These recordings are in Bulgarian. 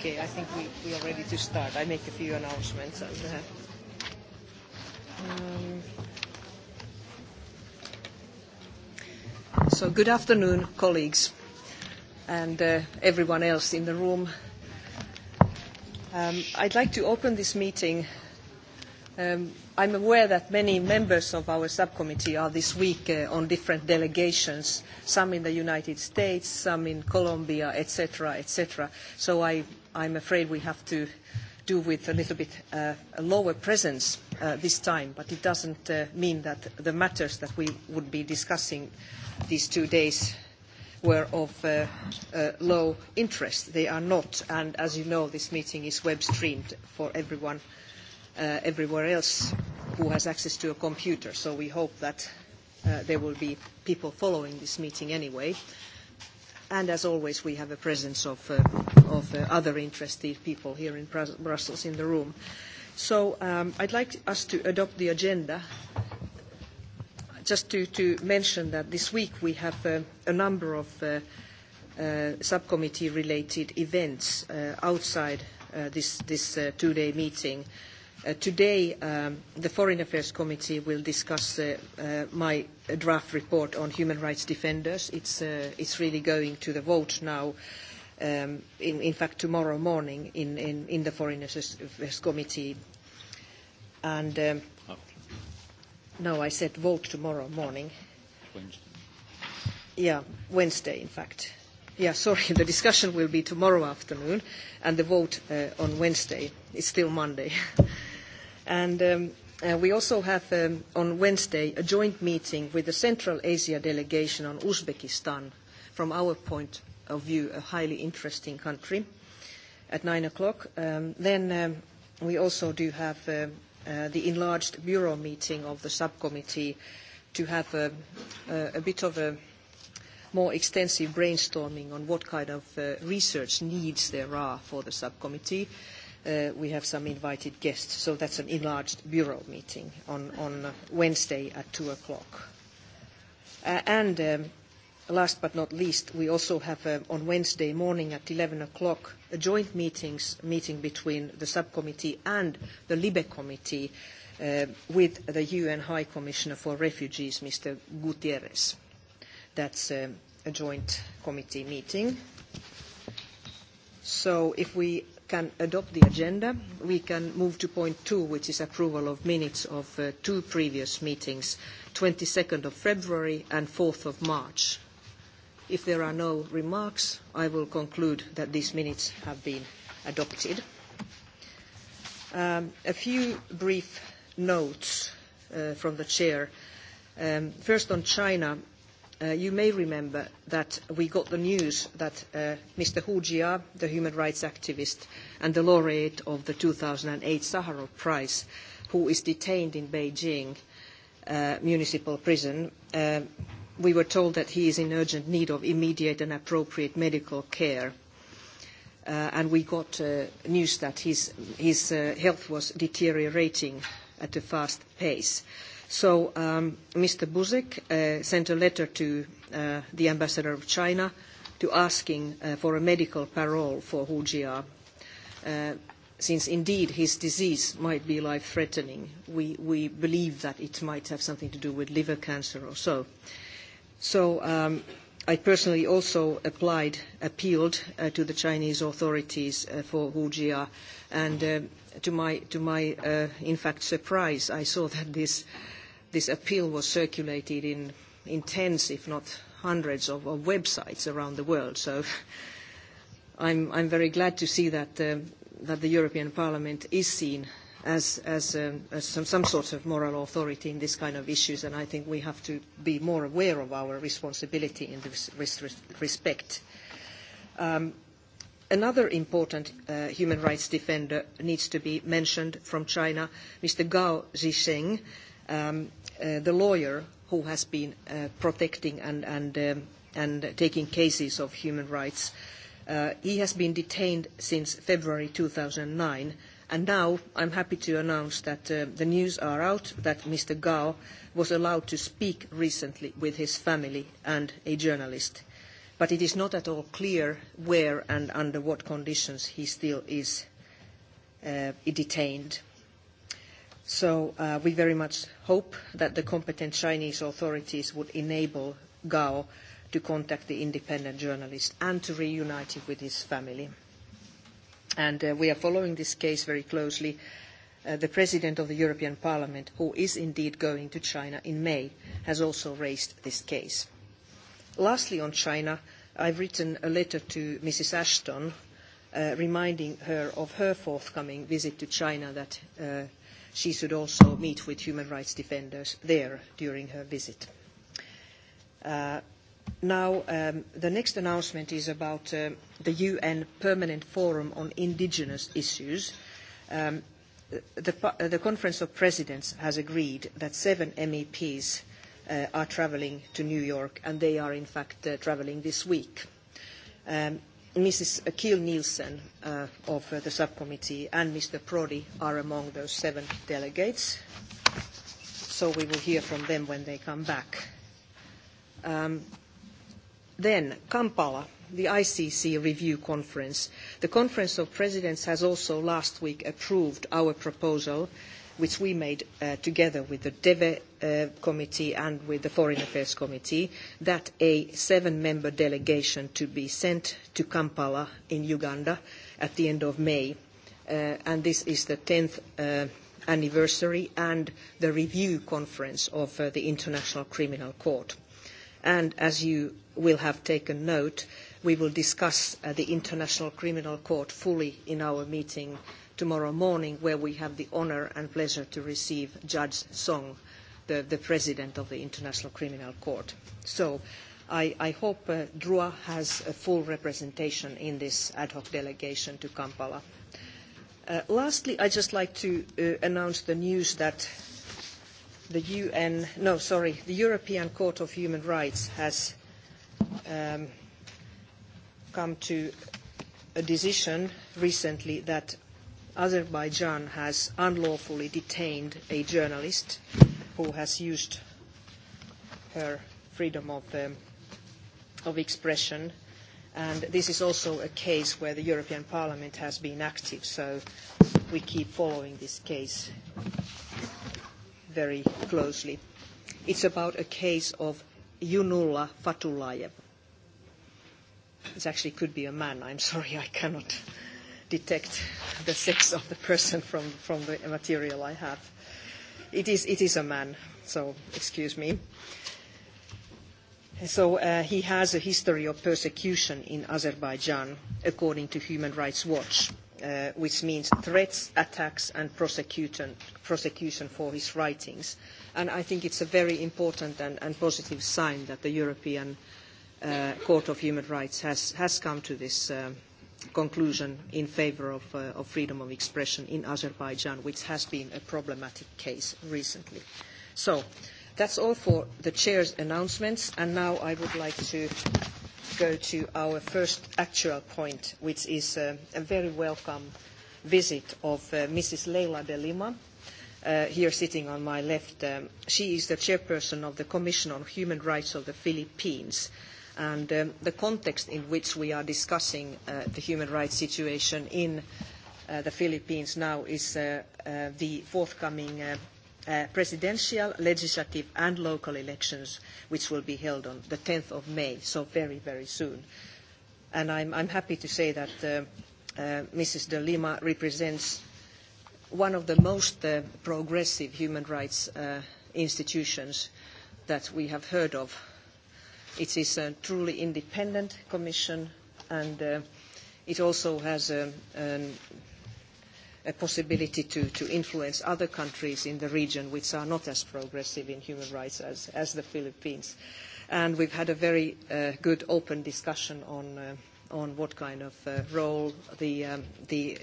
Okay, I think we, we are ready to start. I make a few announcements. And, uh, um, so good afternoon, colleagues, and uh, everyone else in the room. Um, I'd like to open this meeting. Um, I'm aware that many members of our subcommittee are this week uh, on different delegations, some in the United States, some in Colombia, etc., etc. So I I'm afraid we have to do with a little bit uh, a lower presence uh, this time, but it doesn't uh, mean that the matters that we would be discussing these two days were of uh, uh, low interest. They are not, and as you know, this meeting is web streamed for everyone uh, everywhere else who has access to a computer, so we hope that uh, there will be people following this meeting anyway. And as always, we have a presence of uh, of uh, other interested people here in Brussels in the room. So um, I'd like us to adopt the agenda. Just to, to mention that this week we have uh, a number of uh, uh, subcommittee-related events uh, outside uh, this, this uh, two-day meeting. Today, the Foreign Affairs Committee will discuss my draft report on human rights defenders. It's really going to the vote now in, in fact tomorrow morning in, in, in the Foreign Affairs Committee. And um, no, I said vote tomorrow morning. Wednesday. Yeah, Wednesday, in fact. Yeah, sorry, the discussion will be tomorrow afternoon and the vote uh, on Wednesday. It's still Monday. and um, uh, we also have um, on Wednesday a joint meeting with the Central Asia delegation on Uzbekistan from our point of view a highly interesting country at nine o'clock. Then we also do have the enlarged bureau meeting of the subcommittee to have a a bit of a more extensive brainstorming on what kind of research needs there are for the subcommittee. We have some invited guests, so that's an enlarged bureau meeting on Wednesday at two o'clock. And Last but not least, we also have on Wednesday morning at eleven o'clock a joint meeting between the subcommittee and the LIBE committee with the UN High Commissioner for Refugees, Mr. Gutierrez. That's a joint committee meeting. So if we can adopt the agenda, we can move to point two, which is approval of minutes of two previous meetings, 22nd of February and 4th of March. If there are no remarks, I will conclude that these minutes have been adopted. A few brief notes from the chair. First on China, you may remember that we got the news that Mr. Hu Jia, the human rights activist and the laureate of the 2008 Sakharov Prize, who is detained in Beijing municipal prison, we were told that he is in urgent need of immediate and appropriate medical care. and we got news that his, his health was deteriorating at a fast pace. So Mr. Buzek sent a letter to uh the ambassador of China to asking uh for a medical parole for Hu Jia, since indeed his disease might be life-threatening. We, we believe that it might have something to do with liver cancer or so. Uh, So um, I personally also applied, appealed uh, to the Chinese authorities uh, for Hujia, and uh, to my, to my uh, in fact, surprise, I saw that this, this appeal was circulated in, in tens, if not hundreds, of, of websites around the world. So I'm, I'm very glad to see that, uh, that the European Parliament is seen as, as, um, as some, some sort of moral authority in this kind of issues, and I think we have to be more aware of our responsibility in this respect. Um, another important uh, human rights defender needs to be mentioned from China, Mr. Gao Zhisheng, um, uh, the lawyer who has been uh, protecting and, and, um, and taking cases of human rights. Uh, he has been detained since February 2009 And now I'm happy to announce that the news are out that Mr. Gao was allowed to speak recently with his family and a journalist. But it is not at all clear where and under what conditions he still is detained. So we very much hope that the competent Chinese authorities would enable Gao to contact the independent journalist and to reunite him with his family and we are following this case very closely. the President of the European Parliament, who is indeed going to China in May, has also raised this case. Lastly, on China, I have written a letter to Mrs. Ashton reminding her of her forthcoming visit to China that she should also meet with human rights defenders there during her visit. Now, the next announcement is about the UN Permanent Forum on Indigenous Issues. the, Conference of Presidents has agreed that seven MEPs are travelling to New York, and they are in fact travelling this week. Mrs. Kiel Nielsen of the subcommittee and Mr. Prodi are among those seven delegates, so we will hear from them when they come back Then, Kampala, the ICC review conference. The Conference of Presidents has also last week approved our proposal, which we made together with the DEVE committee and with the Foreign Affairs Committee, that a seven-member delegation to be sent to Kampala in Uganda at the end of May. and this is the tenth anniversary and the review conference of the International Criminal Court. And as you will have taken note. We will discuss the International Criminal Court fully in our meeting tomorrow morning, where we have the honour and pleasure to receive Judge Song, the, President of the International Criminal Court. So I, hope DRUA has a full representation in this ad hoc delegation to Kampala. lastly, I'd just like to announce the news that the UN, no, sorry, the European Court of Human Rights has come to a decision recently that Azerbaijan has unlawfully detained a journalist who has used her freedom of, expression. And this is also a case where the European Parliament has been active, so we keep following this case very closely. It's about a case of Yunulla Fatulayev. It actually could be a man. I'm sorry, I cannot detect the sex of the person from, from the material I have. It is, it is a man, so excuse me. So uh, he has a history of persecution in Azerbaijan, according to Human Rights Watch, uh, which means threats, attacks, and prosecution, prosecution for his writings and I think it's a very important and, and positive sign that the European Court of Human Rights has, has come to this conclusion in favour of, freedom of expression in Azerbaijan, which has been a problematic case recently. So that's all for the chair's announcements, and now I would like to go to our first actual point, which is a very welcome visit of Mrs. Leila de Lima, here sitting on my left. she is the chairperson of the Commission on Human Rights of the Philippines. And the context in which we are discussing the human rights situation in the Philippines now is the forthcoming presidential, legislative and local elections, which will be held on the 10 of May, so very, very soon. And I'm, I'm happy to say that Mrs. de Lima represents one of the most progressive human rights institutions that we have heard of. It is a truly independent commission and it also has a, possibility to, influence other countries in the region which are not as progressive in human rights as, the Philippines. And we've had a very good open discussion on on what kind of role the, um, the,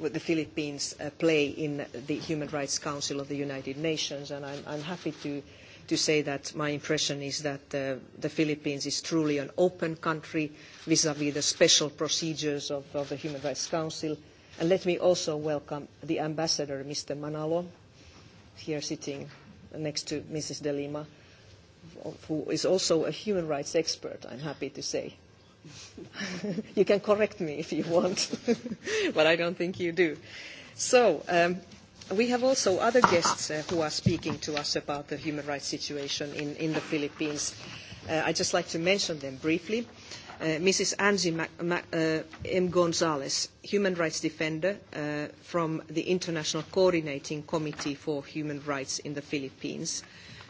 the Philippines uh, play in the Human Rights Council of the United Nations. And I'm, I'm happy to, to say that my impression is that uh, the Philippines is truly an open country vis-à-vis -vis the special procedures of, the Human Rights Council. And let me also welcome the ambassador, Mr. Manalo, here sitting next to Mrs. De Lima, who is also a human rights expert, I'm happy to say you can correct me if you want, but I don't think you do. So um, we have also other guests uh, who are speaking to us about the human rights situation in, in the Philippines. Uh, I'd just like to mention them briefly. Uh, Mrs. Angie Mac- Mac- uh, M. Gonzalez, human rights defender uh, from the International Coordinating Committee for Human Rights in the Philippines.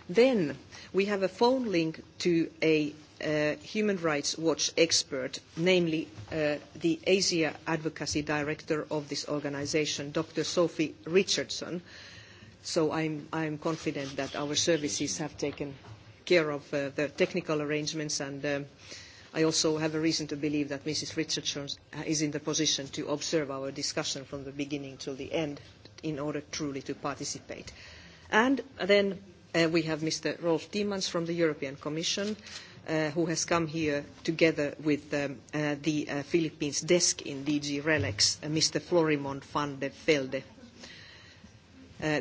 Then we have a phone link to a Human Rights Watch expert, namely the Asia Advocacy Director of this organisation, Dr. Sophie Richardson. So I'm, I'm confident that our services have taken care of the technical arrangements and I also have a reason to believe that Mrs. Richardson is in the position to observe our discussion from the beginning to the end in order truly to participate. And then we have Mr. Rolf Diemans from the European Commission, who has come here together with the Philippines desk in DG Relex, Mr. Florimond van de Velde.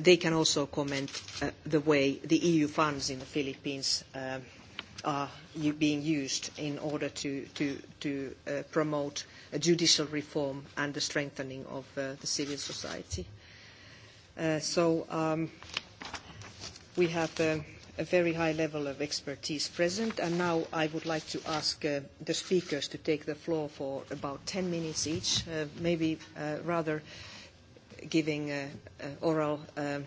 They can also comment the way the EU funds in the Philippines are being used in order to promote judicial reform and the strengthening of the civil society. So, we have a very high level of expertise present. And now I would like to ask uh, the speakers to take the floor for about 10 minutes each, uh, maybe uh, rather giving uh, uh, oral um,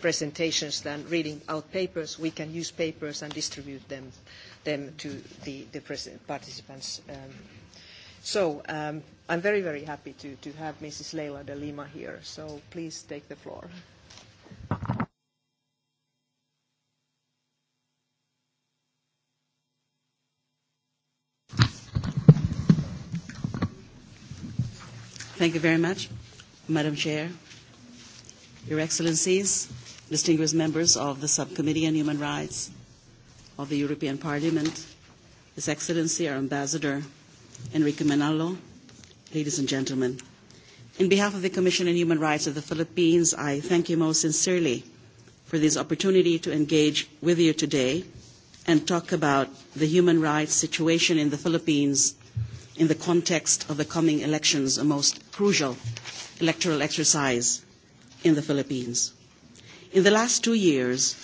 presentations than reading out papers. We can use papers and distribute them, them to the, the participants. Um, so um, I'm very, very happy to, to have Mrs. Leila de Lima here. So please take the floor. Thank you very much, Madam Chair, Your Excellencies, distinguished members of the Subcommittee on Human Rights of the European Parliament, His Excellency, our Ambassador, Enrique Menalo, ladies and gentlemen. In behalf of the Commission on Human Rights of the Philippines, I thank you most sincerely for this opportunity to engage with you today and talk about the human rights situation in the Philippines in the context of the coming elections, a most crucial electoral exercise in the Philippines. In the last two years,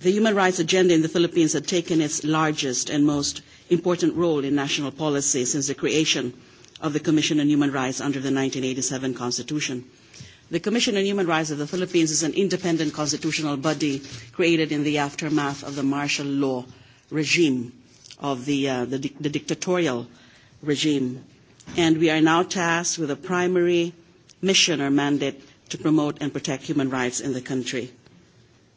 the human rights agenda in the Philippines had taken its largest and most important role in national policy since the creation of the Commission on Human Rights under the eighty seven Constitution. The Commission on Human Rights of the Philippines is an independent constitutional body created in the aftermath of the martial law regime of the, dictatorial regime. And we are now tasked with a primary mission or mandate to promote and protect human rights in the country.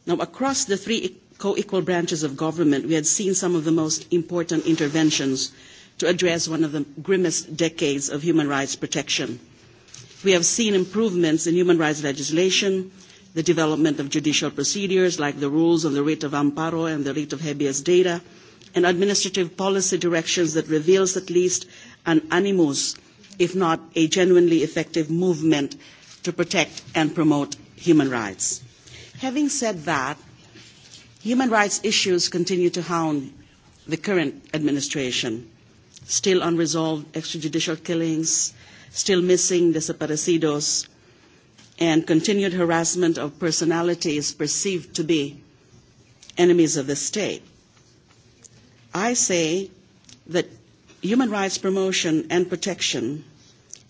Now, across the three co-equal branches of government, we had seen some of the most important interventions to address one of the grimmest decades of human rights protection. We have seen improvements in human rights legislation, the development of judicial procedures like the rules on the writ of amparo and the writ of habeas data, and administrative policy directions that reveals at least an animus, if not a genuinely effective movement to protect and promote human rights. Having said that, human rights issues continue to hound the current administration. Still unresolved extrajudicial killings, still missing desaparecidos, and continued harassment of personalities perceived to be enemies of the state. I say that human rights promotion and protection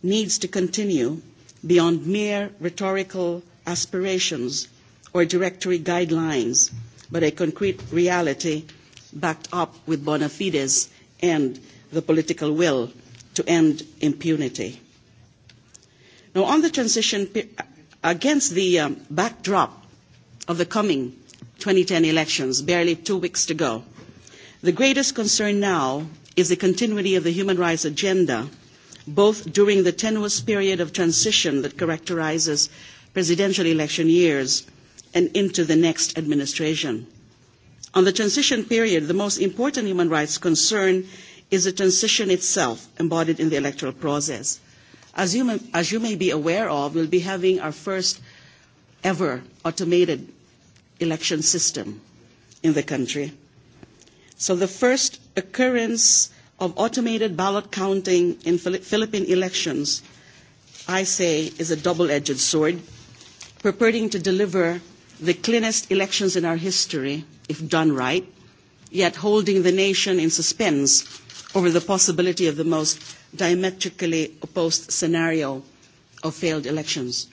needs to continue beyond mere rhetorical aspirations or directory guidelines, but a concrete reality backed up with bona fides and the political will to end impunity. Now, on the transition, against the backdrop of the coming ten elections, barely two weeks to go, The greatest concern now is the continuity of the human rights agenda, both during the tenuous period of transition that characterises presidential election years and into the next administration. On the transition period, the most important human rights concern is the transition itself embodied in the electoral process. As you, may, as you may be aware of, we'll be having our first ever automated election system in the country. So the first occurrence of automated ballot counting in Philippine elections, I say, is a double-edged sword, purporting to deliver the cleanest elections in our history, if done right, yet holding the nation in suspense over the possibility of the most diametrically opposed scenario of failed elections.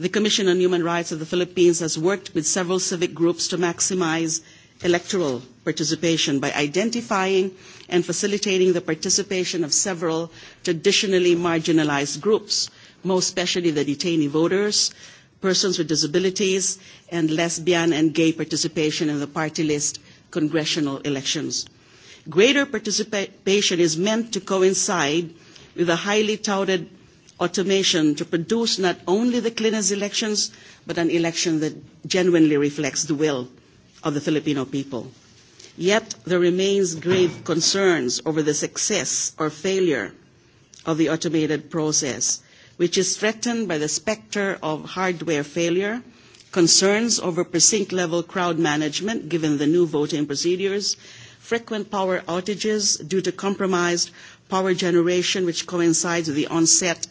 The Commission on Human Rights of the Philippines has worked with several civic groups to maximise electoral participation by identifying and facilitating the participation of several traditionally marginalised groups, most especially the detainee voters, persons with disabilities, and lesbian and gay participation in the party list congressional elections. Greater participation is meant to coincide with a highly touted automation to produce not only the cleanest elections, but an election that genuinely reflects the will of the Filipino people. Yet there remains grave concerns over the success or failure of the automated process, which is threatened by the spectre of hardware failure, concerns over precinct level crowd management given the new voting procedures, frequent power outages due to compromised power generation which coincides with the onset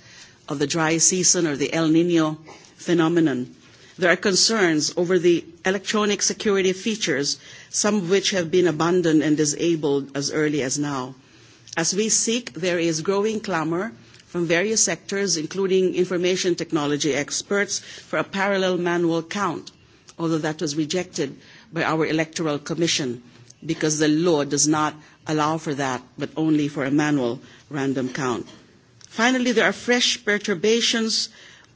of the dry season or the El Nino phenomenon. There are concerns over the electronic security features some of which have been abandoned and disabled as early as now. As we seek, there is growing clamour from various sectors, including information technology experts, for a parallel manual count, although that was rejected by our Electoral Commission because the law does not allow for that, but only for a manual random count. Finally, there are fresh perturbations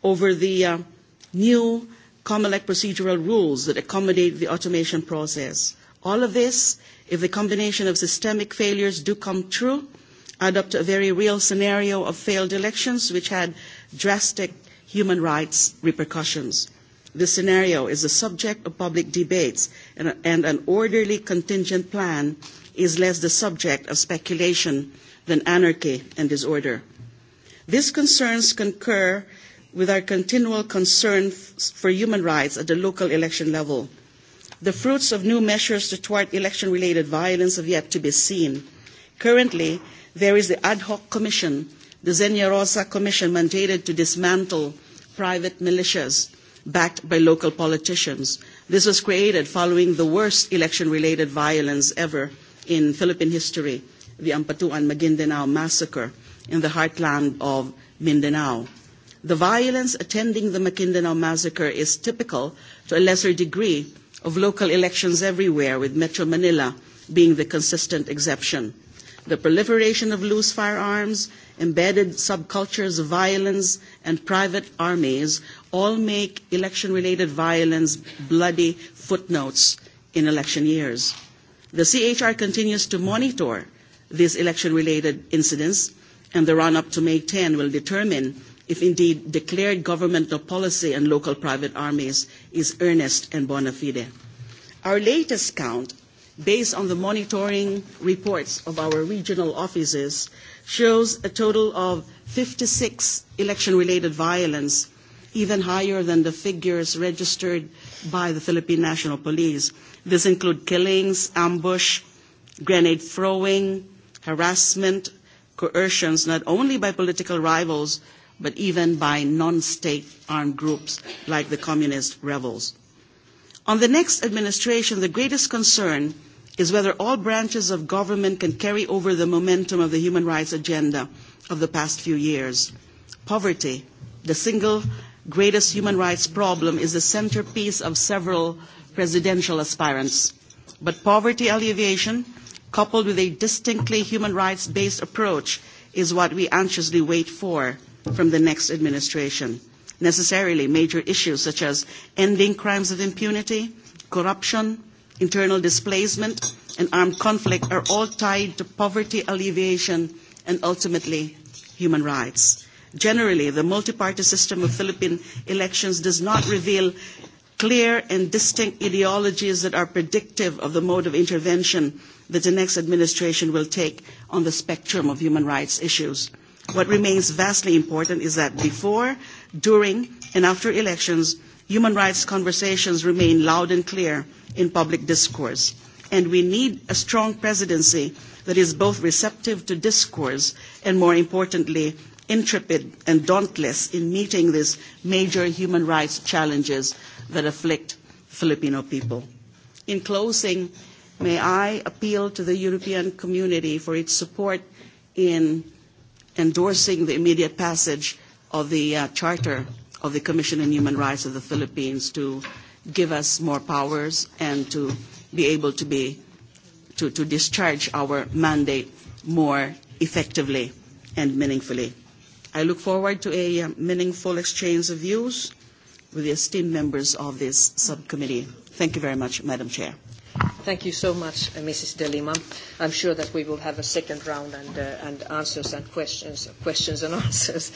over the new COMELEC procedural rules that accommodate the automation process. All of this, if the combination of systemic failures do come true, add up to a very real scenario of failed elections which had drastic human rights repercussions. This scenario is the subject of public debates, and, and an orderly contingent plan is less the subject of speculation than anarchy and disorder. These concerns concur with our continual concern for human rights at the local election level. The fruits of new measures to thwart election-related violence have yet to be seen. Currently, there is the ad hoc commission, the Zenia Rosa commission mandated to dismantle private militias backed by local politicians. This was created following the worst election-related violence ever in Philippine history, the Ampatuan Maguindanao massacre in the heartland of Mindanao. The violence attending the Maguindanao massacre is typical, to a lesser degree, of local elections everywhere, with Metro Manila being the consistent exception. The proliferation of loose firearms, embedded subcultures of violence, and private armies all make election-related violence bloody footnotes in election years. The CHR continues to monitor these election-related incidents, and the run-up to May 10 will determine if indeed declared governmental policy and local private armies is earnest and bona fide. Our latest count, based on the monitoring reports of our regional offices, shows a total of fifty six election-related violence, even higher than the figures registered by the Philippine National Police. This includes killings, ambush, grenade throwing, harassment, coercions, not only by political rivals, but even by non-state armed groups like the communist rebels. On the next administration, the greatest concern is whether all branches of government can carry over the momentum of the human rights agenda of the past few years. Poverty, the single greatest human rights problem, is the centerpiece of several presidential aspirants. But poverty alleviation, coupled with a distinctly human rights-based approach, is what we anxiously wait for – from the next administration. Necessarily, major issues such as ending crimes of impunity, corruption, internal displacement, and armed conflict are all tied to poverty alleviation and ultimately human rights. Generally, the multi-party system of Philippine elections does not reveal clear and distinct ideologies that are predictive of the mode of intervention that the next administration will take on the spectrum of human rights issues. What remains vastly important is that before, during, and after elections, human rights conversations remain loud and clear in public discourse. And we need a strong presidency that is both receptive to discourse and, more importantly, intrepid and dauntless in meeting these major human rights challenges that afflict Filipino people. In closing, may I appeal to the European community for its support in endorsing the immediate passage of the uh, Charter of the Commission on Human Rights of the Philippines to give us more powers and to be able to be to, to discharge our mandate more effectively and meaningfully. I look forward to a meaningful exchange of views with the esteemed members of this subcommittee. Thank you very much, Madam Chair. Thank you so much, Mrs. De Lima. I'm sure that we will have a second round and, uh, and answers and questions, questions and answers.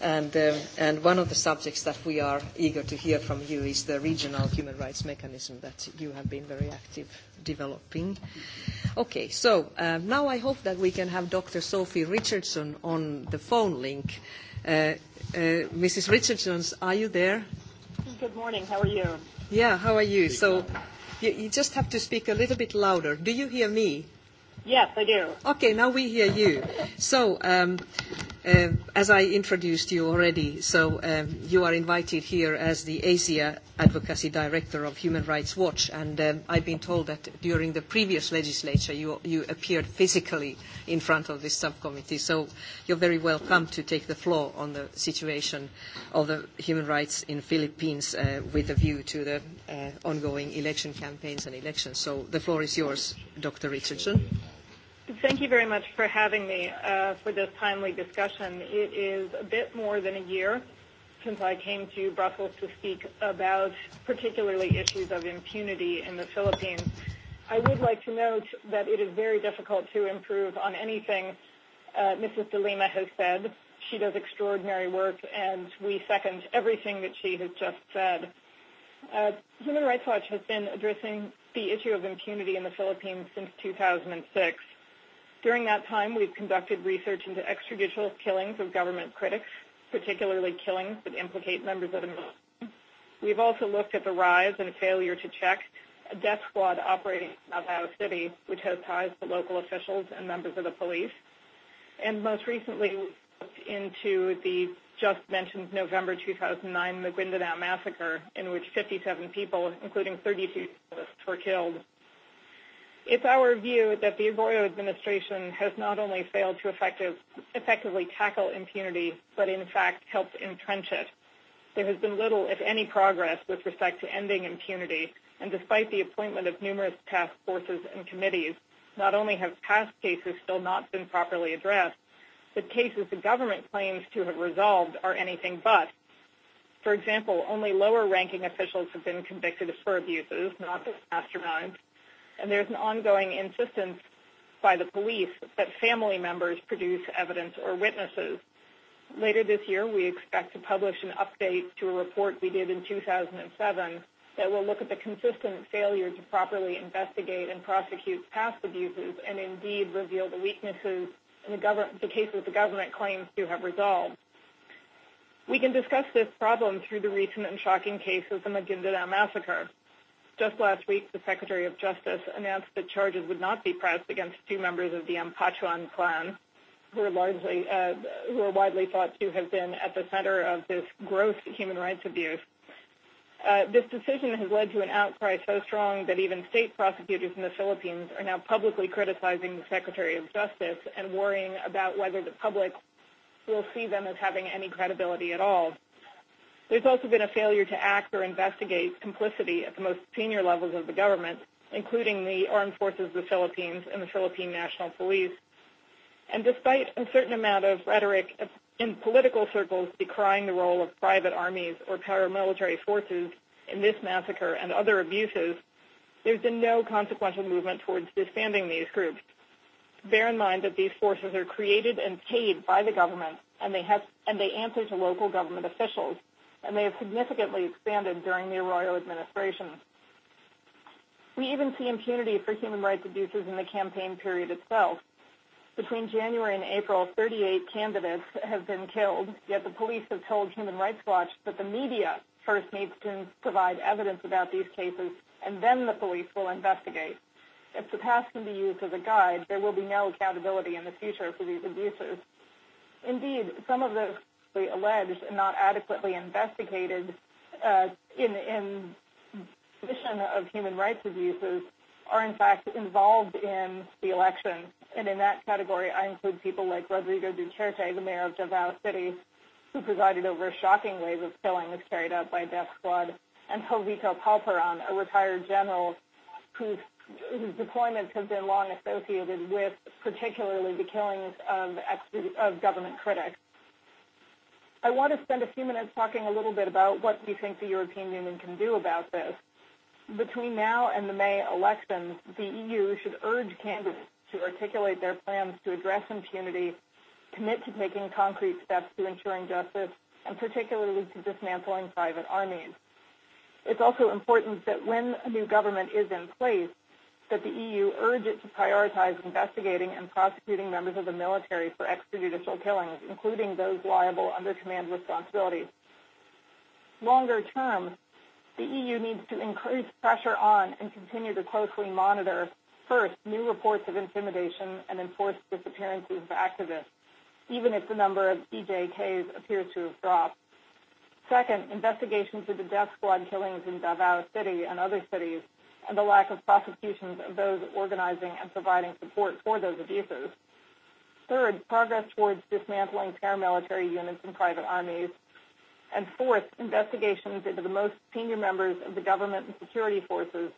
And, um, and one of the subjects that we are eager to hear from you is the regional human rights mechanism that you have been very active developing. Okay, so uh, now I hope that we can have Dr. Sophie Richardson on the phone link. Uh, uh, Mrs. Richardson, are you there? Good morning. How are you? Yeah, how are you? So. You, you just have to speak a little bit louder. Do you hear me? Yes, I do. Okay, now we hear you. So. Um, as I introduced you already, so you are invited here as the Asia Advocacy Director of Human Rights Watch, and um, I've been told that during the previous legislature you, you appeared physically in front of this subcommittee, so you're very welcome to take the floor on the situation of the human rights in Philippines uh, with a view to the uh, ongoing election campaigns and elections. So the floor is yours, Dr. Richardson. Thank you very much for having me uh, for this timely discussion. It is a bit more than a year since I came to Brussels to speak about particularly issues of impunity in the Philippines. I would like to note that it is very difficult to improve on anything uh, Mrs. De Lima has said. She does extraordinary work, and we second everything that she has just said. Uh, Human Rights Watch has been addressing the issue of impunity in the Philippines since 2006. During that time, we've conducted research into extrajudicial killings of government critics, particularly killings that implicate members of the military. We've also looked at the rise and failure to check a death squad operating in Ohio City, which has ties to local officials and members of the police. And most recently, we looked into the just mentioned November 2009 Maguindanao massacre, in which 57 people, including 32 were killed It's our view that the Arroyo administration has not only failed to effective, effectively tackle impunity, but in fact helped entrench it. There has been little, if any, progress with respect to ending impunity, and despite the appointment of numerous task forces and committees, not only have past cases still not been properly addressed, but cases the government claims to have resolved are anything but. For example, only lower-ranking officials have been convicted of fur abuses, not the masterminds, and there's an ongoing insistence by the police that family members produce evidence or witnesses. Later this year, we expect to publish an update to a report we did in 2007 that will look at the consistent failure to properly investigate and prosecute past abuses and indeed reveal the weaknesses in the, the cases the government claims to have resolved. We can discuss this problem through the recent and shocking case of the Maginda massacre. Just last week, the Secretary of Justice announced that charges would not be pressed against two members of the Ampachuan clan, who are largely, uh, who are widely thought to have been at the center of this gross human rights abuse. Uh, this decision has led to an outcry so strong that even state prosecutors in the Philippines are now publicly criticizing the Secretary of Justice and worrying about whether the public will see them as having any credibility at all. There's also been a failure to act or investigate complicity at the most senior levels of the government, including the Armed Forces of the Philippines and the Philippine National Police. And despite a certain amount of rhetoric in political circles decrying the role of private armies or paramilitary forces in this massacre and other abuses, there's been no consequential movement towards disbanding these groups. Bear in mind that these forces are created and paid by the government, and they, have, and they answer to local government officials and they have significantly expanded during the Arroyo administration. We even see impunity for human rights abuses in the campaign period itself. Between January and April, 38 candidates have been killed, yet the police have told Human Rights Watch that the media first needs to provide evidence about these cases, and then the police will investigate. If the past can be used as a guide, there will be no accountability in the future for these abuses. Indeed, some of the previously alleged and not adequately investigated in the commission of human rights abuses are in fact involved in the election. And in that category, I include people like Rodrigo Duterte, the mayor of Davao City, who presided over a shocking wave of killings carried out by death squad, and Jovito Palperon, a retired general whose, whose deployments have been long associated with particularly the killings of, ex- of government critics. I want to spend a few minutes talking a little bit about what we think the European Union can do about this. Between now and the May elections, the EU should urge candidates to articulate their plans to address impunity, commit to taking concrete steps to ensuring justice, and particularly to dismantling private armies. It's also important that when a new government is in place, that the EU urge it to prioritize investigating and prosecuting members of the military for extrajudicial killings, including those liable under command responsibilities. Longer term, the EU needs to increase pressure on and continue to closely monitor, first, new reports of intimidation and enforced disappearances of activists, even if the number of EJKs appears to have dropped. Second, investigations of the death squad killings in Davao City and other cities and the lack of prosecutions of those organizing and providing support for those abuses. Third, progress towards dismantling paramilitary units and private armies. And fourth, investigations into the most senior members of the government and security forces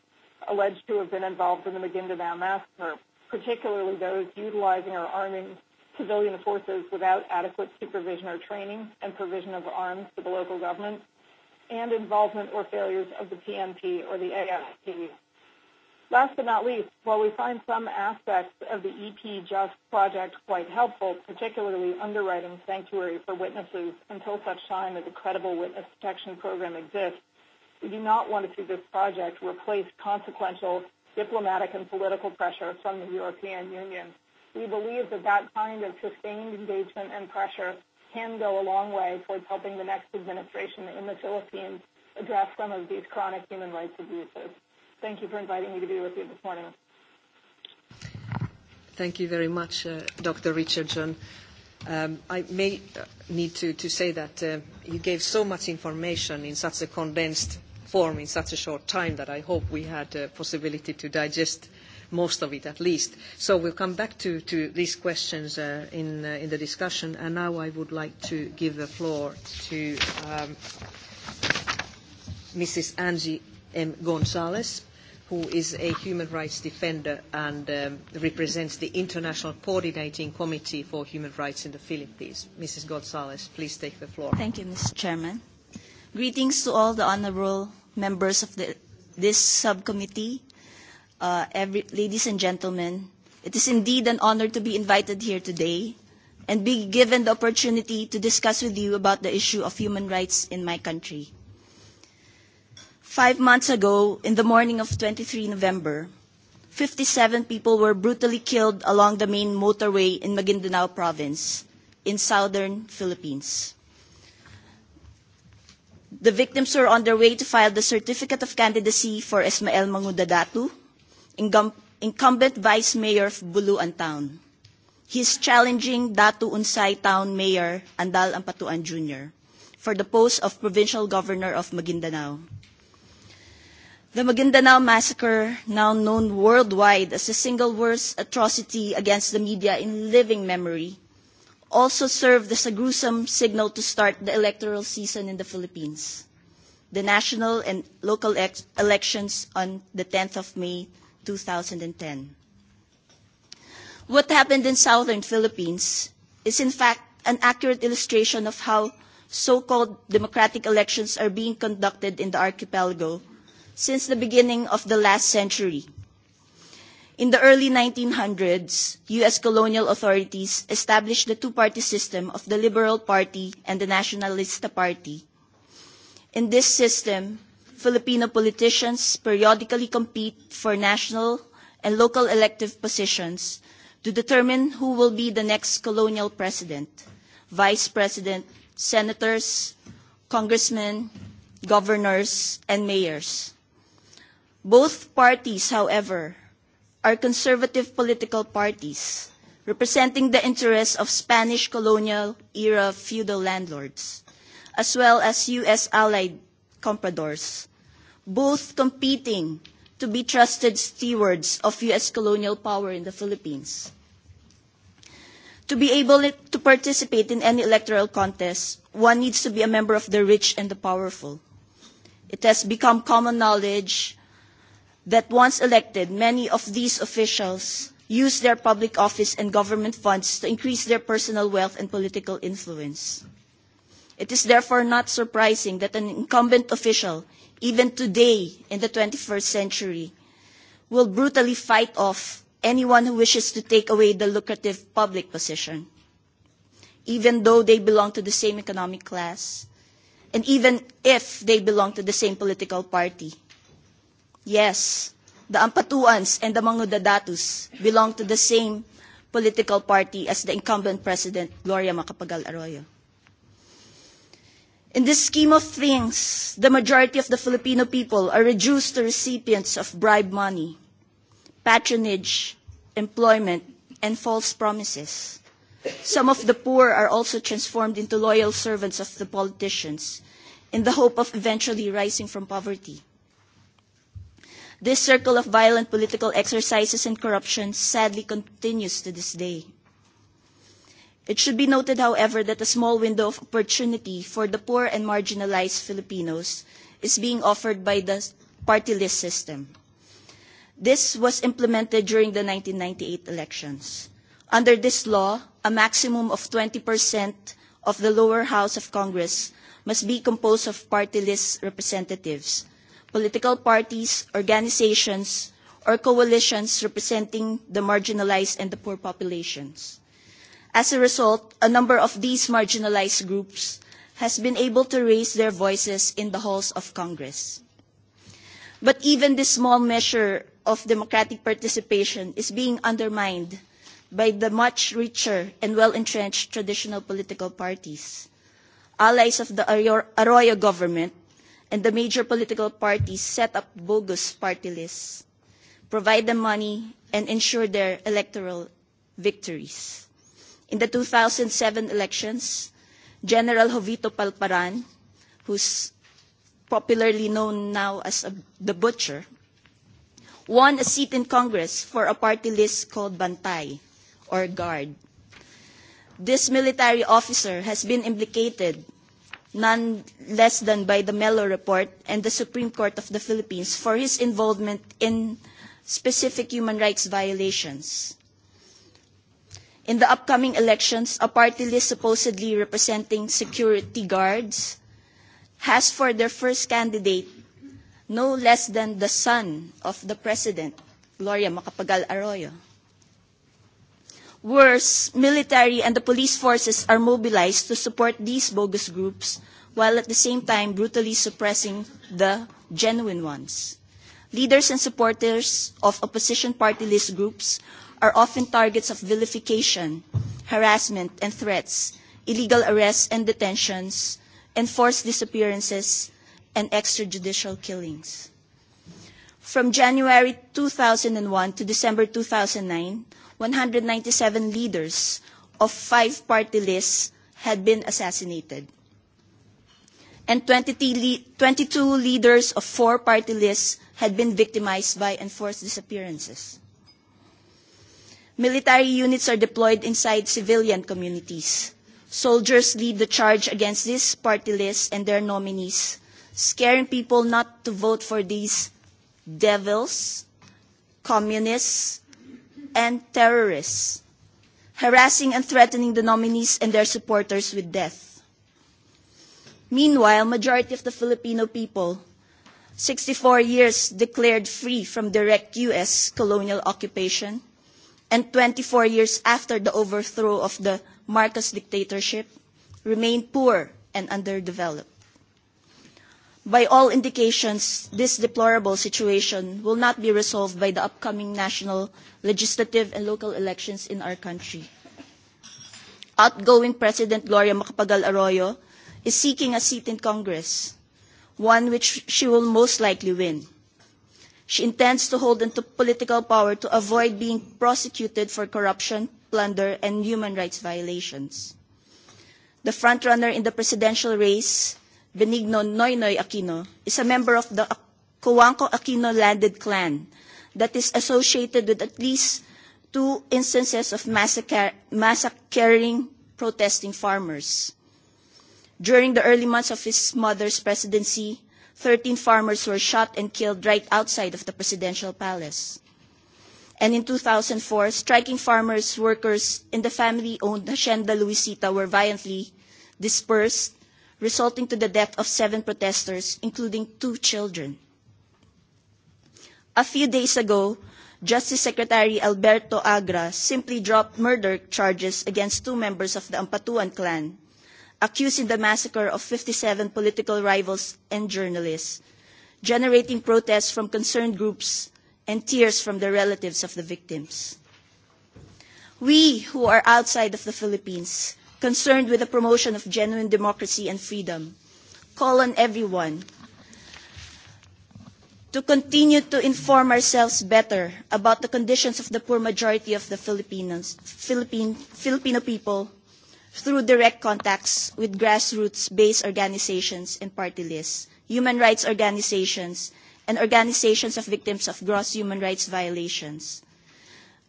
alleged to have been involved in the Maguindanao massacre, particularly those utilizing or arming civilian forces without adequate supervision or training and provision of arms to the local government and involvement or failures of the PMP or the AFP. Last but not least, while we find some aspects of the EP Just project quite helpful, particularly underwriting sanctuary for witnesses until such time as a credible witness protection program exists, we do not want to see this project replace consequential diplomatic and political pressure from the European Union. We believe that that kind of sustained engagement and pressure can go a long way towards helping the next administration in the Philippines address some of these chronic human rights abuses. Thank you for inviting me to be with you this morning. Thank you very much, uh, Dr. Richardson. Um, I may need to, to say that uh, you gave so much information in such a condensed form in such a short time that I hope we had a possibility to digest most of it at least. So we'll come back to, to these questions uh, in, uh, in the discussion. And now I would like to give the floor to um, Mrs. Angie M. Gonzalez who is a human rights defender and um, represents the International Coordinating Committee for Human Rights in the Philippines. Mrs. Gonzalez, please take the floor. Thank you, Mr. Chairman. Greetings to all the honorable members of the, this subcommittee uh, every, ladies and gentlemen, it is indeed an honor to be invited here today and be given the opportunity to discuss with you about the issue of human rights in my country. Five months ago, in the morning of 23 November, 57 people were brutally killed along the main motorway in Maguindanao province in southern Philippines. The victims were on their way to file the certificate of candidacy for Ismael Mangudadatu, incumbent Vice Mayor of Buluan Town. He's challenging Datu Unsay Town Mayor Andal Ampatuan Jr. for the post of Provincial Governor of Maguindanao. The Maguindanao massacre, now known worldwide as the single worst atrocity against the media in living memory, also served as a gruesome signal to start the electoral season in the Philippines. The national and local elections on the 10th of May 2010. What happened in southern Philippines is in fact an accurate illustration of how so-called democratic elections are being conducted in the archipelago since the beginning of the last century. In the early 1900s, U.S. colonial authorities established the two-party system of the Liberal Party and the Nationalista Party. In this system, Filipino politicians periodically compete for national and local elective positions to determine who will be the next colonial president, vice president, senators, congressmen, governors, and mayors. Both parties, however, are conservative political parties representing the interests of Spanish colonial-era feudal landlords, as well as U.S. allied compradors both competing to be trusted stewards of U.S. colonial power in the Philippines. To be able to participate in any electoral contest, one needs to be a member of the rich and the powerful. It has become common knowledge that once elected, many of these officials use their public office and government funds to increase their personal wealth and political influence. It is therefore not surprising that an incumbent official, even today in the twenty first century, will brutally fight off anyone who wishes to take away the lucrative public position, even though they belong to the same economic class, and even if they belong to the same political party. Yes, the Ampatuans and the Mangudadatus belong to the same political party as the incumbent president, Gloria Macapagal Arroyo. In this scheme of things, the majority of the Filipino people are reduced to recipients of bribe money, patronage, employment, and false promises. Some of the poor are also transformed into loyal servants of the politicians in the hope of eventually rising from poverty. This circle of violent political exercises and corruption sadly continues to this day. It should be noted, however, that a small window of opportunity for the poor and marginalised Filipinos is being offered by the party list system. This was implemented during the ninety eight elections. Under this law, a maximum of 20% of the lower house of Congress must be composed of party list representatives, political parties, organisations, or coalitions representing the marginalised and the poor populations. As a result, a number of these marginalised groups has been able to raise their voices in the halls of Congress. But even this small measure of democratic participation is being undermined by the much richer and well-entrenched traditional political parties. Allies of the Arroyo government and the major political parties set up bogus party lists, provide them money, and ensure their electoral victories. In the 2007 elections, General Jovito Palparan, who's popularly known now as the Butcher, won a seat in Congress for a party list called Bantay, or Guard. This military officer has been implicated none less than by the Mello Report and the Supreme Court of the Philippines for his involvement in specific human rights violations in the upcoming elections, a party list supposedly representing security guards has for their first candidate no less than the son of the president, Gloria Macapagal Arroyo. Worse, military and the police forces are mobilized to support these bogus groups while at the same time brutally suppressing the genuine ones. Leaders and supporters of opposition party list groups are often targets of vilification, harassment and threats, illegal arrests and detentions, enforced disappearances, and extrajudicial killings. From January 2001 to December 2009, 197 leaders of five party lists had been assassinated. And 22 leaders of four party lists had been victimized by enforced disappearances. Military units are deployed inside civilian communities. Soldiers lead the charge against this party list and their nominees, scaring people not to vote for these devils, communists, and terrorists, harassing and threatening the nominees and their supporters with death. Meanwhile, majority of the Filipino people, 64 years declared free from direct U.S. colonial occupation, and twenty four years after the overthrow of the Marcos dictatorship, remain poor and underdeveloped. By all indications, this deplorable situation will not be resolved by the upcoming national, legislative, and local elections in our country. Outgoing President Gloria Macapagal Arroyo is seeking a seat in Congress, one which she will most likely win She intends to hold to political power to avoid being prosecuted for corruption, plunder, and human rights violations. The frontrunner in the presidential race, Benigno Noynoy Aquino, is a member of the Coanco Aquino landed clan that is associated with at least two instances of massacring protesting farmers. During the early months of his mother's presidency, 13 farmers were shot and killed right outside of the presidential palace. And in 2004, striking farmers, workers, and the family-owned Hacienda Luisita were violently dispersed, resulting to the death of seven protesters, including two children. A few days ago, Justice Secretary Alberto Agra simply dropped murder charges against two members of the Ampatuan clan accusing the massacre of fifty seven political rivals and journalists, generating protests from concerned groups and tears from the relatives of the victims. We who are outside of the Philippines, concerned with the promotion of genuine democracy and freedom, call on everyone to continue to inform ourselves better about the conditions of the poor majority of the Philippine, Filipino people through direct contacts with grassroots-based organizations and party lists, human rights organizations, and organizations of victims of gross human rights violations.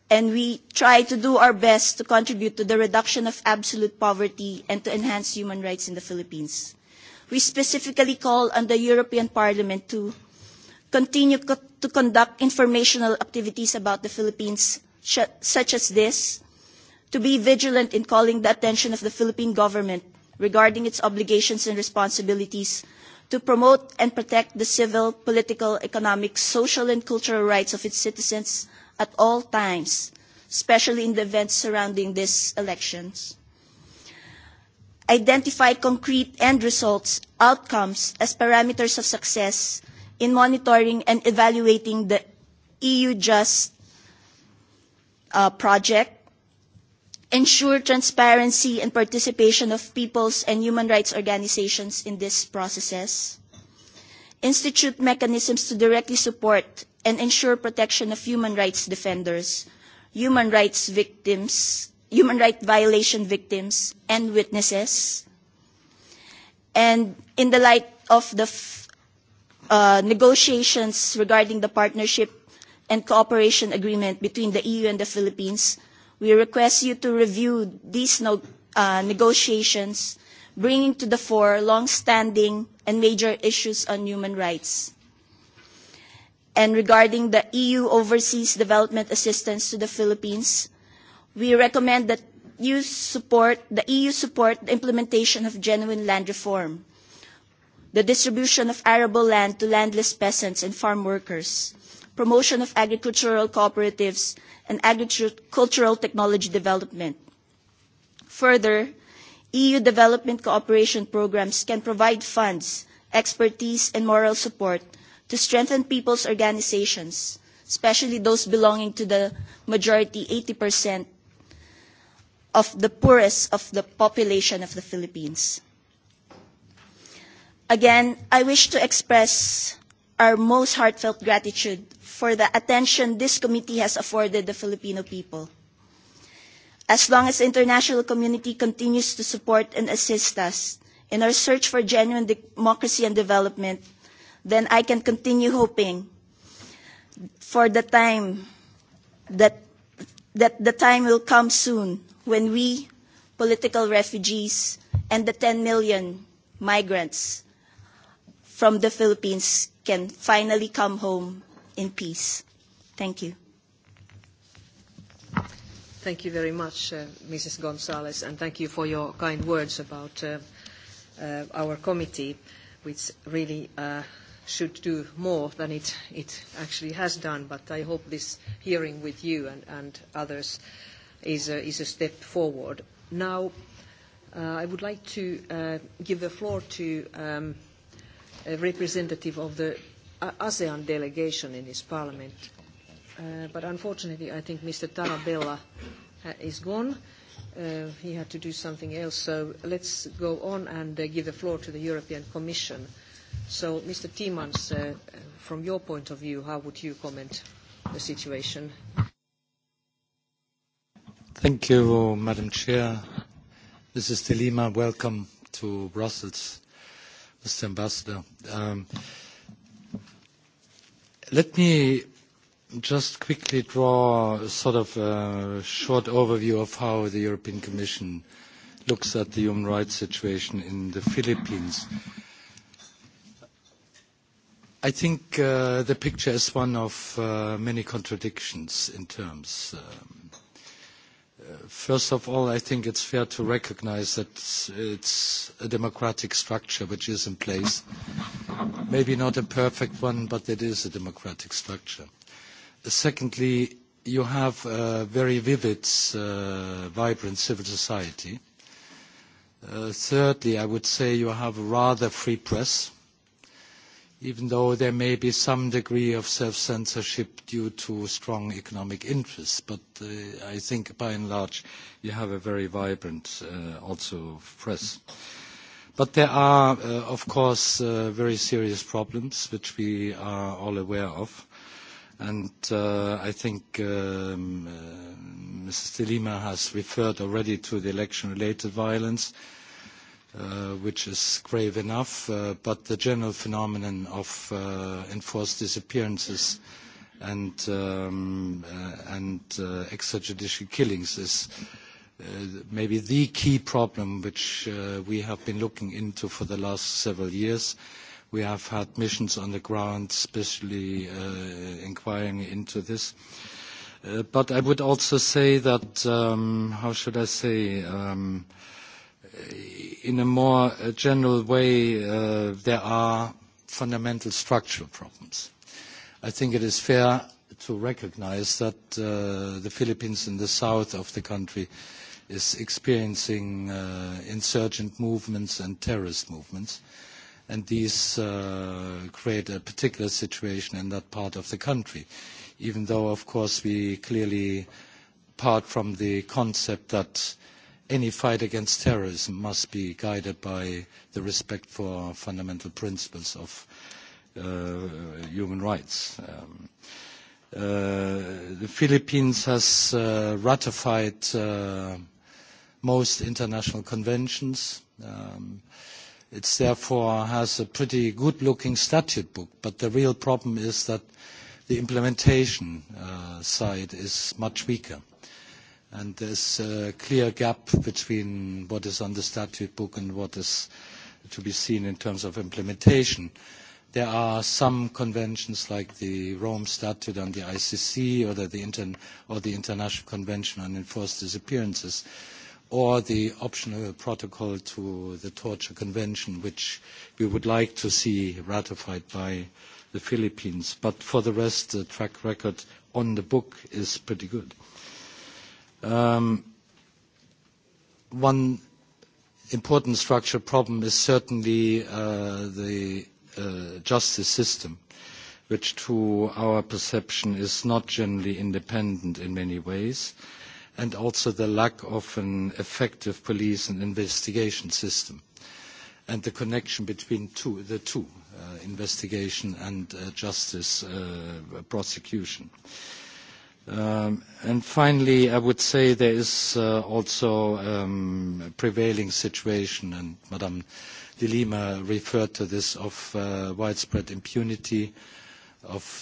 And we try to do our best to contribute to the reduction of absolute poverty and to enhance human rights in the Philippines. We specifically call on the European Parliament to continue to conduct informational activities about the Philippines, such as this, to be vigilant in calling the attention of the Philippine government regarding its obligations and responsibilities to promote and protect the civil, political, economic, social, and cultural rights of its citizens at all times, especially in the events surrounding these elections. Identify concrete end results, outcomes, as parameters of success in monitoring and evaluating the EU Just project ensure transparency and participation of peoples and human rights organisations in these processes, institute mechanisms to directly support and ensure protection of human rights defenders, human rights victims, human rights violation victims, and witnesses. And in the light of the uh, negotiations regarding the partnership and cooperation agreement between the EU and the Philippines, We request you to review these no, uh, negotiations, bringing to the fore long-standing and major issues on human rights. And regarding the EU overseas development assistance to the Philippines, we recommend that you support, the EU support the implementation of genuine land reform, the distribution of arable land to landless peasants and farm workers, promotion of agricultural cooperatives, and agricultural technology development. Further, EU development cooperation programs can provide funds, expertise, and moral support to strengthen people's organizations, especially those belonging to the majority 80% of the poorest of the population of the Philippines. Again, I wish to express our most heartfelt gratitude for the attention this committee has afforded the Filipino people. As long as the international community continues to support and assist us in our search for genuine democracy and development, then I can continue hoping for the time that, that the time will come soon when we, political refugees, and the 10 million migrants from the Philippines can finally come home in peace. Thank you. Thank you very much, uh, Mrs. Gonzalez, and thank you for your kind words about uh, uh, our committee, which really uh, should do more than it, it actually has done. But I hope this hearing with you and, and others is a, is a step forward. Now, uh, I would like to uh, give the floor to um, a representative of the ASEAN delegation in this parliament. Uh, but unfortunately, I think Mr. Tarabella is gone. Uh, he had to do something else. So let's go on and uh, give the floor to the European Commission. So, Mr. Timans, uh, from your point of view, how would you comment the situation? Thank you, Madam Chair. Mrs. De Lima, welcome to Brussels, Mr. Ambassador. Um, Let me just quickly draw sort of a short overview of how the European Commission looks at the human rights situation in the Philippines. I think the picture is one of many contradictions in terms. First of all, I think it's fair to recognize that it's a democratic structure which is in place. Maybe not a perfect one, but it is a democratic structure. Secondly, you have a very vivid, vibrant civil society. Thirdly, I would say you have a rather free press, even though there may be some degree of self-censorship due to strong economic interests. But I think by and large, you have a very vibrant also press. But there are, of course, very serious problems which we are all aware of. And I think Mrs. de Lima has referred already to the election-related violence. Uh, which is grave enough, but the general phenomenon of enforced disappearances and extrajudicial killings is maybe the key problem which we have been looking into for the last several years. We have had missions on the ground, especially inquiring into this. But I would also say that, how should I say? um in a more general way, there are fundamental structural problems. I think it is fair to recognize that the Philippines in the south of the country is experiencing insurgent movements and terrorist movements, and these create a particular situation in that part of the country, even though, of course, we clearly part from the concept that any fight against terrorism must be guided by the respect for fundamental principles of human rights. the Philippines has ratified most international conventions. It therefore has a pretty good-looking statute book, but the real problem is that the implementation side is much weaker and there's a clear gap between what is on the statute book and what is to be seen in terms of implementation. There are some conventions like the Rome Statute on the ICC or the, International Convention on Enforced Disappearances or the optional protocol to the Torture Convention, which we would like to see ratified by the Philippines. But for the rest, the track record on the book is pretty good. One important structural problem is certainly the justice system, which to our perception is not generally independent in many ways, and also the lack of an effective police and investigation system, and the connection between the two, investigation and justice prosecution. And finally, I would say there is also a prevailing situation, and Madame de Lima referred to this, of widespread impunity of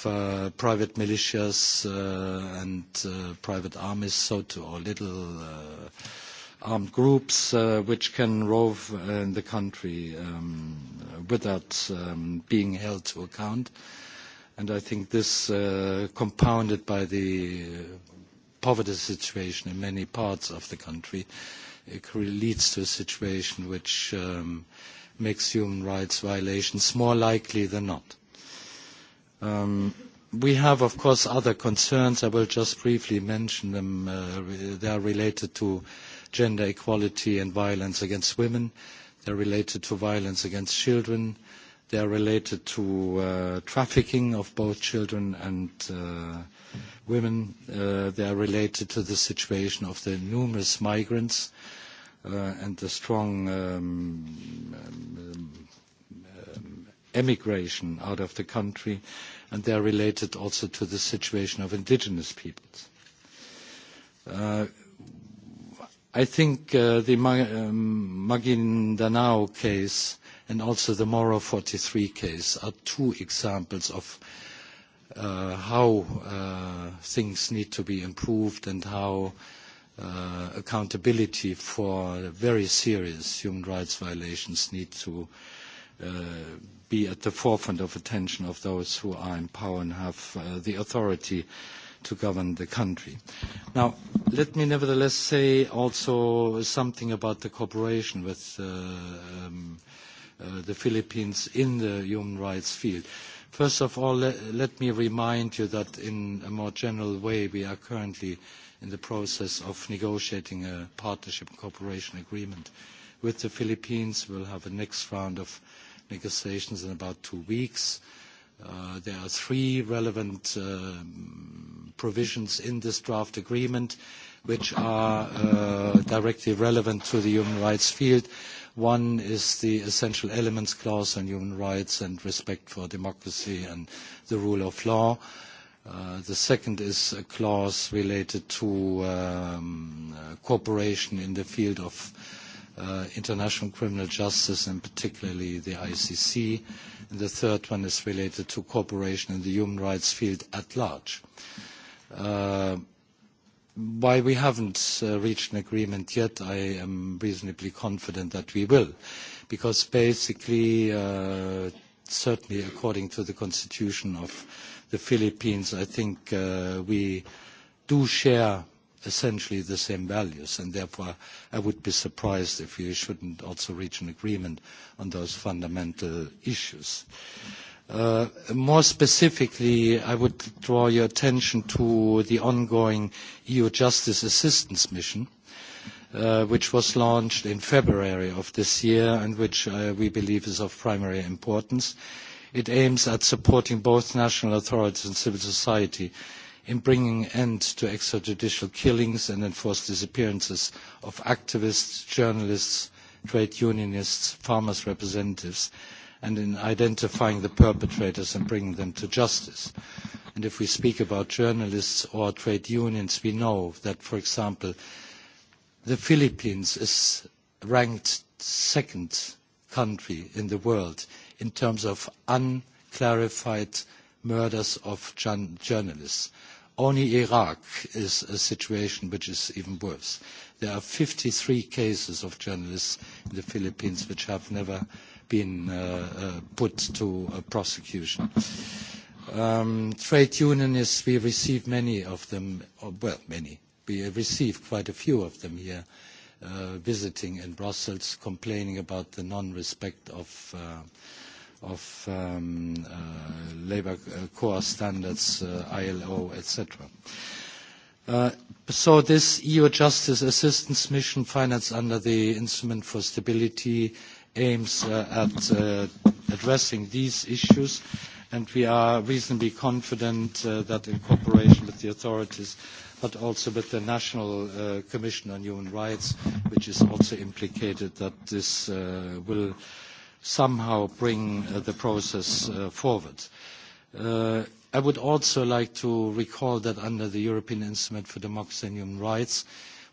private militias and private armies, so to or little armed groups, which can rove in the country without being held to account And I think this, compounded by the poverty situation in many parts of the country, it leads to a situation which makes human rights violations more likely than not. we have, of course, other concerns. I will just briefly mention them. they are related to gender equality and violence against women. They are related to violence against children They are related to trafficking of both children and women. They are related to the situation of the numerous migrants and the strong emigration out of the country, and they are related also to the situation of indigenous peoples. I think the Maguindanao case and also the Moro forty three case are two examples of how things need to be improved and how accountability for very serious human rights violations need to be at the forefront of attention of those who are in power and have the authority to govern the country. Now, let me nevertheless say also something about the cooperation with the Philippines in the human rights field. First of all, let me remind you that in a more general way, we are currently in the process of negotiating a partnership and cooperation agreement with the Philippines. We'll have a next round of negotiations in about two weeks. There are three relevant provisions in this draft agreement which are directly relevant to the human rights field. One is the essential elements clause on human rights and respect for democracy and the rule of law. the second is a clause related to cooperation in the field of international criminal justice and particularly the ICC. And the third one is related to cooperation in the human rights field at large. While we haven't reached an agreement yet, I am reasonably confident that we will, because basically, certainly according to the constitution of the Philippines, I think we do share essentially the same values, and therefore I would be surprised if we shouldn't also reach an agreement on those fundamental issues. More specifically, I would draw your attention to the ongoing EU Justice Assistance Mission, which was launched in February of this year and which we believe is of primary importance. It aims at supporting both national authorities and civil society in bringing an end to extrajudicial killings and enforced disappearances of activists, journalists, trade unionists, farmers' representatives, and in identifying the perpetrators and bringing them to justice. And if we speak about journalists or trade unions, we know that, for example, the Philippines is ranked second country in the world in terms of unclarified murders of journalists. Only Iraq is a situation which is even worse. There are fifty three cases of journalists in the Philippines which have never been put to prosecution. trade unionists, we received many of them, well, many. We received quite a few of them here visiting in Brussels, complaining about the non-respect of of um, uh, labor core standards, uh, ILO, etc. Uh, so this EU Justice Assistance Mission financed under the Instrument for Stability aims at addressing these issues, and we are reasonably confident that in cooperation with the authorities, but also with the National Commission on Human Rights, which is also implicated, that this will somehow bring the process forward. I would also like to recall that under the European Instrument for Democracy and Human Rights,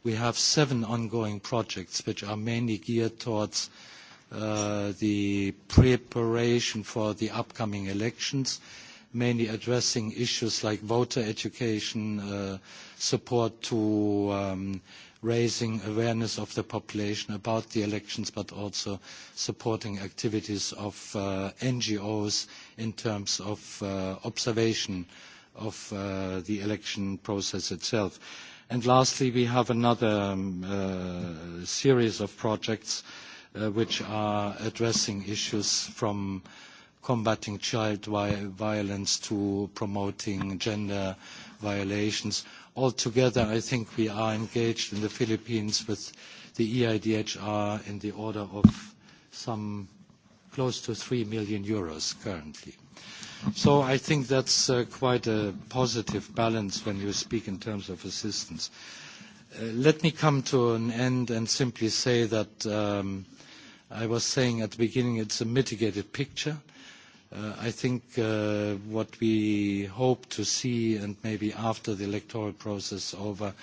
we have seven ongoing projects which are mainly geared towards the preparation for the upcoming elections, mainly addressing issues like voter education, support to raising awareness of the population about the elections, but also supporting activities of NGOs in terms of observation of the election process itself. Lastly, we have another series of projects which are addressing issues from combating child violence to promoting gender violations. Altogether, I think we are engaged in the Philippines with the EIDHR in the order of some close to 3 million euros currently. So I think that's quite a positive balance when you speak in terms of assistance. Let me come to an end and simply say that I was saying at the beginning it's a mitigated picture. I think what we hope to see, and maybe after the electoral process over,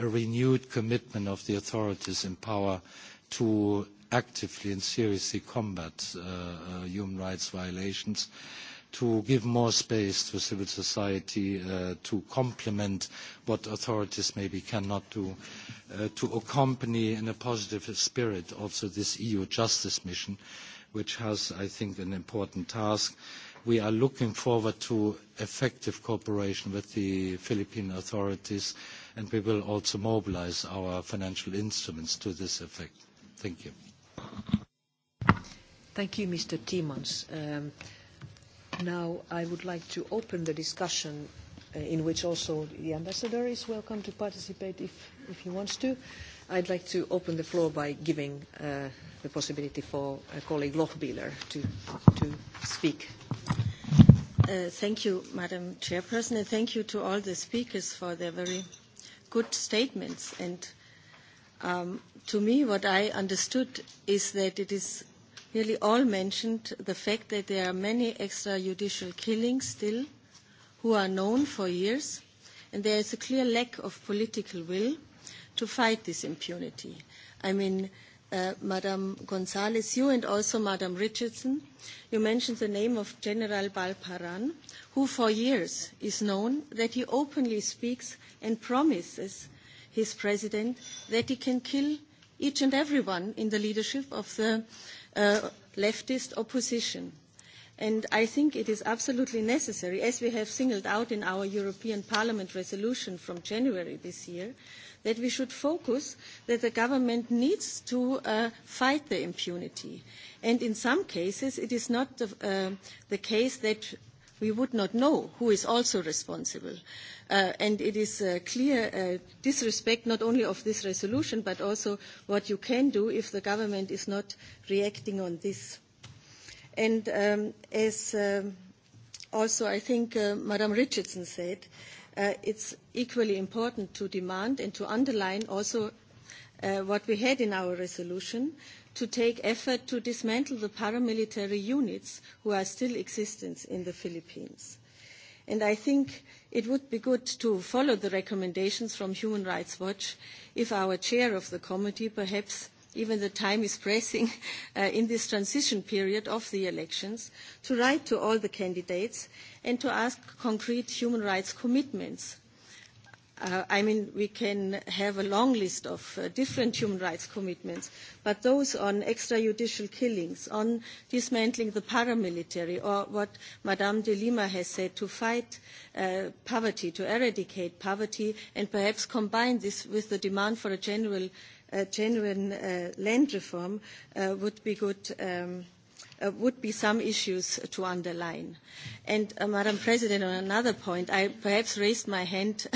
a renewed commitment of the authorities in power to actively and seriously combat human rights violations to give more space to civil society to complement what authorities maybe cannot do, to accompany in a positive spirit also this EU justice mission, which has, I think, an important task. We are looking forward to effective cooperation with the Philippine authorities, and we will also mobilise our financial instruments to this effect. Thank you. Thank you, Mr. Now I would like to open the discussion in which also the ambassador is welcome to participate if, if he wants to. I'd like to open the floor by giving uh, the possibility for my colleague Lochbieler to, to speak. Uh, thank you, Madam Chairperson, and thank you to all the speakers for their very good statements. And um, to me, what I understood is that it is nearly all mentioned the fact that there are many extrajudicial killings still who are known for years, and there is a clear lack of political will to fight this impunity. I mean, uh, Madam Gonzalez, you and also Madam Richardson, you mentioned the name of General Balparan, who for years is known that he openly speaks and promises his president that he can kill each and everyone in the leadership of the leftist opposition. And I think it is absolutely necessary, as we have singled out in our European Parliament resolution from January this year, that we should focus that the government needs to fight the impunity. And in some cases, it is not the, case that we would not know who is also responsible and it is a clear disrespect not only of this resolution but also what you can do if the government is not reacting on this. And as also I think Madam Richardson said, it is equally important to demand and to underline also what we had in our resolution to take effort to dismantle the paramilitary units who are still existent in the Philippines. And I think It would be good to follow the recommendations from Human Rights Watch if our chair of the committee, perhaps even the time is pressing in this transition period of the elections, to write to all the candidates and to ask concrete human rights commitments I mean, we can have a long list of different human rights commitments, but those on extrajudicial killings, on dismantling the paramilitary, or what Madame de Lima has said, to fight poverty, to eradicate poverty, and perhaps combine this with the demand for a general, genuine land reform would be good. Um, would be some issues to underline. And Madam President, on another point, I perhaps raised my hand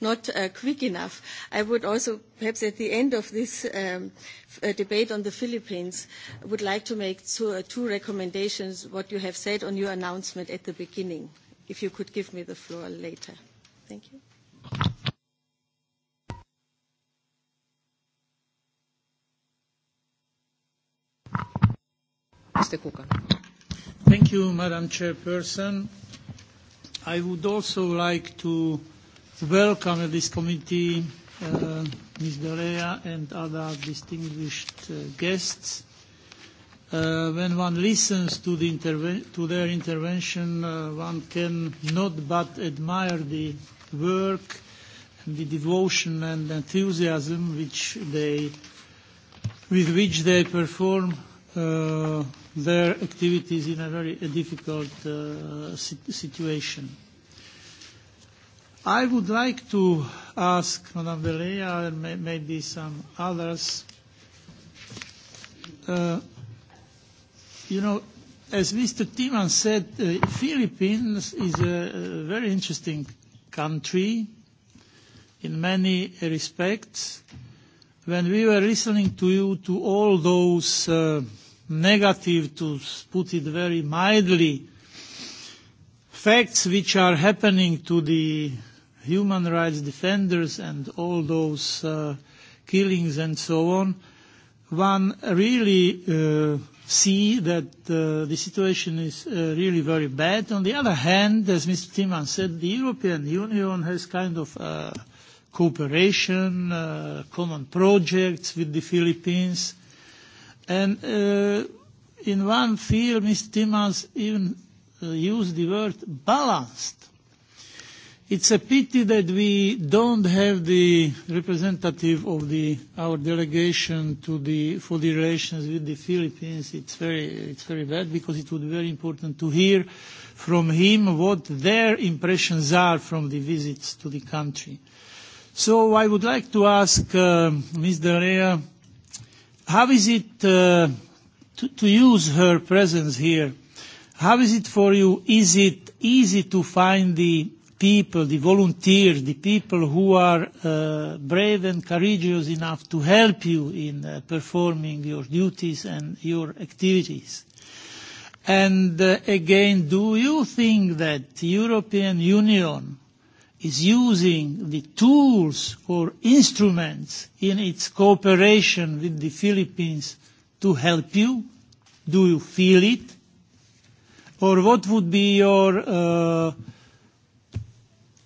not quick enough. I would also, perhaps at the end of this debate on the Philippines, would like to make two recommendations, what you have said on your announcement at the beginning. If you could give me the floor later. Thank you. Mr. Kukan. Thank you, Madam Chairperson. I would also like to welcome at this committee Ms. Berea and other distinguished guests. when one listens to, the interve- to their intervention, one can not but admire the work, and the devotion and enthusiasm which they, with which they perform uh, their activities in a very difficult uh, situation. I would like to ask Madame Velea and may, maybe some others. Uh, you know, as Mr. Timan said, uh, Philippines is a, a very interesting country in many respects. When we were listening to you, to all those uh, negative, to put it very mildly, facts which are happening to the human rights defenders and all those uh, killings and so on, one really uh, see that uh, the situation is uh, really very bad. On the other hand, as Mr. Timan said, the European Union has kind of uh, cooperation, uh, common projects with the Philippines – And uh, in one field, Mr Timmons even uh, used the word balanced. It's a pity that we don't have the representative of the, our delegation to the, for the relations with the Philippines. It's very, it's very bad because it would be very important to hear from him what their impressions are from the visits to the country. So I would like to ask uh, Ms. Darea How is it, uh, to, to use her presence here, how is it for you? Is it easy to find the people, the volunteers, the people who are uh, brave and courageous enough to help you in uh, performing your duties and your activities? And uh, again, do you think that European Union is using the tools or instruments in its cooperation with the Philippines to help you? Do you feel it? Or what would be your uh,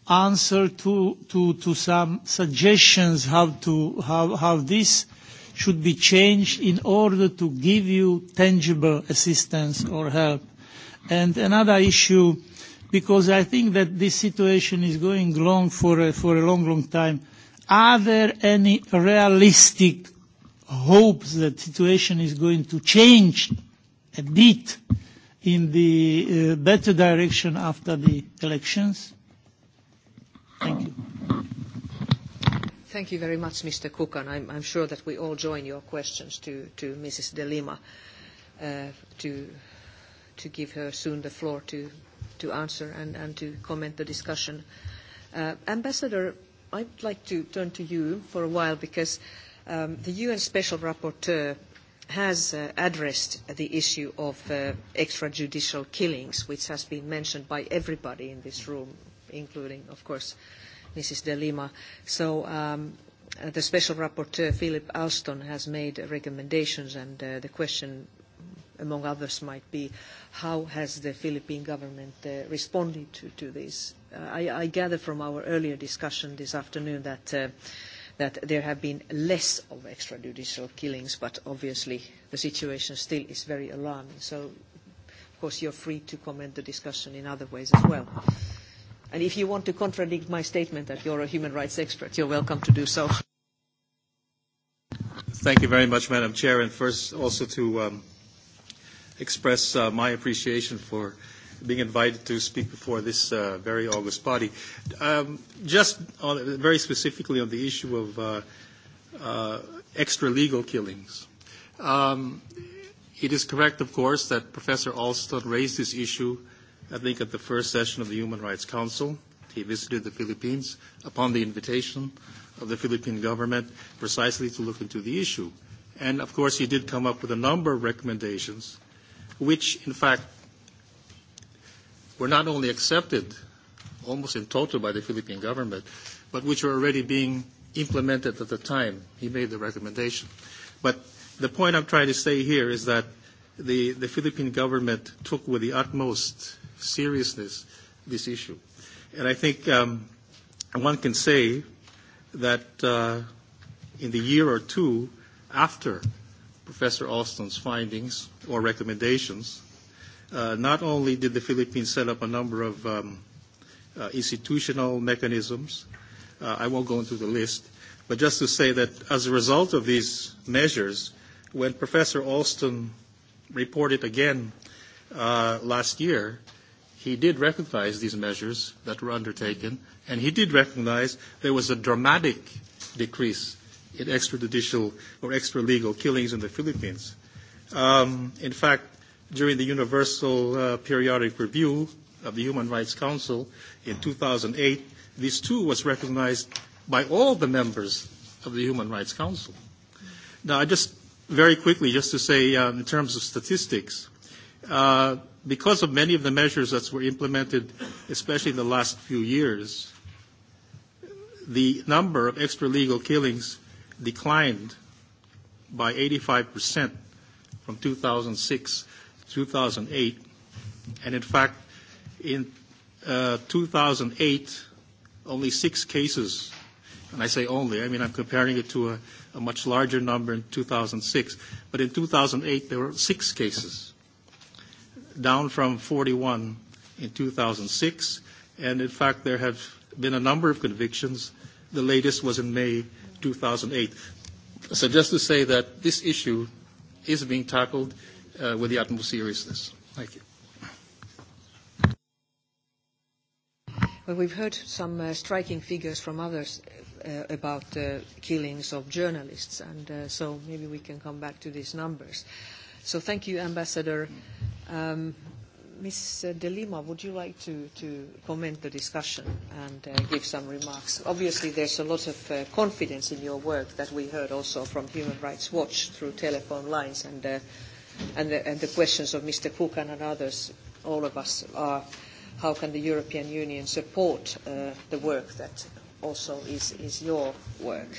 answer to, to, to some suggestions how, to, how, how this should be changed in order to give you tangible assistance or help? And another issue because I think that this situation is going long for a, for a long, long time. Are there any realistic hopes that situation is going to change a bit in the uh, better direction after the elections? Thank you. Thank you very much, Mr. Kukan. I'm, I'm sure that we all join your questions to, to Mrs. De Lima uh, to, to give her soon the floor to to answer and, and to comment the discussion. Uh, Ambassador, I'd like to turn to you for a while because um, the UN Special Rapporteur has uh, addressed the issue of uh, extrajudicial killings, which has been mentioned by everybody in this room, including, of course, Mrs. De Lima. So um, the Special Rapporteur, Philip Alston, has made recommendations, and uh, the question among others, might be how has the Philippine government responded to this? I gather from our earlier discussion this afternoon that there have been less of extrajudicial killings, but obviously the situation still is very alarming. So, of course, you're free to comment the discussion in other ways as well. And if you want to contradict my statement that you're a human rights expert, you're welcome to do so. Thank you very much, Madam Chair, and first also to express uh, my appreciation for being invited to speak before this uh, very august body. Um, just on, very specifically on the issue of uh, uh, extra legal killings. Um, it is correct, of course, that Professor Alston raised this issue, I think, at the first session of the Human Rights Council. He visited the Philippines upon the invitation of the Philippine government precisely to look into the issue. And, of course, he did come up with a number of recommendations which in fact were not only accepted almost in total by the Philippine government, but which were already being implemented at the time he made the recommendation. But the point I'm trying to say here is that the, the Philippine government took with the utmost seriousness this issue. And I think um, one can say that uh, in the year or two after Professor Alston's findings or recommendations, uh, not only did the Philippines set up a number of um, uh, institutional mechanisms, uh, I won't go into the list, but just to say that as a result of these measures, when Professor Alston reported again uh, last year, he did recognize these measures that were undertaken, and he did recognize there was a dramatic decrease in extrajudicial or extralegal killings in the Philippines. Um, in fact, during the Universal uh, Periodic Review of the Human Rights Council in 2008, this too was recognized by all the members of the Human Rights Council. Now, I just very quickly, just to say uh, in terms of statistics, uh, because of many of the measures that were implemented, especially in the last few years, the number of extra legal killings declined by 85% from 2006 to 2008. And in fact, in uh, 2008, only six cases, and I say only, I mean, I'm comparing it to a, a much larger number in 2006, but in 2008, there were six cases, down from 41 in 2006. And in fact, there have been a number of convictions. The latest was in May 2008. So just to say that this issue is being tackled uh, with the utmost seriousness. Thank you. Well, we've heard some uh, striking figures from others uh, about uh, killings of journalists, and uh, so maybe we can come back to these numbers. So thank you, Ambassador. Um, Ms. De Lima, would you like to, to comment the discussion and uh, give some remarks? Obviously, there's a lot of uh, confidence in your work that we heard also from Human Rights Watch through telephone lines and, uh, and, the, and the questions of Mr. Kukan and others. All of us are how can the European Union support uh, the work that also is, is your work?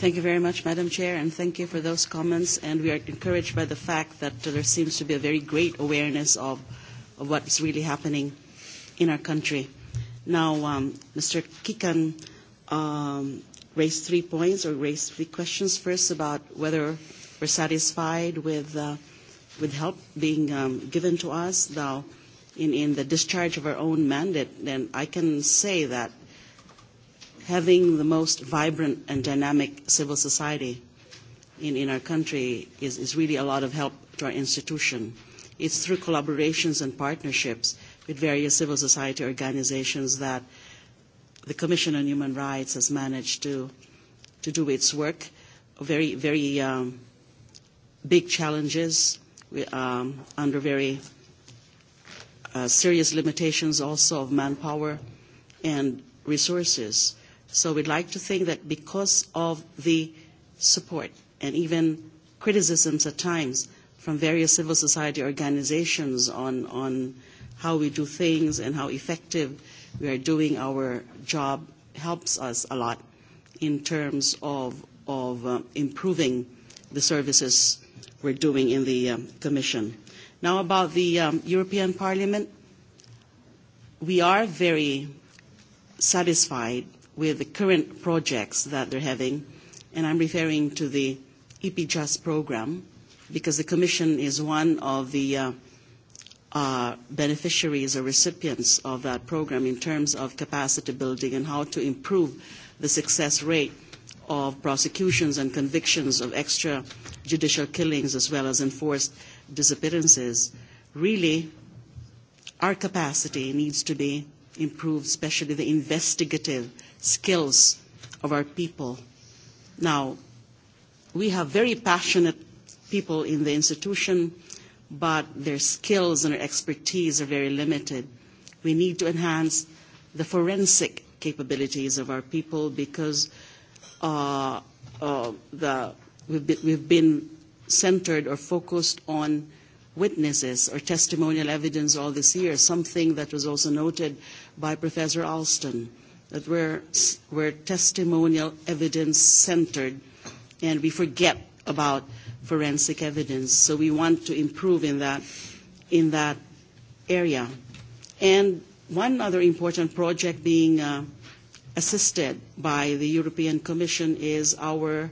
Thank you very much, Madam Chair, and thank you for those comments. And we are encouraged by the fact that there seems to be a very great awareness of, of is really happening in our country. Now, um, Mr. Kikan um, raised three points or raised three questions. First, about whether we're satisfied with, uh, with help being um, given to us now in, in the discharge of our own mandate. Then I can say that having the most vibrant and dynamic civil society in, in our country is, is really a lot of help to our institution. It's through collaborations and partnerships with various civil society organizations that the Commission on Human Rights has managed to, to do its work. Very, very um, big challenges we um, under very uh, serious limitations also of manpower and resources. So we'd like to think that because of the support and even criticisms at times from various civil society organizations on, on how we do things and how effective we are doing our job helps us a lot in terms of, of uh, improving the services we're doing in the um, Commission. Now about the um, European Parliament, we are very satisfied with the current projects that they're having, and I'm referring to the EPJUST program, because the Commission is one of the uh, uh, beneficiaries or recipients of that program in terms of capacity building and how to improve the success rate of prosecutions and convictions of extrajudicial killings as well as enforced disappearances. Really, our capacity needs to be improve, especially the investigative skills of our people. Now, we have very passionate people in the institution, but their skills and their expertise are very limited. We need to enhance the forensic capabilities of our people because uh, uh, the, we've, been, we've been centered or focused on witnesses or testimonial evidence all this year, something that was also noted by Professor Alston, that we're, we're testimonial evidence centered and we forget about forensic evidence. So we want to improve in that, in that area. And one other important project being uh, assisted by the European Commission is our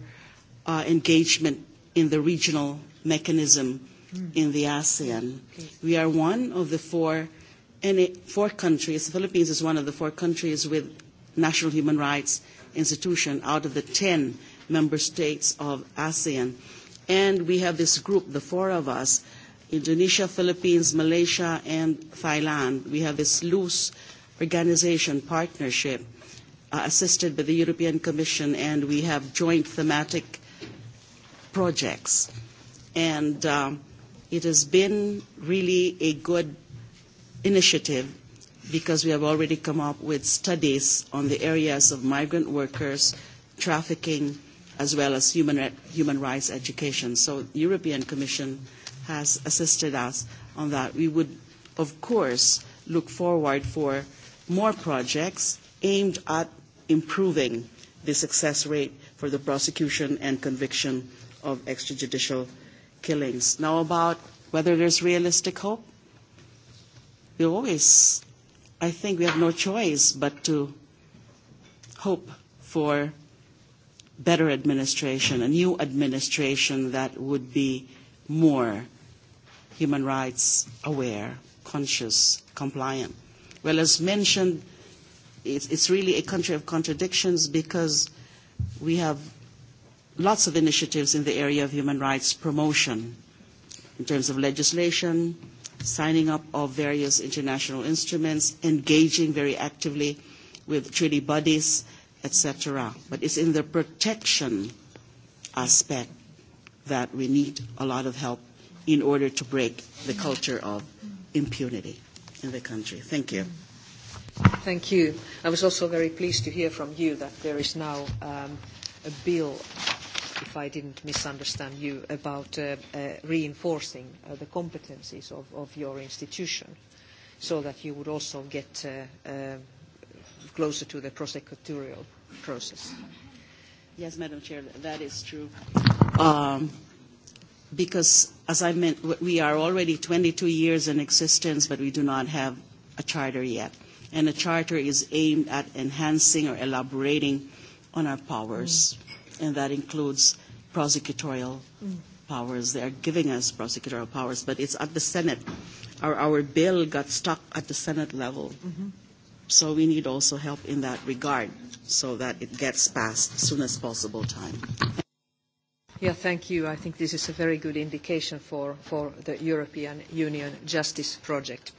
uh, engagement in the regional mechanism in the ASEAN. We are one of the four, any it, four countries. The Philippines is one of the four countries with national human rights institution out of the 10 member states of ASEAN. And we have this group, the four of us, Indonesia, Philippines, Malaysia, and Thailand. We have this loose organization partnership uh, assisted by the European Commission, and we have joint thematic projects. And It has been really a good initiative because we have already come up with studies on the areas of migrant workers, trafficking, as well as human, human rights education. So the European Commission has assisted us on that. We would, of course, look forward for more projects aimed at improving the success rate for the prosecution and conviction of extrajudicial killings. Now about whether there's realistic hope, we always, I think we have no choice but to hope for better administration, a new administration that would be more human rights aware, conscious, compliant. Well, as mentioned, it's, it's really a country of contradictions because we have lots of initiatives in the area of human rights promotion in terms of legislation, signing up of various international instruments, engaging very actively with treaty bodies, etc. But it's in the protection aspect that we need a lot of help in order to break the culture of impunity in the country. Thank you. Thank you. I was also very pleased to hear from you that there is now um, a bill if I didn't misunderstand you, about reinforcing the competencies of your institution so that you would also get closer to the prosecutorial process. Yes, Madam Chair, that is true. Because as I meant, we are already 22 years in existence, but we do not have a charter yet. And a charter is aimed at enhancing or elaborating on our powers and that includes prosecutorial powers. They are giving us prosecutorial powers, but it's at the Senate. Our, our bill got stuck at the Senate level. So we need also help in that regard so that it gets passed as soon as possible time. Yeah, thank you. I think this is a very good indication for, for the European Union Justice Project.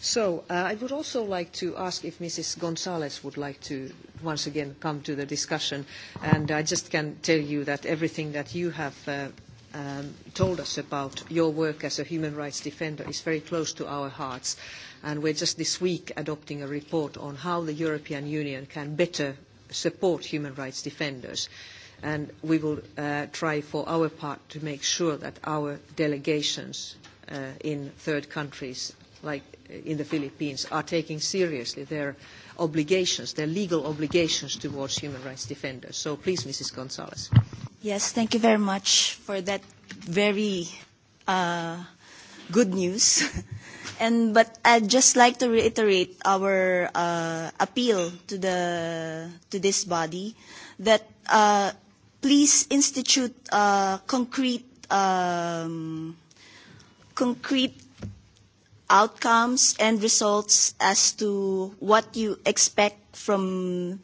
So uh, I would also like to ask if Mrs. Gonzalez would like to once again come to the discussion. And I just can tell you that everything that you have uh, um, told us about your work as a human rights defender is very close to our hearts. And we're just this week adopting a report on how the European Union can better support human rights defenders and we will try for our part to make sure that our delegations in third countries, like in the Philippines, are taking seriously their obligations, their legal obligations towards human rights defenders. So please, Mrs. Gonzalez. Yes, thank you very much for that very uh good news. And but I'd just like to reiterate our uh, appeal to the to this body that uh, please institute concrete um, concrete outcomes and results as to what you expect from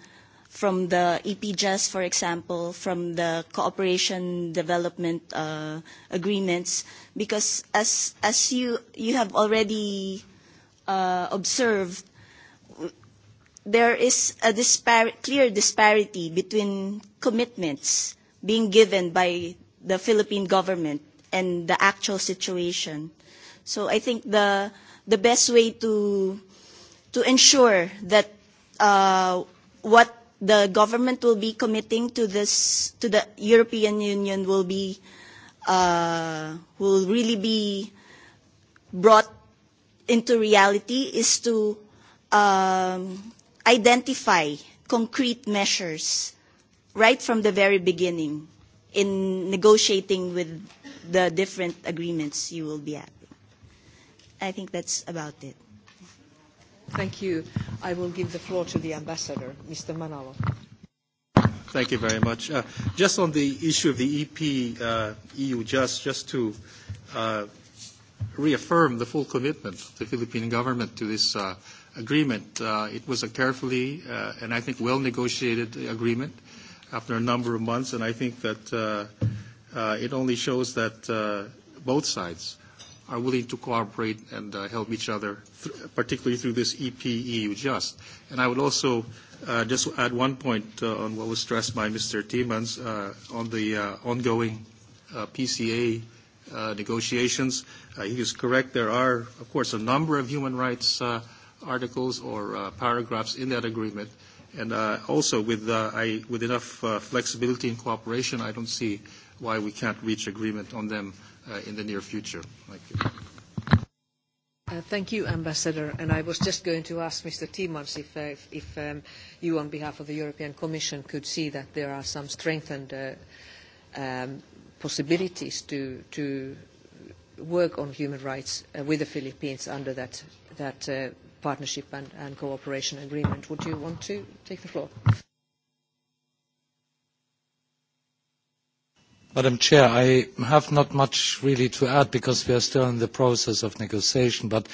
from the EPJS, for example, from the cooperation development uh, agreements, because as as you you have already uh, observed, there is a dispar- clear disparity between commitments being given by the Philippine government and the actual situation. So I think the the best way to to ensure that uh, what the government will be committing to this to the European Union will be uh, will really be brought into reality is to um, identify concrete measures right from the very beginning in negotiating with the different agreements you will be having. I think that's about it. Thank you. I will give the floor to the ambassador, Mr. Manalo. Thank you very much. Uh, just on the issue of the EP uh, EU, just just to uh, reaffirm the full commitment of the Philippine government to this uh, agreement. Uh, it was a carefully uh, and I think well negotiated agreement after a number of months, and I think that uh, uh, it only shows that uh, both sides are willing to cooperate and uh, help each other, particularly through this EP-EU Just. And I would also uh, just add one point uh, on what was stressed by Mr. Tiemans uh, on the uh, ongoing uh, PCA uh, negotiations. Uh, he is correct. There are, of course, a number of human rights uh, articles or uh, paragraphs in that agreement – And uh, also with, uh, I, with enough uh, flexibility and cooperation, I don't see why we can't reach agreement on them uh, in the near future. Thank you. Thank you, Ambassador. And I was just going to ask Mr. Timmons if uh if um you, on behalf of the European Commission, could see that there are some strengthened uh possibilities to to work on human rights uh with the Philippines under that uh partnership and, and cooperation agreement. Would you want to take the floor? Madam Chair, I have not much really to add because we are still in the process of negotiation. But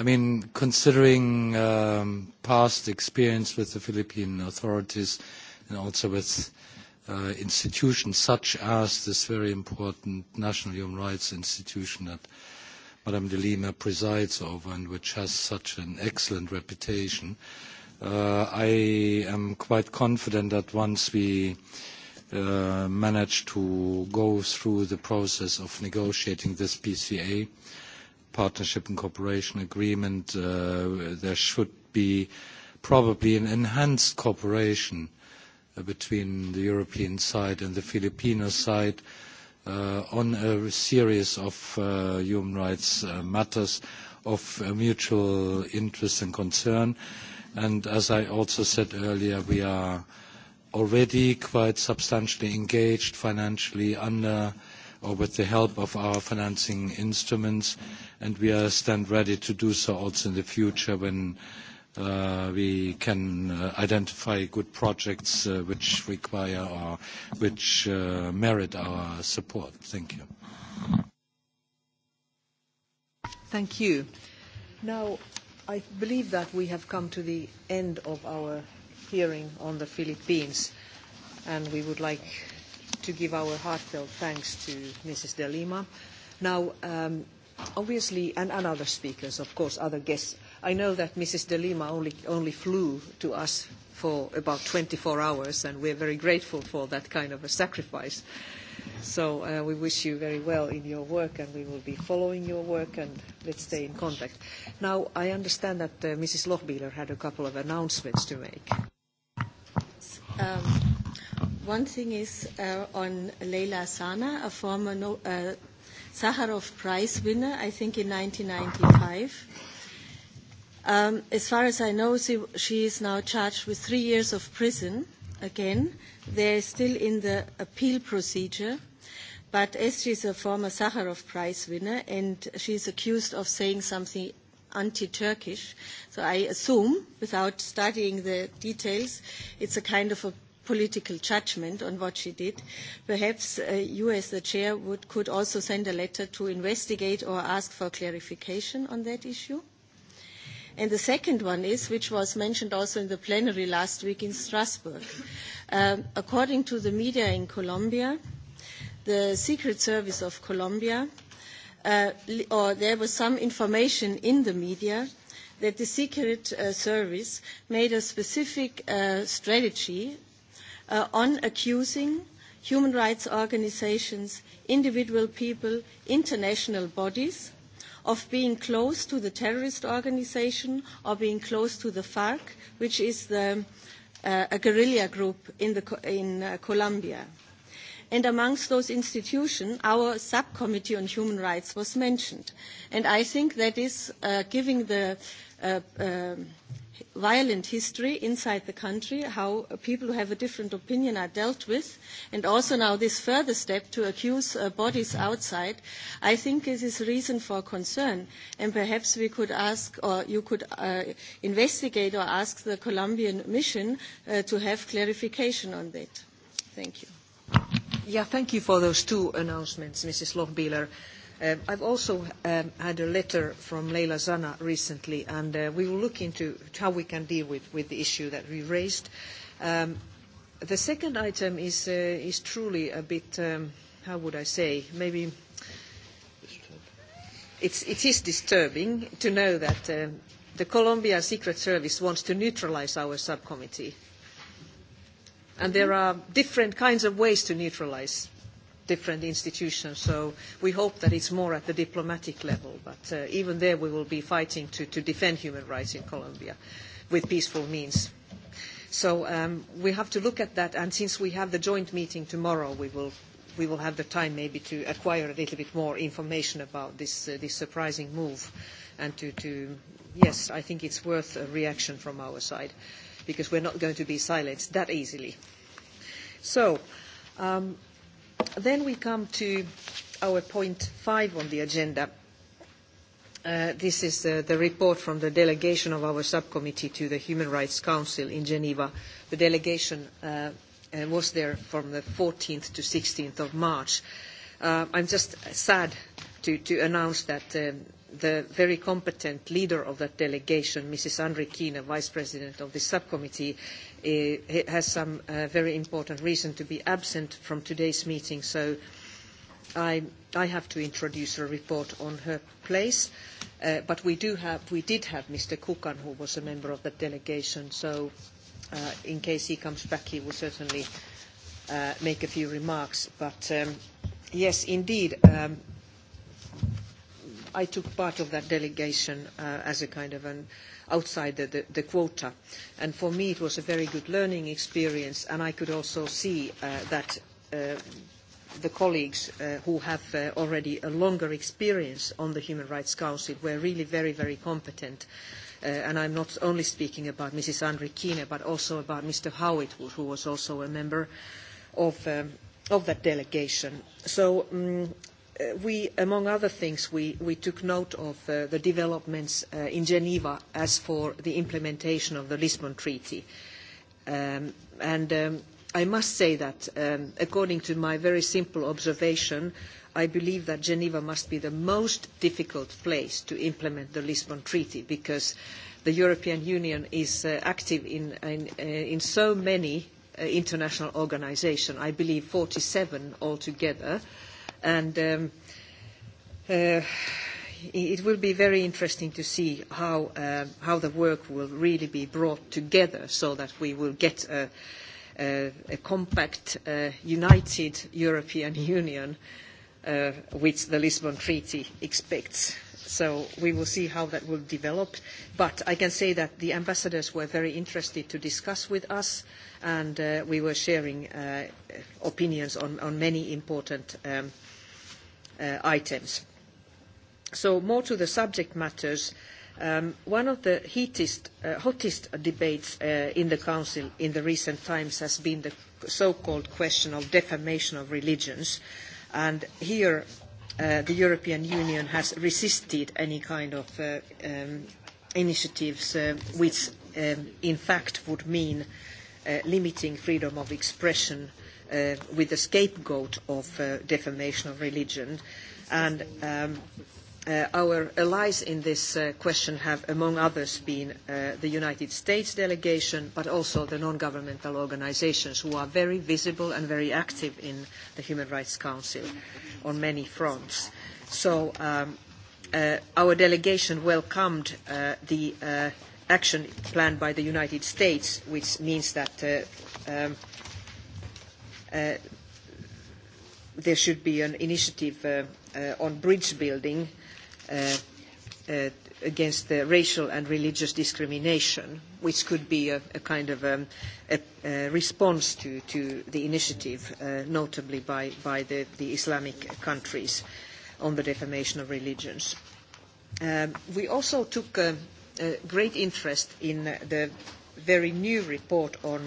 I mean, considering um, past experience with the Philippine authorities and also with uh, institutions such as this very important National Human Rights Institution at Madame de Lima presides over and which has such an excellent reputation. I am quite confident that once we manage to go through the process of negotiating this PCA, Partnership and Cooperation Agreement, there should be probably an enhanced cooperation between the European side and the Filipino side on a series of human rights matters of mutual interest and concern. And as I also said earlier, we are already quite substantially engaged financially under or with the help of our financing instruments, and we stand ready to do so also in the future when We can identify good projects which require or which merit our support. Thank you. Thank you. Now, I believe that we have come to the end of our hearing on the Philippines, and we would like to give our heartfelt thanks to Mrs. De Lima. Now, obviously, and other speakers, of course, other guests, I know that Mrs. de Lima only, only flew to us for about 24 hours, and we're very grateful for that kind of a sacrifice. So uh, we wish you very well in your work, and we will be following your work, and let's stay in contact. Now, I understand that uh, Mrs. Lochbieler had a couple of announcements to make. Um, one thing is uh, on Leila Sana, a former no, uh, Sakharov Prize winner, I think in 1995 Um, as far as I know, she, she is now charged with three years of prison again. They're still in the appeal procedure. But as she's a former Sakharov Prize winner and she's accused of saying something anti-Turkish, so I assume, without studying the details, it's a kind of a political judgment on what she did. Perhaps you, as the chair, would, could also send a letter to investigate or ask for clarification on that issue. And the second one is, which was mentioned also in the plenary last week in Strasbourg. according to the media in Colombia, the Secret Service of Colombia, or there was some information in the media that the Secret Service made a specific strategy on accusing human rights organisations, individual people, international bodies, of being close to the terrorist organisation or being close to the FARC, which is the, uh, a guerrilla group in, the, in uh, Colombia. And amongst those institutions, our subcommittee on human rights was mentioned. And I think that is uh, giving the uh, uh, violent history inside the country, how people who have a different opinion are dealt with, and also now this further step to accuse uh, bodies outside, I think it is reason for concern. And perhaps we could ask, or you could uh, investigate or ask the Colombian mission uh, to have clarification on that. Thank you. Yeah, thank you for those two announcements, Mrs. Lochbieler. Um, I've also um, had a letter from Leila Zana recently, and uh, we will look into how we can deal with, with the issue that we raised. Um, the second item is, uh, is truly a bit, um, how would I say, maybe it's, it is disturbing to know that the Colombia Secret Service wants to neutralise our subcommittee. And there are different kinds of ways to neutralise different institutions. So we hope that it's more at the diplomatic level, but uh, even there we will be fighting to, to defend human rights in Colombia with peaceful means. So um, we have to look at that, and since we have the joint meeting tomorrow, we will we will have the time maybe to acquire a little bit more information about this uh, this surprising move, and to, to yes, I think it's worth a reaction from our side, because we're not going to be silenced that easily. So. Um, Then we come to our point five on the agenda. This is the report from the delegation of our subcommittee to the Human Rights Council in Geneva. The delegation was there from the 14th to 16th of March. I'm just sad to announce that the very competent leader of that delegation, Mrs. Andrikina, Vice President of the subcommittee, has some very important reason to be absent from today's meeting, so I, I have to introduce a report on her place. but we, do have, we did have Mr. Kukan, who was a member of the delegation, so in case he comes back, he will certainly make a few remarks. But yes, indeed, I took part of that delegation uh, as a kind of an outsider, the, the quota. And for me, it was a very good learning experience, and I could also see uh, that the colleagues uh, who have already a longer experience on the Human Rights Council were really very, very competent. and I'm not only speaking about Mrs. Andri Kine, but also about Mr. Howitt, who was also a member of, of that delegation. So we, among other things, we, we took note of the developments in Geneva as for the implementation of the Lisbon Treaty. and I must say that, according to my very simple observation, I believe that Geneva must be the most difficult place to implement the Lisbon Treaty because the European Union is active in, so many international organisations, I believe forty seven altogether, And it will be very interesting to see how, how the work will really be brought together so that we will get a, compact, united European Union which the Lisbon Treaty expects. So we will see how that will develop. But I can say that the ambassadors were very interested to discuss with us, and we were sharing opinions on, on many important um, – items. So more to the subject matters. One of the hottest debates in the Council in the recent times has been the so-called question of defamation of religions. And here, the European Union has resisted any kind of initiatives which in fact would mean limiting freedom of expression with the scapegoat of defamation of religion. And our allies in this question have, among others, been the United States delegation, but also the non-governmental organisations who are very visible and very active in the Human Rights Council on many fronts. So our delegation welcomed the action plan by the United States, which means that there should be an initiative on bridge building against the racial and religious discrimination, which could be a, kind of a, response to, the initiative, notably by, the, Islamic countries on the defamation of religions. we also took great interest in the very new report on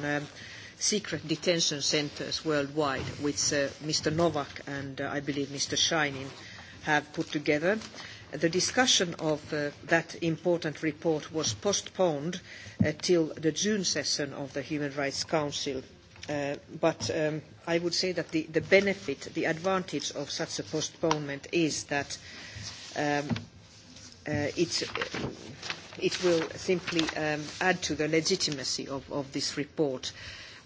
secret detention centres worldwide, which Mr. Novak and I believe Mr. Scheinin have put together. The discussion of that important report was postponed till the June session of the Human Rights Council. but I would say that the, benefit, the advantage of such a postponement is that it will simply add to the legitimacy of, this report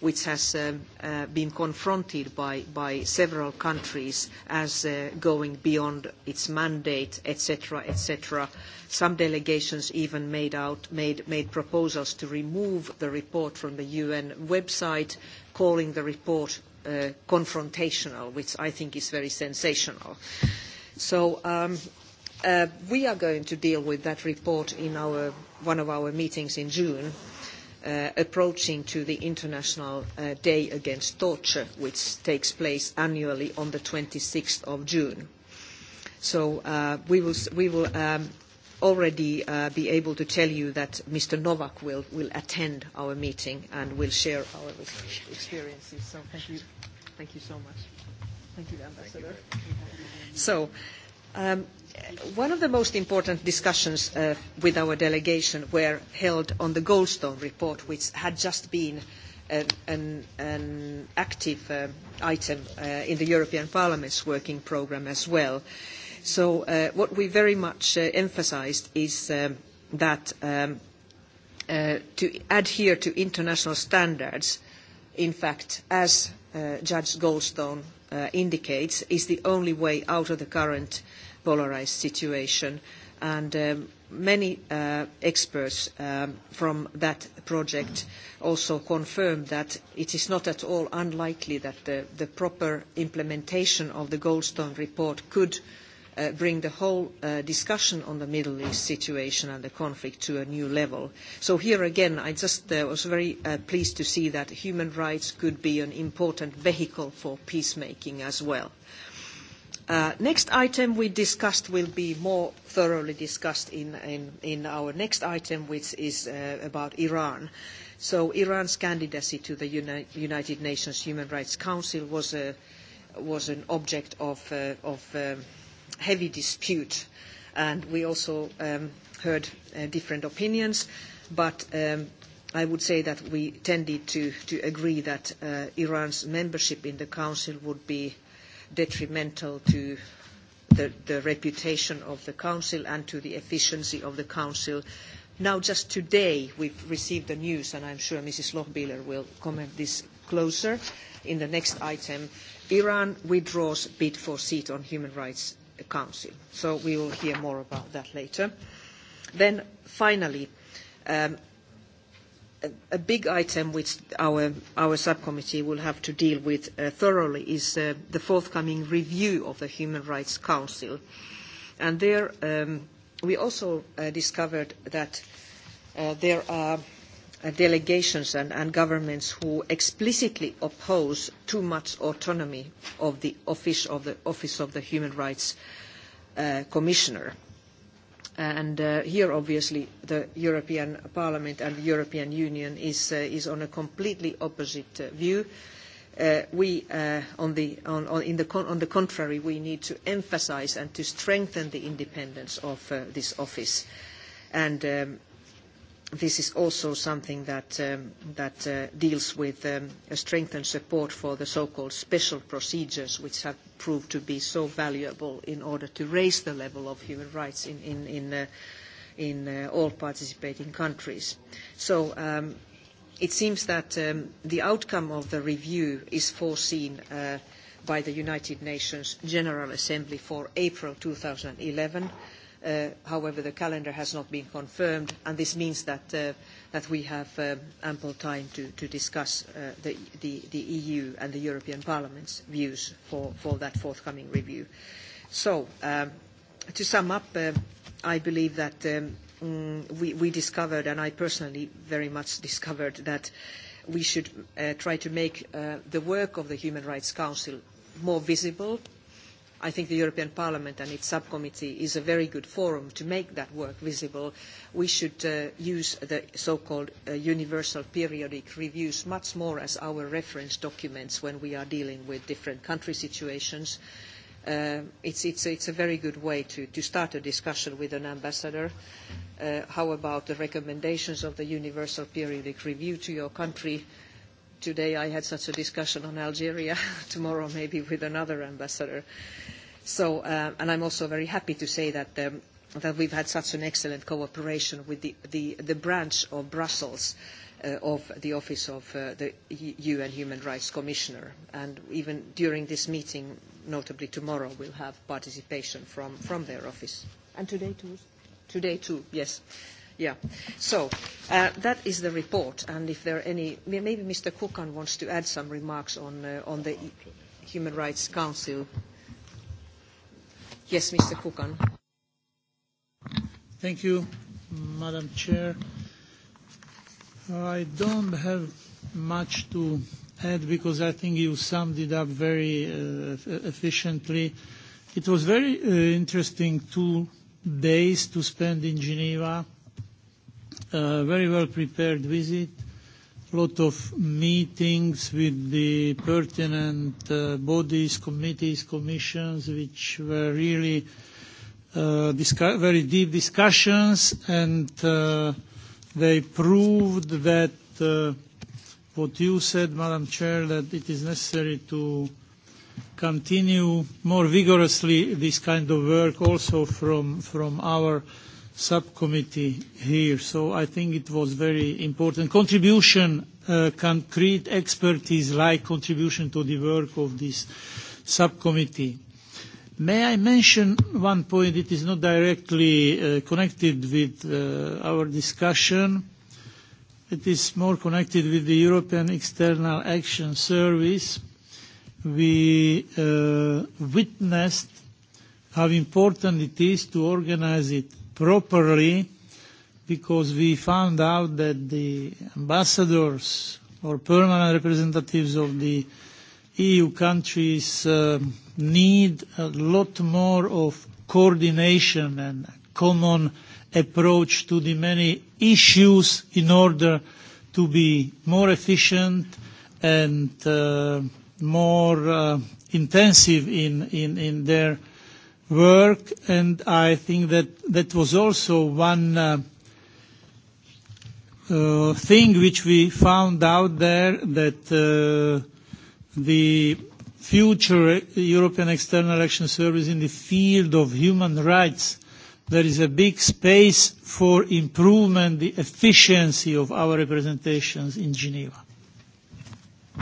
which has been confronted by, several countries as going beyond its mandate, etc., etc. Some delegations even made, out, made proposals to remove the report from the UN website, calling the report confrontational, which I think is very sensational. So we are going to deal with that report in one of our meetings in June approaching to the International Day Against Torture, which takes place annually on the 26th of June. So we will already be able to tell you that Mr. Novak will attend our meeting and will share our experiences. So thank you. Thank you so much. Thank you, Ambassador. So one of the most important discussions with our delegation were held on the Goldstone report, which had just been an, active item in the European Parliament's working programme as well. So what we very much emphasised is that to adhere to international standards, in fact, as Judge Goldstone indicates, is the only way out of the current polarised situation. And many experts from that project also confirmed that it is not at all unlikely that the, proper implementation of the Goldstone report could bring the whole discussion on the Middle East situation and the conflict to a new level. So here again, I just was very pleased to see that human rights could be an important vehicle for peacemaking as well Next item we discussed will be more thoroughly discussed in our next item, which is about Iran. So Iran's candidacy to the United Nations Human Rights Council was an object of heavy dispute, and we also heard different opinions. But I would say that we tended to agree that Iran's membership in the council would be detrimental to the, the reputation of the Council and to the efficiency of the Council. Now, just today, we've received the news, and I'm sure Mrs. Lochbihler will comment this closer in the next item. Iran withdraws bid for seat on Human Rights Council. So we will hear more about that later. Then finally, a big item which our, our subcommittee will have to deal with thoroughly is the forthcoming review of the Human Rights Council. And there we also discovered that there are delegations and, governments who explicitly oppose too much autonomy of the Office of the, Human Rights Commissioner And here, obviously, the European Parliament and the European Union is, on a completely opposite view. we, on, the, contrary, we need to emphasise and to strengthen the independence of this office. And this is also something that deals with strengthened support for the so-called special procedures, which have proved to be so valuable in order to raise the level of human rights in all participating countries. So it seems that the outcome of the review is foreseen by the United Nations General Assembly for April 2011, However, the calendar has not been confirmed, and this means that we have ample time to discuss the EU and the European Parliament's views for that forthcoming review. So, to sum up, I believe that we discovered, and I personally very much discovered, that we should try to make the work of the Human Rights Council more visible I think the European Parliament and its subcommittee is a very good forum to make that work visible. We should use the so-called universal periodic reviews much more as our reference documents when we are dealing with different country situations. It's it's a very good way to start a discussion with an ambassador. How about the recommendations of the universal periodic review to your country? today I had such a discussion on Algeria, tomorrow maybe with another ambassador. So, uh, and I'm also very happy to say that um, that we've had such an excellent cooperation with the, the, the branch of Brussels uh, of the Office of uh, the UN Human Rights Commissioner. And even during this meeting, notably tomorrow, we'll have participation from, from their office. And today too? Today too, yes. Yeah. So that is the report. And if there are any, maybe Mr. Kukan wants to add some remarks on, on the Human Rights Council. Yes, Mr. Kukan. Thank you, Madam Chair. I don't have much to add because I think you summed it up very efficiently. It was very interesting two days to spend in Geneva very well prepared visit, a lot of meetings with the pertinent uh, bodies, committees, commissions, which were really uh, very deep discussions, and uh, they proved that uh, what you said, Madam Chair, that it is necessary to continue more vigorously this kind of work also from, from our uh, subcommittee here. So I think it was very important contribution, uh, concrete expertise like contribution to the work of this subcommittee. May I mention one point? that is not directly uh, connected with uh, our discussion. It is more connected with the European External Action Service. We uh, witnessed how important it is to organize it properly because we found out that the ambassadors or permanent representatives of the EU countries uh, need a lot more of coordination and common approach to the many issues in order to be more efficient and uh, more uh, intensive in, in, in their work, and I think that that was also one uh, uh, thing which we found out there that uh, the future European External Action Service in the field of human rights, there is a big space for improvement the efficiency of our representations in Geneva.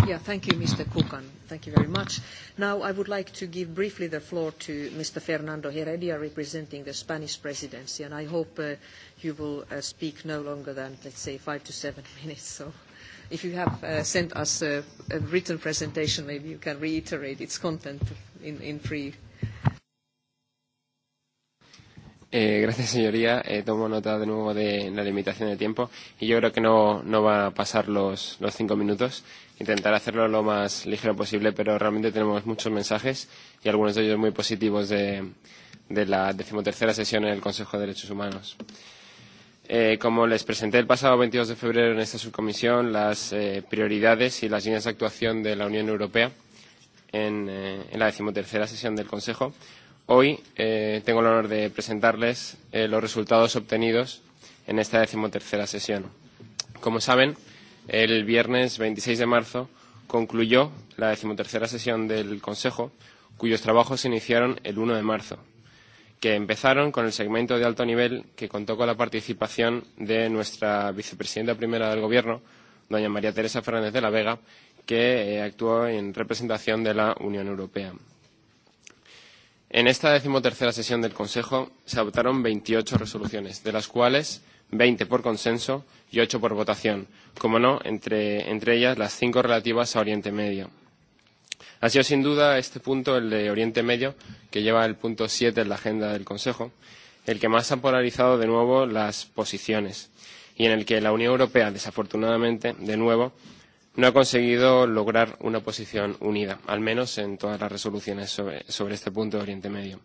Yeah, thank you, Mr. Kukan. Thank you very much. Now I would like to give briefly the floor to Mr. Fernando Heredia, representing the Spanish presidency, and I hope you will speak no longer than, let's say, five to seven minutes. So if you have uh sent us a written presentation, maybe you can reiterate its content in three. gracias, señoría. tomo nota de nuevo de la limitación de tiempo y yo creo que no, no va a pasar los, los cinco minutos Intentar hacerlo lo más ligero posible, pero realmente tenemos muchos mensajes y algunos de ellos muy positivos de, de la decimotercera sesión en el Consejo de Derechos Humanos. Eh, como les presenté el pasado 22 de febrero en esta subcomisión, las eh, prioridades y las líneas de actuación de la Unión Europea en, eh, en la decimotercera sesión del Consejo, hoy eh, tengo el honor de presentarles eh, los resultados obtenidos en esta decimotercera sesión. Como saben, el viernes 26 de marzo concluyó la decimotercera sesión del Consejo, cuyos trabajos se iniciaron el 1 de marzo, que empezaron con el segmento de alto nivel que contó con la participación de nuestra vicepresidenta primera del Gobierno, doña María Teresa Fernández de la Vega, que actuó en representación de la Unión Europea. En esta decimotercera sesión del Consejo se adoptaron 28 resoluciones, de las cuales 20 por consenso y 8 por votación. Como no, entre, entre ellas las cinco relativas a Oriente Medio. Ha sido sin duda este punto, el de Oriente Medio, que lleva el punto 7 en la agenda del Consejo, el que más ha polarizado de nuevo las posiciones y en el que la Unión Europea, desafortunadamente, de nuevo, no ha conseguido lograr una posición unida, al menos en todas las resoluciones sobre, sobre este punto de Oriente Medio.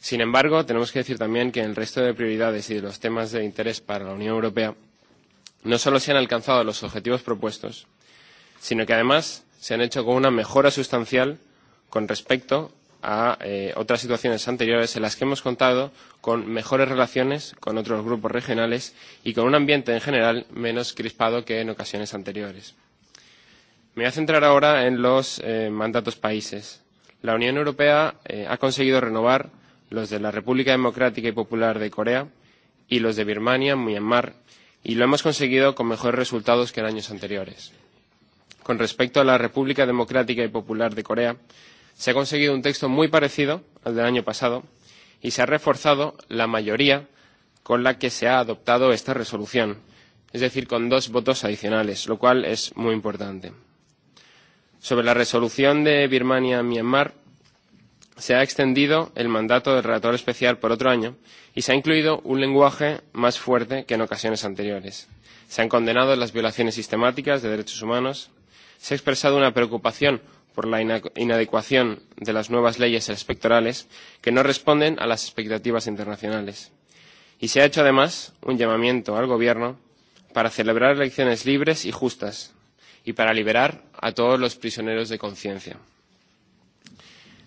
Sin embargo, tenemos que decir también que en el resto de prioridades y de los temas de interés para la Unión Europea no solo se han alcanzado los objetivos propuestos, sino que además se han hecho con una mejora sustancial con respecto a eh, otras situaciones anteriores en las que hemos contado con mejores relaciones con otros grupos regionales y con un ambiente en general menos crispado que en ocasiones anteriores. Me voy a centrar ahora en los eh, mandatos países. La Unión Europea eh, ha conseguido renovar los de la República Democrática y Popular de Corea y los de Birmania, Myanmar, y lo hemos conseguido con mejores resultados que en años anteriores. Con respecto a la República Democrática y Popular de Corea, se ha conseguido un texto muy parecido al del año pasado y se ha reforzado la mayoría con la que se ha adoptado esta resolución, es decir, con dos votos adicionales, lo cual es muy importante. Sobre la resolución de Birmania-Myanmar, se ha extendido el mandato del relator especial por otro año y se ha incluido un lenguaje más fuerte que en ocasiones anteriores. Se han condenado las violaciones sistemáticas de derechos humanos, se ha expresado una preocupación por la inadecuación de las nuevas leyes electorales que no responden a las expectativas internacionales. Y se ha hecho además un llamamiento al Gobierno para celebrar elecciones libres y justas y para liberar a todos los prisioneros de conciencia.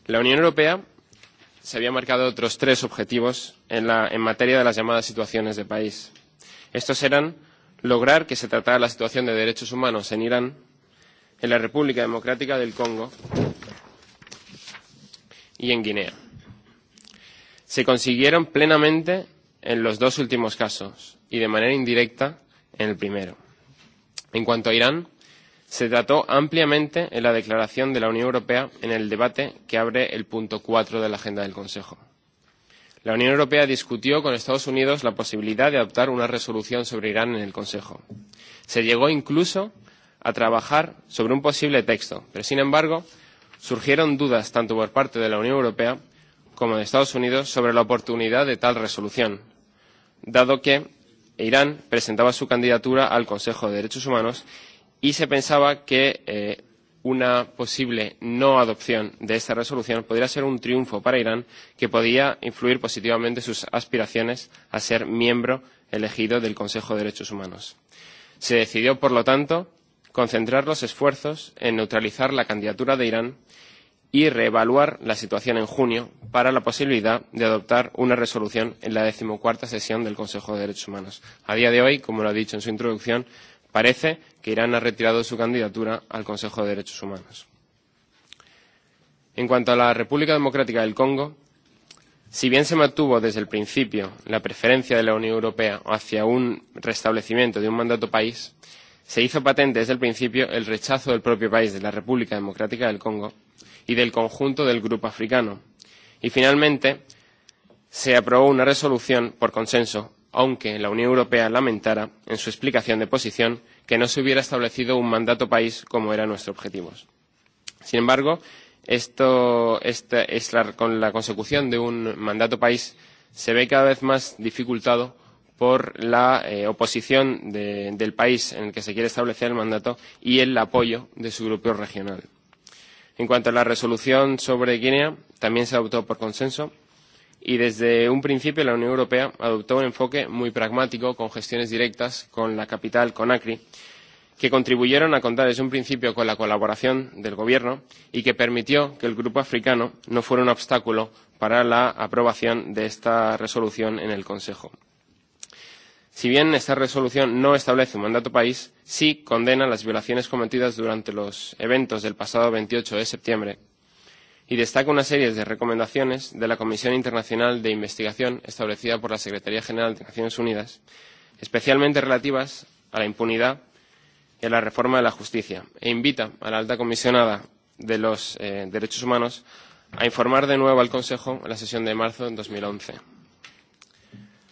La Unión Europea se había marcado otros tres objetivos en, la, en materia de las llamadas situaciones de país. Estos eran lograr que se tratara la situación de derechos humanos en Irán, en la República Democrática del Congo y en Guinea. Se consiguieron plenamente en los dos últimos casos y de manera indirecta en el primero. En cuanto a Irán, se trató ampliamente en la declaración de la Unión Europea en el debate que abre el punto cuatro de la agenda del Consejo. La Unión Europea discutió con Estados Unidos la posibilidad de adoptar una resolución sobre Irán en el Consejo. Se llegó incluso a trabajar sobre un posible texto, pero sin embargo surgieron dudas tanto por parte de la Unión Europea como de Estados Unidos sobre la oportunidad de tal resolución, dado que Irán presentaba su candidatura al Consejo de Derechos Humanos y se pensaba que eh, una posible no adopción de esta resolución podría ser un triunfo para Irán que podía influir positivamente sus aspiraciones a ser miembro elegido del Consejo de Derechos Humanos. Se decidió, por lo tanto, concentrar los esfuerzos en neutralizar la candidatura de Irán y reevaluar la situación en junio para la posibilidad de adoptar una resolución en la decimocuarta sesión del Consejo de Derechos Humanos. A día de hoy, como lo ha dicho en su introducción, Parece que Irán ha retirado su candidatura al Consejo de Derechos Humanos. En cuanto a la República Democrática del Congo, si bien se mantuvo desde el principio la preferencia de la Unión Europea hacia un restablecimiento de un mandato país, se hizo patente desde el principio el rechazo del propio país de la República Democrática del Congo y del conjunto del Grupo Africano. Y finalmente se aprobó una resolución por consenso aunque la Unión Europea lamentara, en su explicación de posición, que no se hubiera establecido un mandato país como era nuestro objetivo. Sin embargo, esto, esta es la, con la consecución de un mandato país se ve cada vez más dificultado por la eh, oposición de, del país en el que se quiere establecer el mandato y el apoyo de su grupo regional. En cuanto a la resolución sobre Guinea, también se adoptó por consenso y desde un principio la Unión Europea adoptó un enfoque muy pragmático con gestiones directas con la capital, con Acri, que contribuyeron a contar desde un principio con la colaboración del Gobierno y que permitió que el Grupo Africano no fuera un obstáculo para la aprobación de esta resolución en el Consejo. Si bien esta resolución no establece un mandato país, sí condena las violaciones cometidas durante los eventos del pasado 28 de septiembre y destaca una serie de recomendaciones de la Comisión Internacional de Investigación establecida por la Secretaría General de Naciones Unidas, especialmente relativas a la impunidad y a la reforma de la justicia, e invita a la alta comisionada de los eh, Derechos Humanos a informar de nuevo al Consejo en la sesión de marzo de 2011.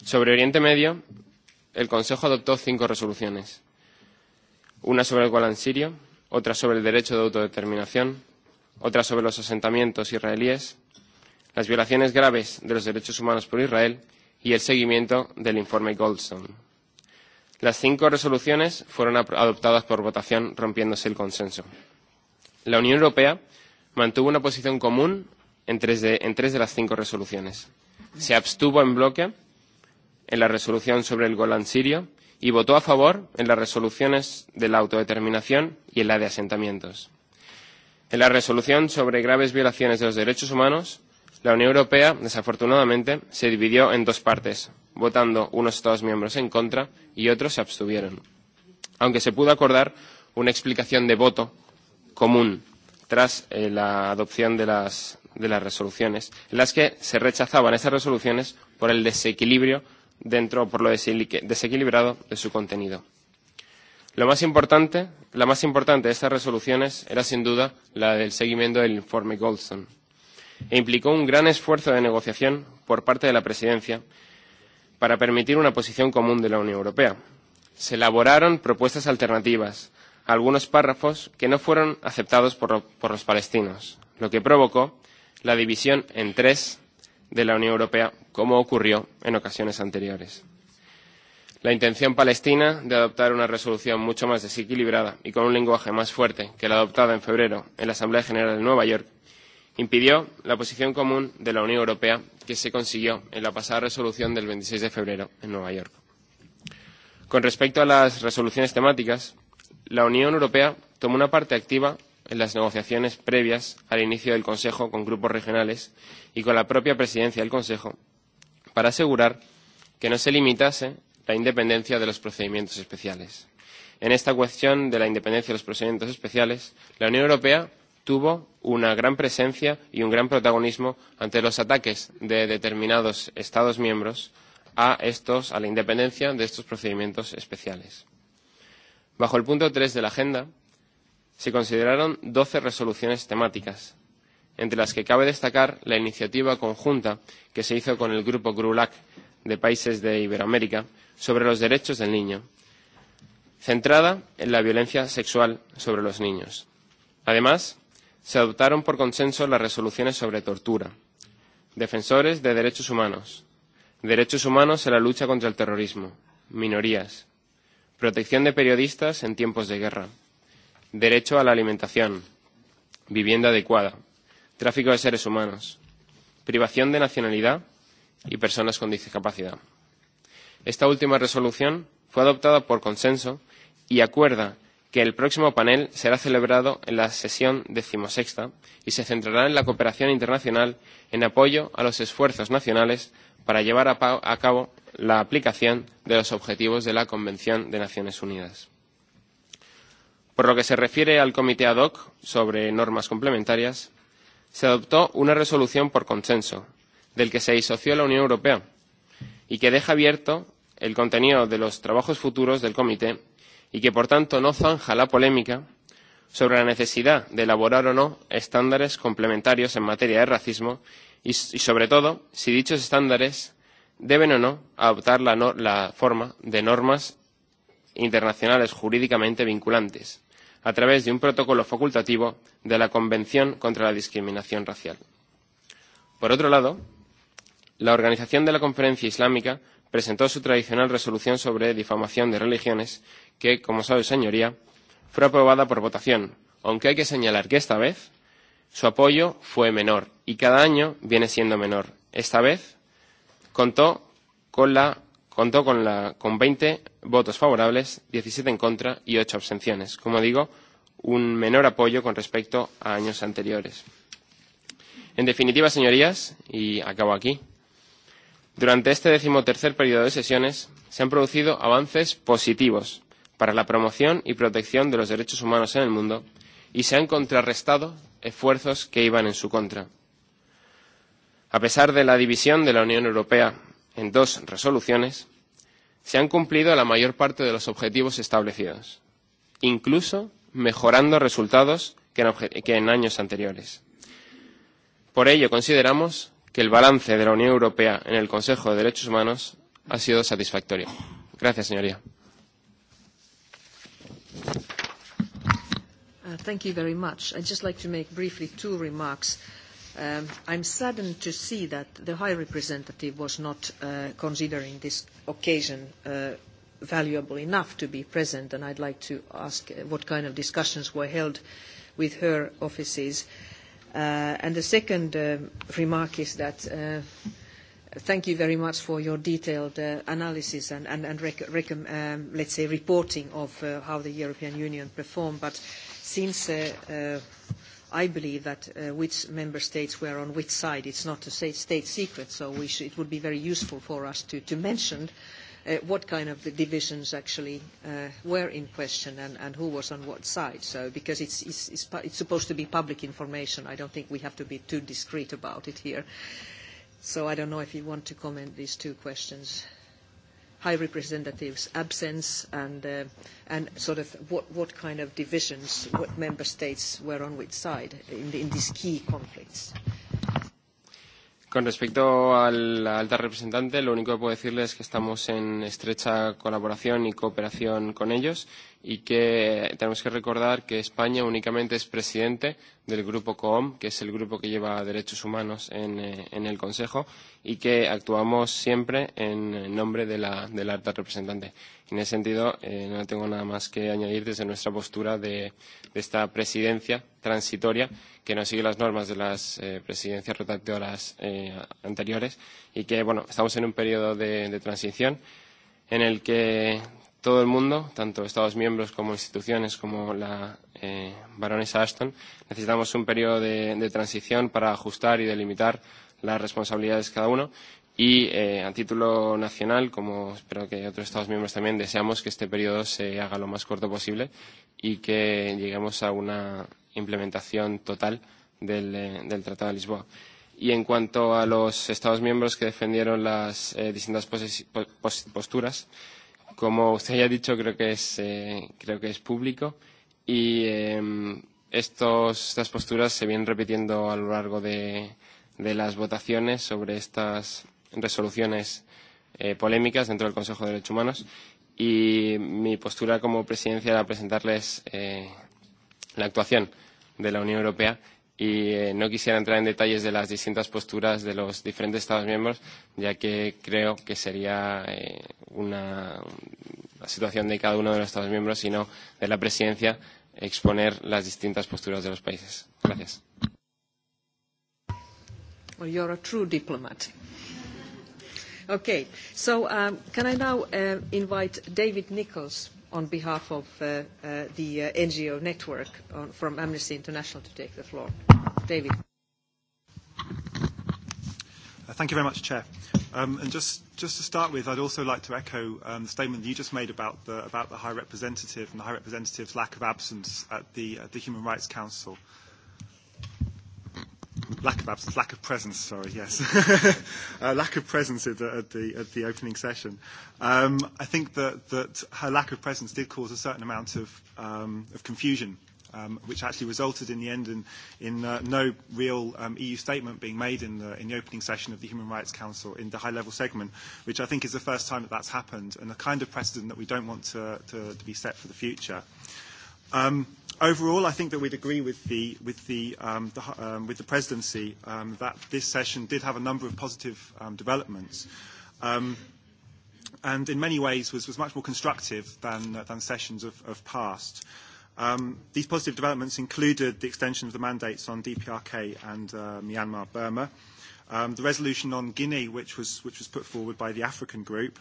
Sobre Oriente Medio, el Consejo adoptó cinco resoluciones. Una sobre el Golan sirio, otra sobre el derecho de autodeterminación, otra sobre los asentamientos israelíes, las violaciones graves de los derechos humanos por Israel y el seguimiento del informe Goldstone. Las cinco resoluciones fueron adoptadas por votación rompiéndose el consenso. La Unión Europea mantuvo una posición común en tres de, en tres de las cinco resoluciones. Se abstuvo en bloque en la resolución sobre el Golán sirio y votó a favor en las resoluciones de la autodeterminación y en la de asentamientos. En la resolución sobre graves violaciones de los derechos humanos, la Unión Europea, desafortunadamente, se dividió en dos partes, votando unos Estados miembros en contra y otros se abstuvieron. Aunque se pudo acordar una explicación de voto común tras eh, la adopción de las, de las resoluciones, en las que se rechazaban esas resoluciones por el desequilibrio dentro, por lo desequilibrado de su contenido. Lo más importante, la más importante de estas resoluciones era sin duda la del seguimiento del informe Goldstone e implicó un gran esfuerzo de negociación por parte de la Presidencia para permitir una posición común de la Unión Europea. Se elaboraron propuestas alternativas, algunos párrafos que no fueron aceptados por, lo, por los palestinos, lo que provocó la división en tres de la Unión Europea, como ocurrió en ocasiones anteriores la intención palestina de adoptar una resolución mucho más desequilibrada y con un lenguaje más fuerte que la adoptada en febrero en la Asamblea General de Nueva York impidió la posición común de la Unión Europea que se consiguió en la pasada resolución del 26 de febrero en Nueva York. Con respecto a las resoluciones temáticas, la Unión Europea tomó una parte activa en las negociaciones previas al inicio del Consejo con grupos regionales y con la propia presidencia del Consejo para asegurar que no se limitase la independencia de los procedimientos especiales. En esta cuestión de la independencia de los procedimientos especiales, la Unión Europea tuvo una gran presencia y un gran protagonismo ante los ataques de determinados Estados miembros a, estos, a la independencia de estos procedimientos especiales. Bajo el punto 3 de la agenda se consideraron 12 resoluciones temáticas, entre las que cabe destacar la iniciativa conjunta que se hizo con el grupo GRULAC de países de Iberoamérica sobre los derechos del niño, centrada en la violencia sexual sobre los niños. Además, se adoptaron por consenso las resoluciones sobre tortura, defensores de derechos humanos, derechos humanos en la lucha contra el terrorismo, minorías, protección de periodistas en tiempos de guerra, derecho a la alimentación, vivienda adecuada, tráfico de seres humanos, privación de nacionalidad y personas con discapacidad. Esta última resolución fue adoptada por consenso y acuerda que el próximo panel será celebrado en la sesión decimosexta y se centrará en la cooperación internacional en apoyo a los esfuerzos nacionales para llevar a cabo la aplicación de los objetivos de la Convención de Naciones Unidas. Por lo que se refiere al Comité ad hoc sobre normas complementarias, se adoptó una resolución por consenso del que se disoció la Unión Europea y que deja abierto el contenido de los trabajos futuros del Comité y que, por tanto, no zanja la polémica sobre la necesidad de elaborar o no estándares complementarios en materia de racismo y, sobre todo, si dichos estándares deben o no adoptar la, no, la forma de normas internacionales jurídicamente vinculantes, a través de un protocolo facultativo de la Convención contra la Discriminación Racial. Por otro lado, La organización de la Conferencia Islámica presentó su tradicional resolución sobre difamación de religiones, que, como sabe señoría, fue aprobada por votación, aunque hay que señalar que esta vez su apoyo fue menor y cada año viene siendo menor. Esta vez contó con la contó con la con 20 votos favorables, 17 en contra y 8 abstenciones. Como digo, un menor apoyo con respecto a años anteriores. En definitiva, señorías, y acabo aquí. Durante este decimotercer periodo de sesiones se han producido avances positivos para la promoción y protección de los derechos humanos en el mundo y se han contrarrestado esfuerzos que iban en su contra. A pesar de la división de la Unión Europea en dos resoluciones, se han cumplido la mayor parte de los objetivos establecidos, incluso mejorando resultados que en, años anteriores. Por ello, consideramos que el balance de la Unión Europea en el Consejo de Derechos Humanos ha sido satisfactorio. Gracias, señoría. Thank you very much. I'd just like to make briefly two remarks. Um, I'm saddened to see that the High Representative was not uh, considering this occasion uh, valuable enough to be present, and I'd like to ask what kind of discussions were held with her offices. Uh, and the second remark is that thank you very much for your detailed analysis and, and, and rec- rec- um, let's say reporting of how the European Union performed. But since I believe that which member states were on which side, it's not a state secret, so we it would be very useful for us to, to mention uh, what kind of divisions actually were in question and who was on what side. So because it's it's it's supposed to be public information, I don't think we have to be too discreet about it here. So I don't know if you want to comment these two questions. High Representative's absence and and sort of what what kind of divisions, what member states were on which side in in these key conflicts. Con respecto a la alta representante, lo único que puedo decirles es que estamos en estrecha colaboración y cooperación con ellos y que tenemos que recordar que España únicamente es presidente del grupo COOM, que es el grupo que lleva derechos humanos en, en el Consejo, y que actuamos siempre en nombre de la, de la alta representante. En ese sentido, eh, no tengo nada más que añadir desde nuestra postura de, de esta presidencia transitoria que no sigue las normas de las eh, presidencias rotatorias eh, anteriores y que, bueno, estamos en un periodo de, de transición en el que todo el mundo, tanto Estados miembros como instituciones como la eh, baronesa Ashton, necesitamos un periodo de, de transición para ajustar y delimitar las responsabilidades de cada uno Y eh, a título nacional, como espero que otros Estados miembros también, deseamos que este periodo se haga lo más corto posible y que lleguemos a una implementación total del, eh, del Tratado de Lisboa. Y en cuanto a los Estados miembros que defendieron las eh, distintas posturas, como usted ya ha dicho, creo que es, eh, creo que es público y eh, estos, estas posturas se vienen repitiendo a lo largo de, de las votaciones sobre estas resoluciones eh, polémicas dentro del Consejo de Derechos Humanos y mi postura como presidencia era presentarles eh, la actuación de la Unión Europea y eh, no quisiera entrar en detalles de las distintas posturas de los diferentes Estados miembros, ya que creo que sería eh, una, una situación de cada uno de los Estados miembros, sino de la presidencia, exponer las distintas posturas de los países. Gracias. Well, you're a true diplomat. Okay. So can I now invite David Nichols on behalf of the NGO network from Amnesty International to take the floor. David. Thank you very much, Chair. And just to start with, I'd also like to echo the statement that you just made about the High Representative and the High Representative's lack of absence at the Human Rights Council lack of absence, lack of presence, sorry, yes. uh, lack of presence at the, at the, at the opening session. Um, I think that, that her lack of presence did cause a certain amount of, um, of confusion. Um, which actually resulted in the end in, in uh, no real um, EU statement being made in the, in the opening session of the Human Rights Council in the high level segment, which I think is the first time that that's happened and the kind of precedent that we don't want to, to, to be set for the future. Um, Overall, I think that we'd agree with the, with the, um, the, um, with the presidency um, that this session did have a number of positive um, developments. Um, and in many ways was, was much more constructive than, uh, than sessions of, of past. Um, these positive developments included the extension of the mandates on DPRK and uh, Myanmar Burma, um, the resolution on Guinea, which was, which was put forward by the African group,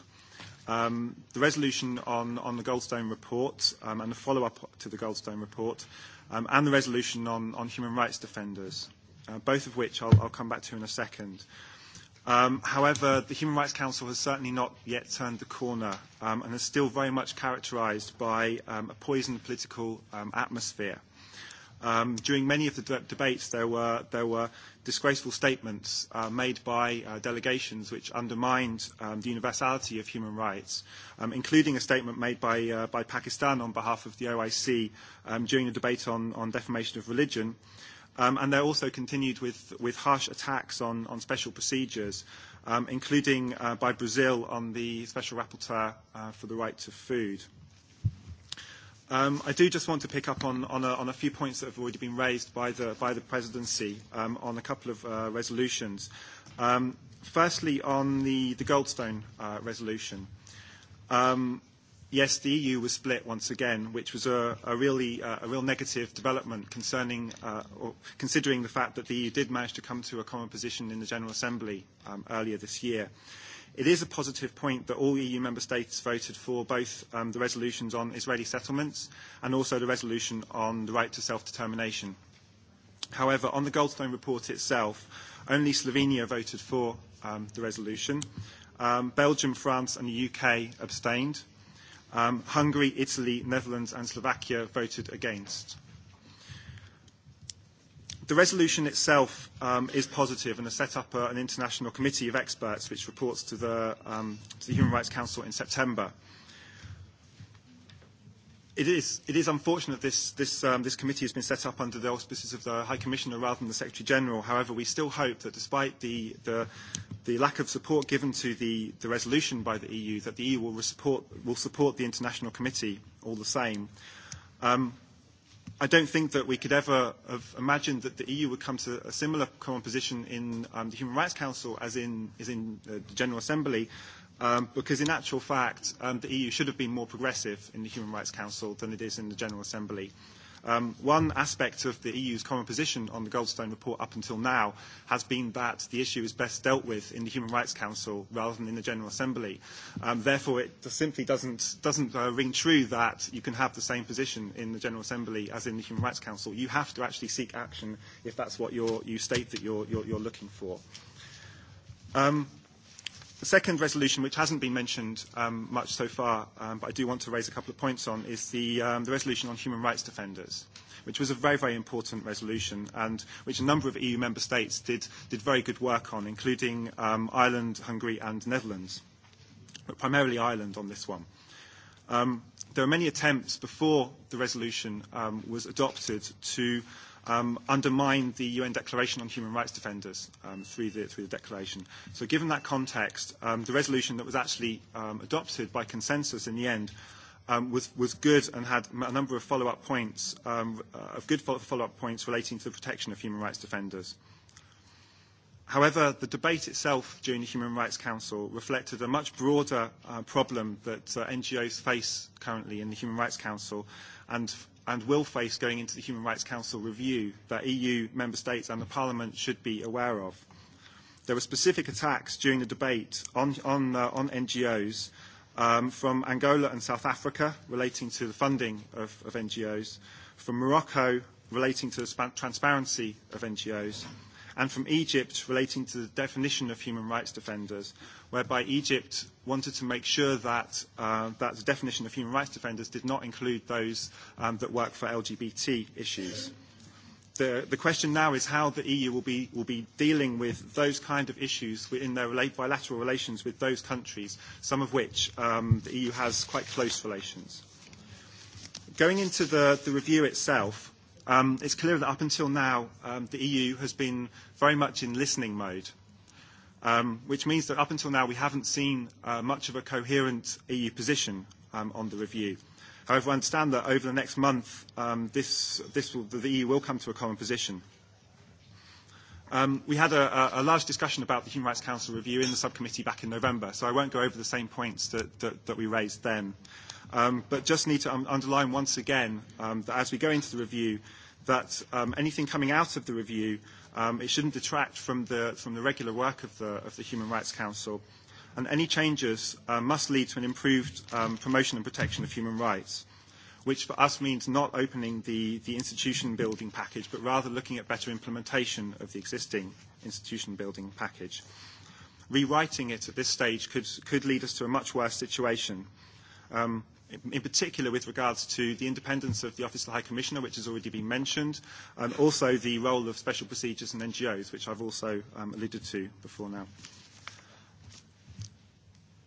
Um, the resolution on, on the Goldstone report um, and the follow-up to the Goldstone report um, and the resolution on, on human rights defenders, uh, both of which I'll, I'll come back to in a second. Um, however, the Human Rights Council has certainly not yet turned the corner um, and is still very much characterised by um, a poisoned political um, atmosphere. Um, during many of the de- debates, there were, there were disgraceful statements uh, made by uh, delegations which undermined um, the universality of human rights, um, including a statement made by, uh, by Pakistan on behalf of the OIC um, during the debate on, on defamation of religion. Um, and they also continued with, with harsh attacks on, on special procedures, um, including uh, by Brazil on the Special Rapporteur uh, for the Right to Food. Um, I do just want to pick up on, on, a, on a few points that have already been raised by the, by the presidency um, on a couple of uh, resolutions. Um, firstly, on the, the Goldstone uh, resolution. Um, yes, the EU was split once again, which was a, a really uh, a real negative development concerning, uh, or considering the fact that the EU did manage to come to a common position in the General Assembly um, earlier this year. It is a positive point that all EU member states voted for both um, the resolutions on Israeli settlements and also the resolution on the right to self-determination. However, on the Goldstone report itself, only Slovenia voted for um, the resolution. Um, Belgium, France and the UK abstained. Um, Hungary, Italy, Netherlands and Slovakia voted against. The resolution itself um, is positive and has set up a, an international committee of experts which reports to the, um, to the Human Rights Council in September. It is, it is unfortunate this, this, um, this committee has been set up under the auspices of the High Commissioner rather than the Secretary General. However, we still hope that despite the, the, the lack of support given to the, the resolution by the EU, that the EU will support, will support the international committee all the same. Um, I don't think that we could ever have imagined that the EU would come to a similar common position in um, the Human Rights Council as in, as in the General Assembly, um, because in actual fact, um, the EU should have been more progressive in the Human Rights Council than it is in the General Assembly. Um One aspect of the EU's common position on the Goldstone report up until now has been that the issue is best dealt with in the Human Rights Council rather than in the General Assembly. Therefore, it simply doesn't ring true that you can have the same position in the General Assembly as in the Human Rights Council. You have to actually seek action if that's what you're you state that you're looking for. Um, The second resolution, which hasn't been mentioned um, much so far, um, but I do want to raise a couple of points on, is the, um, the resolution on human rights defenders, which was a very, very important resolution and which a number of EU member states did, did very good work on, including um, Ireland, Hungary and Netherlands, but primarily Ireland on this one. Um, there are many attempts before the resolution um, was adopted to um, undermined the UN Declaration on Human Rights Defenders um, through, the, through the declaration. So given that context, um, the resolution that was actually um, adopted by consensus in the end um, was, was good and had a number of follow-up points, um, uh, of good follow-up points relating to the protection of human rights defenders. However, the debate itself during the Human Rights Council reflected a much broader uh, problem that uh, NGOs face currently in the Human Rights Council, and and will face going into the Human Rights Council review that EU member states and the Parliament should be aware of. There were specific attacks during the debate on, on, uh, on NGOs um, from Angola and South Africa relating to the funding of, of NGOs, from Morocco relating to the transparency of NGOs, and from Egypt relating to the definition of human rights defenders, whereby Egypt wanted to make sure that, uh, that the definition of human rights defenders did not include those um, that work for LGBT issues. The, the question now is how the EU will be, will be dealing with those kind of issues in their bilateral relations with those countries, some of which um, the EU has quite close relations. Going into the, the review itself, um, it's clear that up until now, um, the EU has been very much in listening mode um, which means that up until now we haven't seen uh, much of a coherent EU position um, on the review. However, I understand that over the next month, um, this, this will, the EU will come to a common position. Um, we had a, a large discussion about the Human Rights Council review in the subcommittee back in November, so I won't go over the same points that, that, that we raised then. Um, but just need to um, underline once again um, that as we go into the review, that um, anything coming out of the review Um, it shouldn't detract from the, from the regular work of the, of the Human Rights Council. And any changes uh, must lead to an improved um, promotion and protection of human rights, which for us means not opening the, the institution building package, but rather looking at better implementation of the existing institution building package. Rewriting it at this stage could, could lead us to a much worse situation. Um, in particular with regards to the independence of the Office of the High Commissioner, which has already been mentioned, and also the role of special procedures and NGOs, which I've also um, alluded to before now.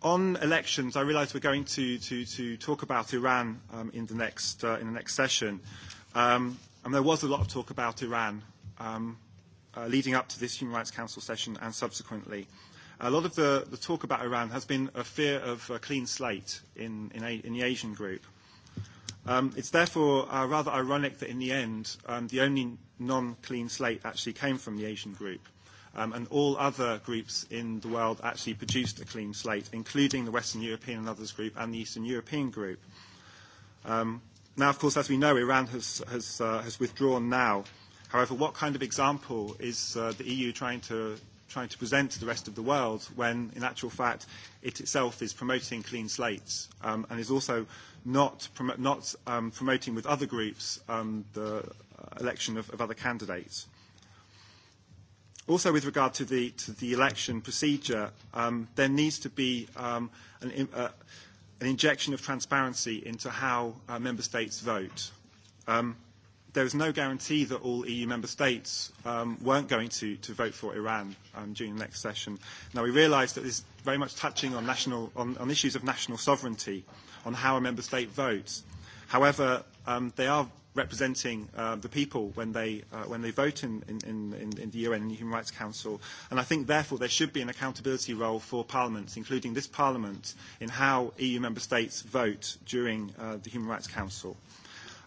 On elections, I realise we're going to, to, to talk about Iran um, in, the next, uh, in the next session. Um, and there was a lot of talk about Iran um, uh, leading up to this Human Rights Council session and subsequently. A lot of the, the talk about Iran has been a fear of a clean slate in, in, a, in the Asian group. Um, it's therefore uh, rather ironic that in the end, um, the only non-clean slate actually came from the Asian group. Um, and all other groups in the world actually produced a clean slate, including the Western European and others group and the Eastern European group. Um, now, of course, as we know, Iran has, has, uh, has withdrawn now. However, what kind of example is uh, the EU trying to trying to present to the rest of the world when, in actual fact, it itself is promoting clean slates um, and is also not, prom- not um, promoting with other groups um, the election of, of other candidates. Also, with regard to the, to the election procedure, um, there needs to be um, an, uh, an injection of transparency into how uh, member states vote. Um, there is no guarantee that all EU member states um, weren't going to, to vote for Iran um, during the next session. Now, we realise that this is very much touching on, national, on, on issues of national sovereignty, on how a member state votes. However, um, they are representing uh, the people when they, uh, when they vote in, in, in, in the UN and the Human Rights Council. And I think, therefore, there should be an accountability role for parliaments, including this parliament, in how EU member states vote during uh, the Human Rights Council.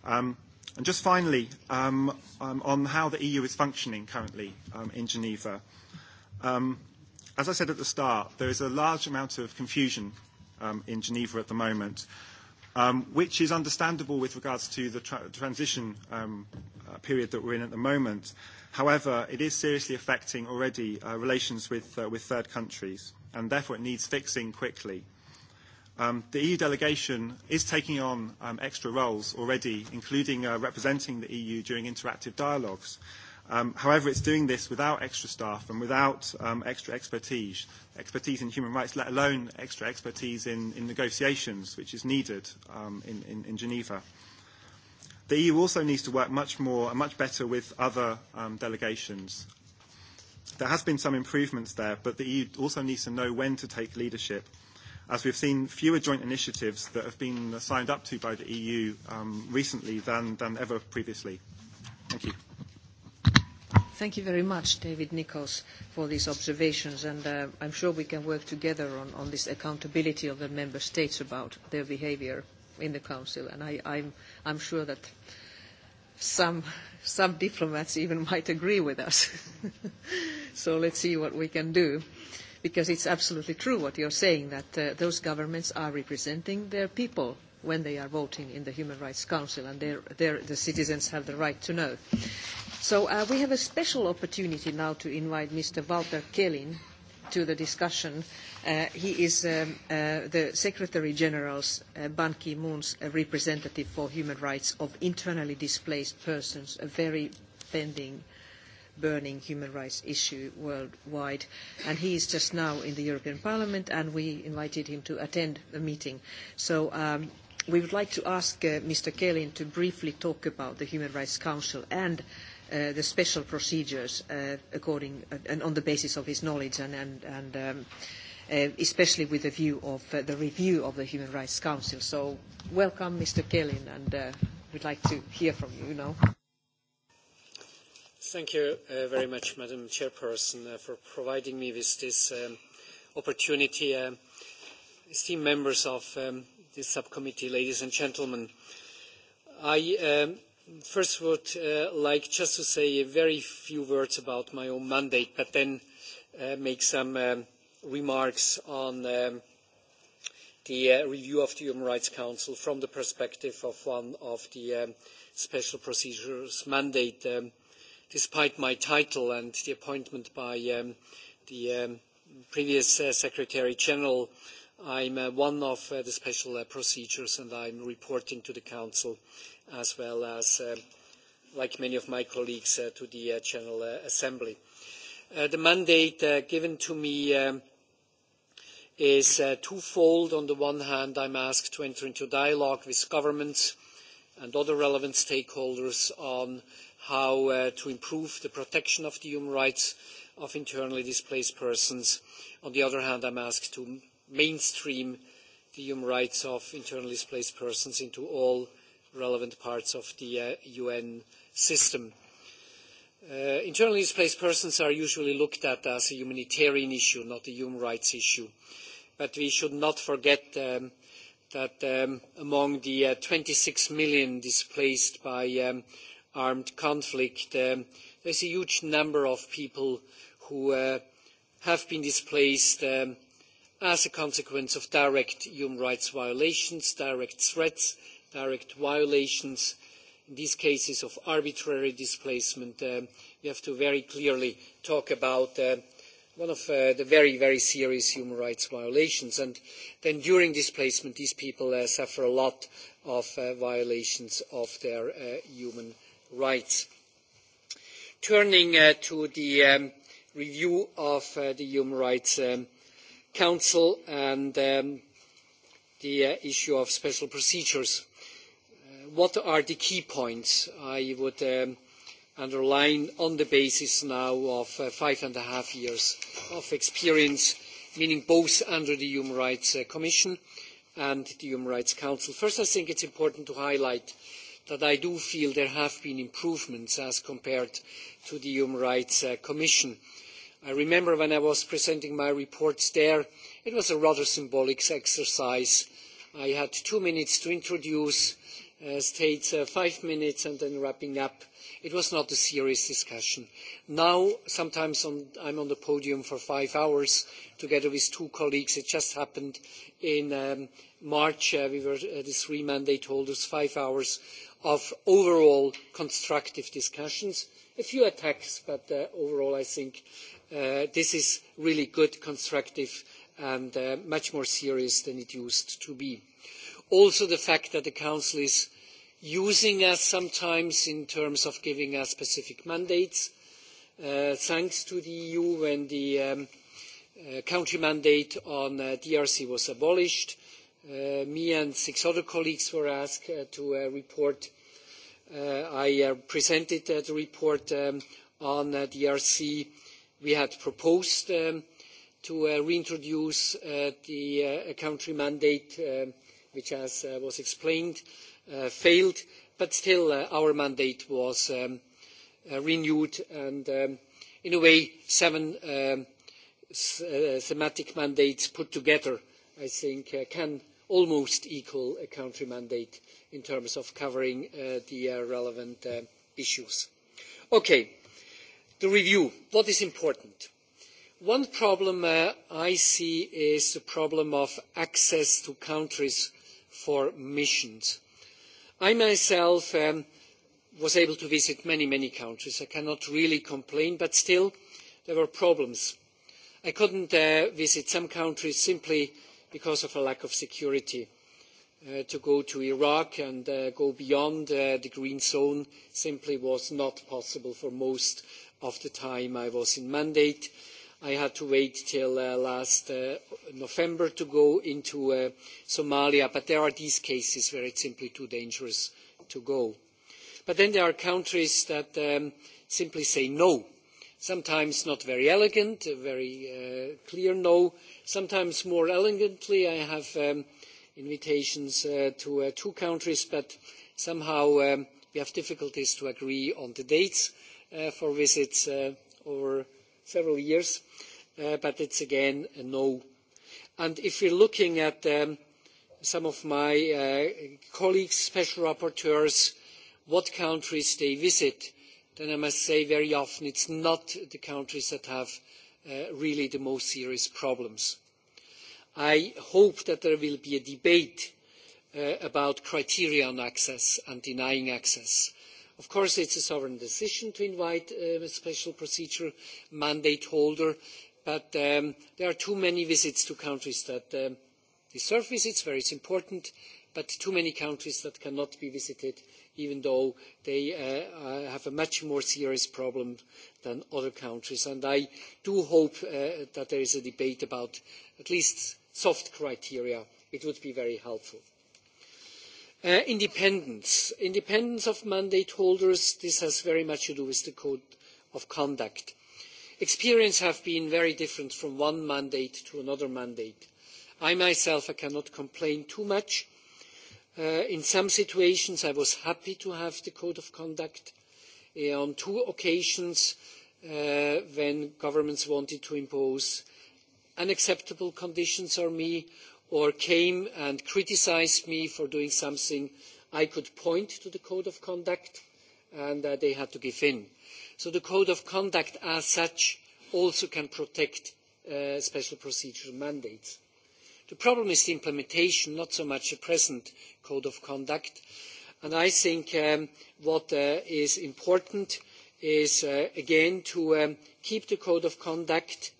Um, And just finally, um, um, on how the EU is functioning currently um, in Geneva. Um, as I said at the start, there is a large amount of confusion um, in Geneva at the moment, um, which is understandable with regards to the tra- transition um, uh, period that we're in at the moment. However, it is seriously affecting already uh, relations with, uh, with third countries, and therefore it needs fixing quickly. Um, the EU delegation is taking on um, extra roles already, including uh, representing the EU during interactive dialogues. Um, however, it's doing this without extra staff and without um, extra expertise, expertise in human rights, let alone extra expertise in, in negotiations, which is needed um, in, in, in Geneva. The EU also needs to work much more and much better with other um, delegations. There has been some improvements there, but the EU also needs to know when to take leadership – as we've seen fewer joint initiatives that have been signed up to by the EU um, recently than, than ever previously. Thank you. Thank you very much, David Nichols, for these observations, and uh, I'm sure we can work together on, on this accountability of the member states about their behaviour in the Council, and I, I'm, I'm sure that some, some diplomats even might agree with us. so let's see what we can do. Uh, because it's absolutely true what you're saying, that those governments are representing their people when they are voting in the Human Rights Council, and the citizens have the right to know. So we have a special opportunity now to invite Mr. Walter Kellin to the discussion. he is the Secretary General's Ban Ki-moon's representative for human rights of internally displaced persons, a very pending burning human rights issue worldwide. And he is just now in the European Parliament, and we invited him to attend the meeting. So um, we would like to ask uh, Mr. Kellin to briefly talk about the Human Rights Council and uh, the special procedures uh, according uh, and on the basis of his knowledge and, and, and um, uh, especially with a view of uh, the review of the Human Rights Council. So welcome Mr. Kellin and uh, we'd like to hear from you now. Thank you very much, Madam Chairperson, for providing me with this opportunity. Esteemed members of this subcommittee, ladies and gentlemen, I first would like just to say a very few words about my own mandate, but then make some remarks on the review of the Human Rights Council from the perspective of one of the special procedures mandate despite my title and the appointment by the previous Secretary General, I'm uh, one of the special procedures and I'm reporting to the Council as well as, like many of my colleagues, to the General Assembly. the mandate given to me is twofold. On the one hand, I'm asked to enter into dialogue with governments and other relevant stakeholders on how to improve the protection of the human rights of internally displaced persons. On the other hand, I am asked to mainstream the human rights of internally displaced persons into all relevant parts of the UN system. internally displaced persons are usually looked at as a humanitarian issue, not a human rights issue. But we should not forget that among the twenty six million displaced by armed conflict. There is a huge number of people who have been displaced as a consequence of direct human rights violations, direct threats, direct violations, in these cases of arbitrary displacement. we have to very clearly talk about one of the very, very serious human rights violations. And then during displacement, these people suffer a lot of violations of their human rights rights. Turning to the review of the Human Rights Council and the issue of special procedures. What are the key points I would underline on the basis now of five and a half years of experience, meaning both under the Human Rights Commission and the Human Rights Council? First, I think it is important to highlight that I do feel there have been improvements as compared to the Human Rights Commission. I remember when I was presenting my reports there, it was a rather symbolic exercise. I had two minutes to introduce, states five minutes and then wrapping up. It was not a serious discussion. Now, sometimes I am on the podium for five hours together with two colleagues. It just happened in March. we were, the three men, they told us five hours of overall constructive discussions. A few attacks, but overall I think this is really good, constructive, and much more serious than it used to be. Also the fact that the Council is using us sometimes in terms of giving us specific mandates. thanks to the EU when the country mandate on DRC was abolished, me and six other colleagues were asked to report. I presented the report on the DRC. We had proposed to reintroduce the country mandate, which, as was explained, failed, but still our mandate was renewed, and in a way, seven thematic mandates put together, I think, can almost equal a country mandate in terms of covering the relevant issues. Okay, the review. What is important? One problem I see is the problem of access to countries for missions. I myself was able to visit many, many countries. I cannot really complain, but still there were problems. I couldn't visit some countries simply because of a lack of security. to go to Iraq and go beyond the green zone simply was not possible for most of the time I was in mandate. I had to wait till last November to go into Somalia, but there are these cases where it's simply too dangerous to go. But then there are countries that simply say no, sometimes not very elegant, a very clear no, sometimes more elegantly. I have um, invitations uh, to uh, two countries, but somehow um, we have difficulties to agree on the dates uh, for visits uh, over several years. Uh, but it's again a no. And if we're looking at um, some of my uh, colleagues, special rapporteurs, what countries they visit, then I must say very often it's not the countries that have really the most serious problems. I hope that there will be a debate about criteria on access and denying access. Of course, it's a sovereign decision to invite a special procedure mandate holder, but there are too many visits to countries that deserve visits, where it's important, but too many countries that cannot be visited even though they have a much more serious problem than other countries. And I do hope that there is a debate about at least soft criteria. It would be very helpful. independence. Independence of mandate holders, this has very much to do with the code of conduct. Experience have been very different from one mandate to another mandate. I myself, I cannot complain too much in some situations, I was happy to have the code of conduct. on two occasions, when governments wanted to impose unacceptable conditions on me or came and criticised me for doing something, I could point to the code of conduct and they had to give in. So the code of conduct as such also can protect special procedural mandates the problem is the implementation, not so much the present code of conduct. And I think what is important is, again, to keep the code of conduct,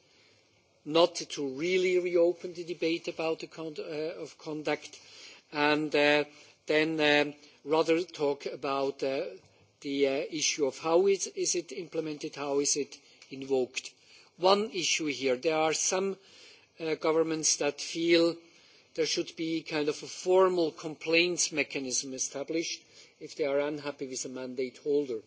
not to really reopen the debate about the code of conduct, and then rather talk about the issue of how is it implemented, how is it invoked. One issue here, there are some governments that feel there should be kind of a formal complaints mechanism established if they are unhappy with a mandate holder.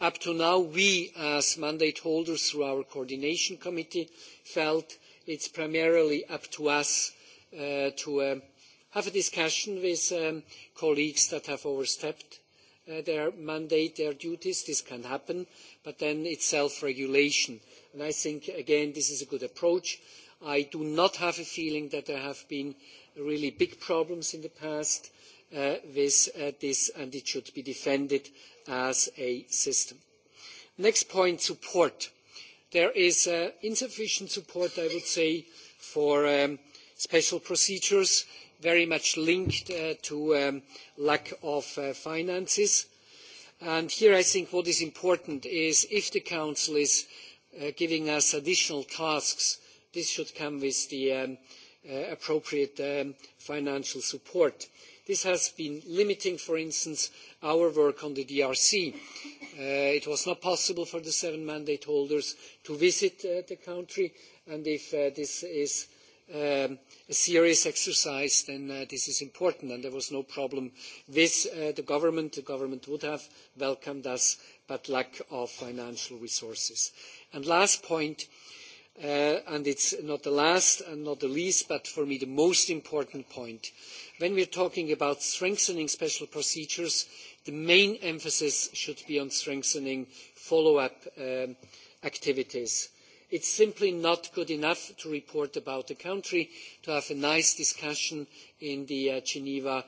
Up to now, we as mandate holders through our coordination committee felt it's primarily up to us to have a discussion with colleagues that have overstepped their mandate, their duties. This can happen, but then it's self-regulation. I think, again, this is a good approach. I do not have a feeling that there have been really big problems in the past with this, and it should be defended as a system. Next point, support. There is insufficient support, I would say, for special procedures, very much linked to lack of finances. And here I think what is important is if the Council is giving us additional tasks This should come with the appropriate financial support. This has been limiting, for instance, our work on the DRC. It was not possible for the seven mandate holders to visit the country, and if this is a serious exercise, then this is important, and there was no problem with the government. The government would have welcomed us, but lack of financial resources. And last point, and it's not the last and not the least, but for me the most important point. When we are talking about strengthening special procedures, the main emphasis should be on strengthening follow-up activities. It is simply not good enough to report about the country, to have a nice discussion in the Geneva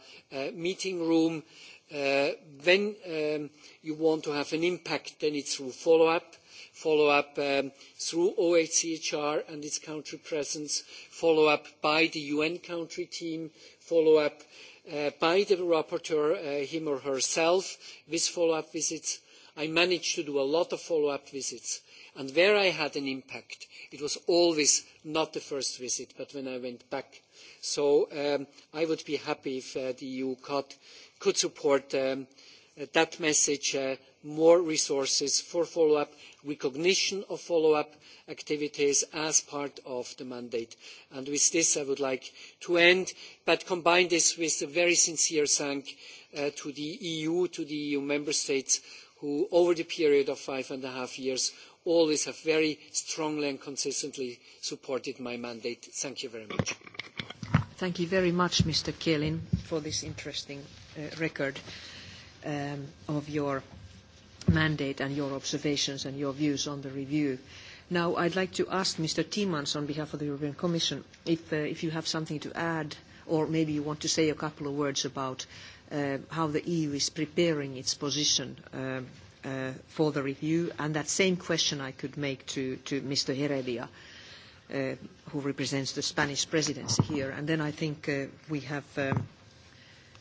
meeting room when you want to have an impact, then it's through follow-up, follow-up through OHCHR and its country presence, follow-up by the UN country team, follow-up by the rapporteur, him or herself, with follow-up visits. I managed to do a lot of follow-up visits. And where I had an impact, it was always not the first visit, but when I went back. So I would be happy if the EU cut could support that message, more resources for follow-up, recognition of follow-up activities as part of the mandate. And with this, I would like to end, but combine this with a very sincere thank to the EU, to the EU member states, who over the period of five and a half years always have very strongly and consistently supported my mandate. Thank you very much. Thank you very much, Mr. Kielin, for this interesting record of your mandate and your observations and your views on the review. Now, I'd like to ask Mr. Timans on behalf of the European Commission if you have something to add, or maybe you want to say a couple of words about how the EU is preparing its position for the review. And that same question I could make to Mr. Heredia, who represents the Spanish presidency here. And then I think we have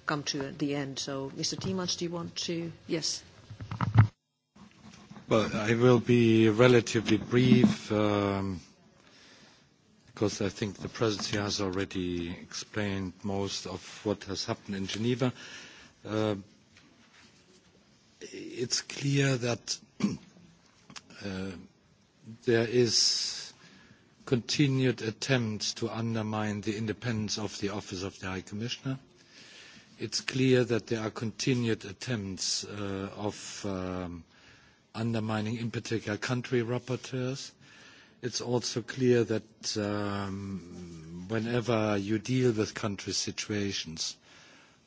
come to the end. So, Mr. Timmermans, do you want to? Yes. Well, I will be relatively brief, because I think the presidency has already explained most of what has happened in Geneva. It's clear that there is continued attempts to undermine the independence of the Office of the High Commissioner it's clear that there are continued attempts of undermining, in particular, country rapporteurs. It's also clear that whenever you deal with country situations,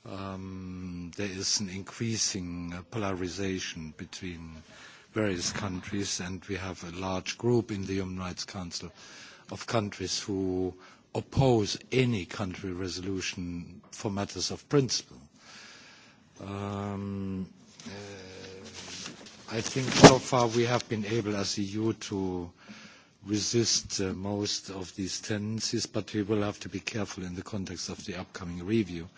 there is an increasing polarisation between various countries, and we have a large group in the Human Rights Council of countries who oppose any country resolution for matters of principle. I think so far we have been able as the EU to resist most of these tendencies, but we will have to be careful in the context of the upcoming review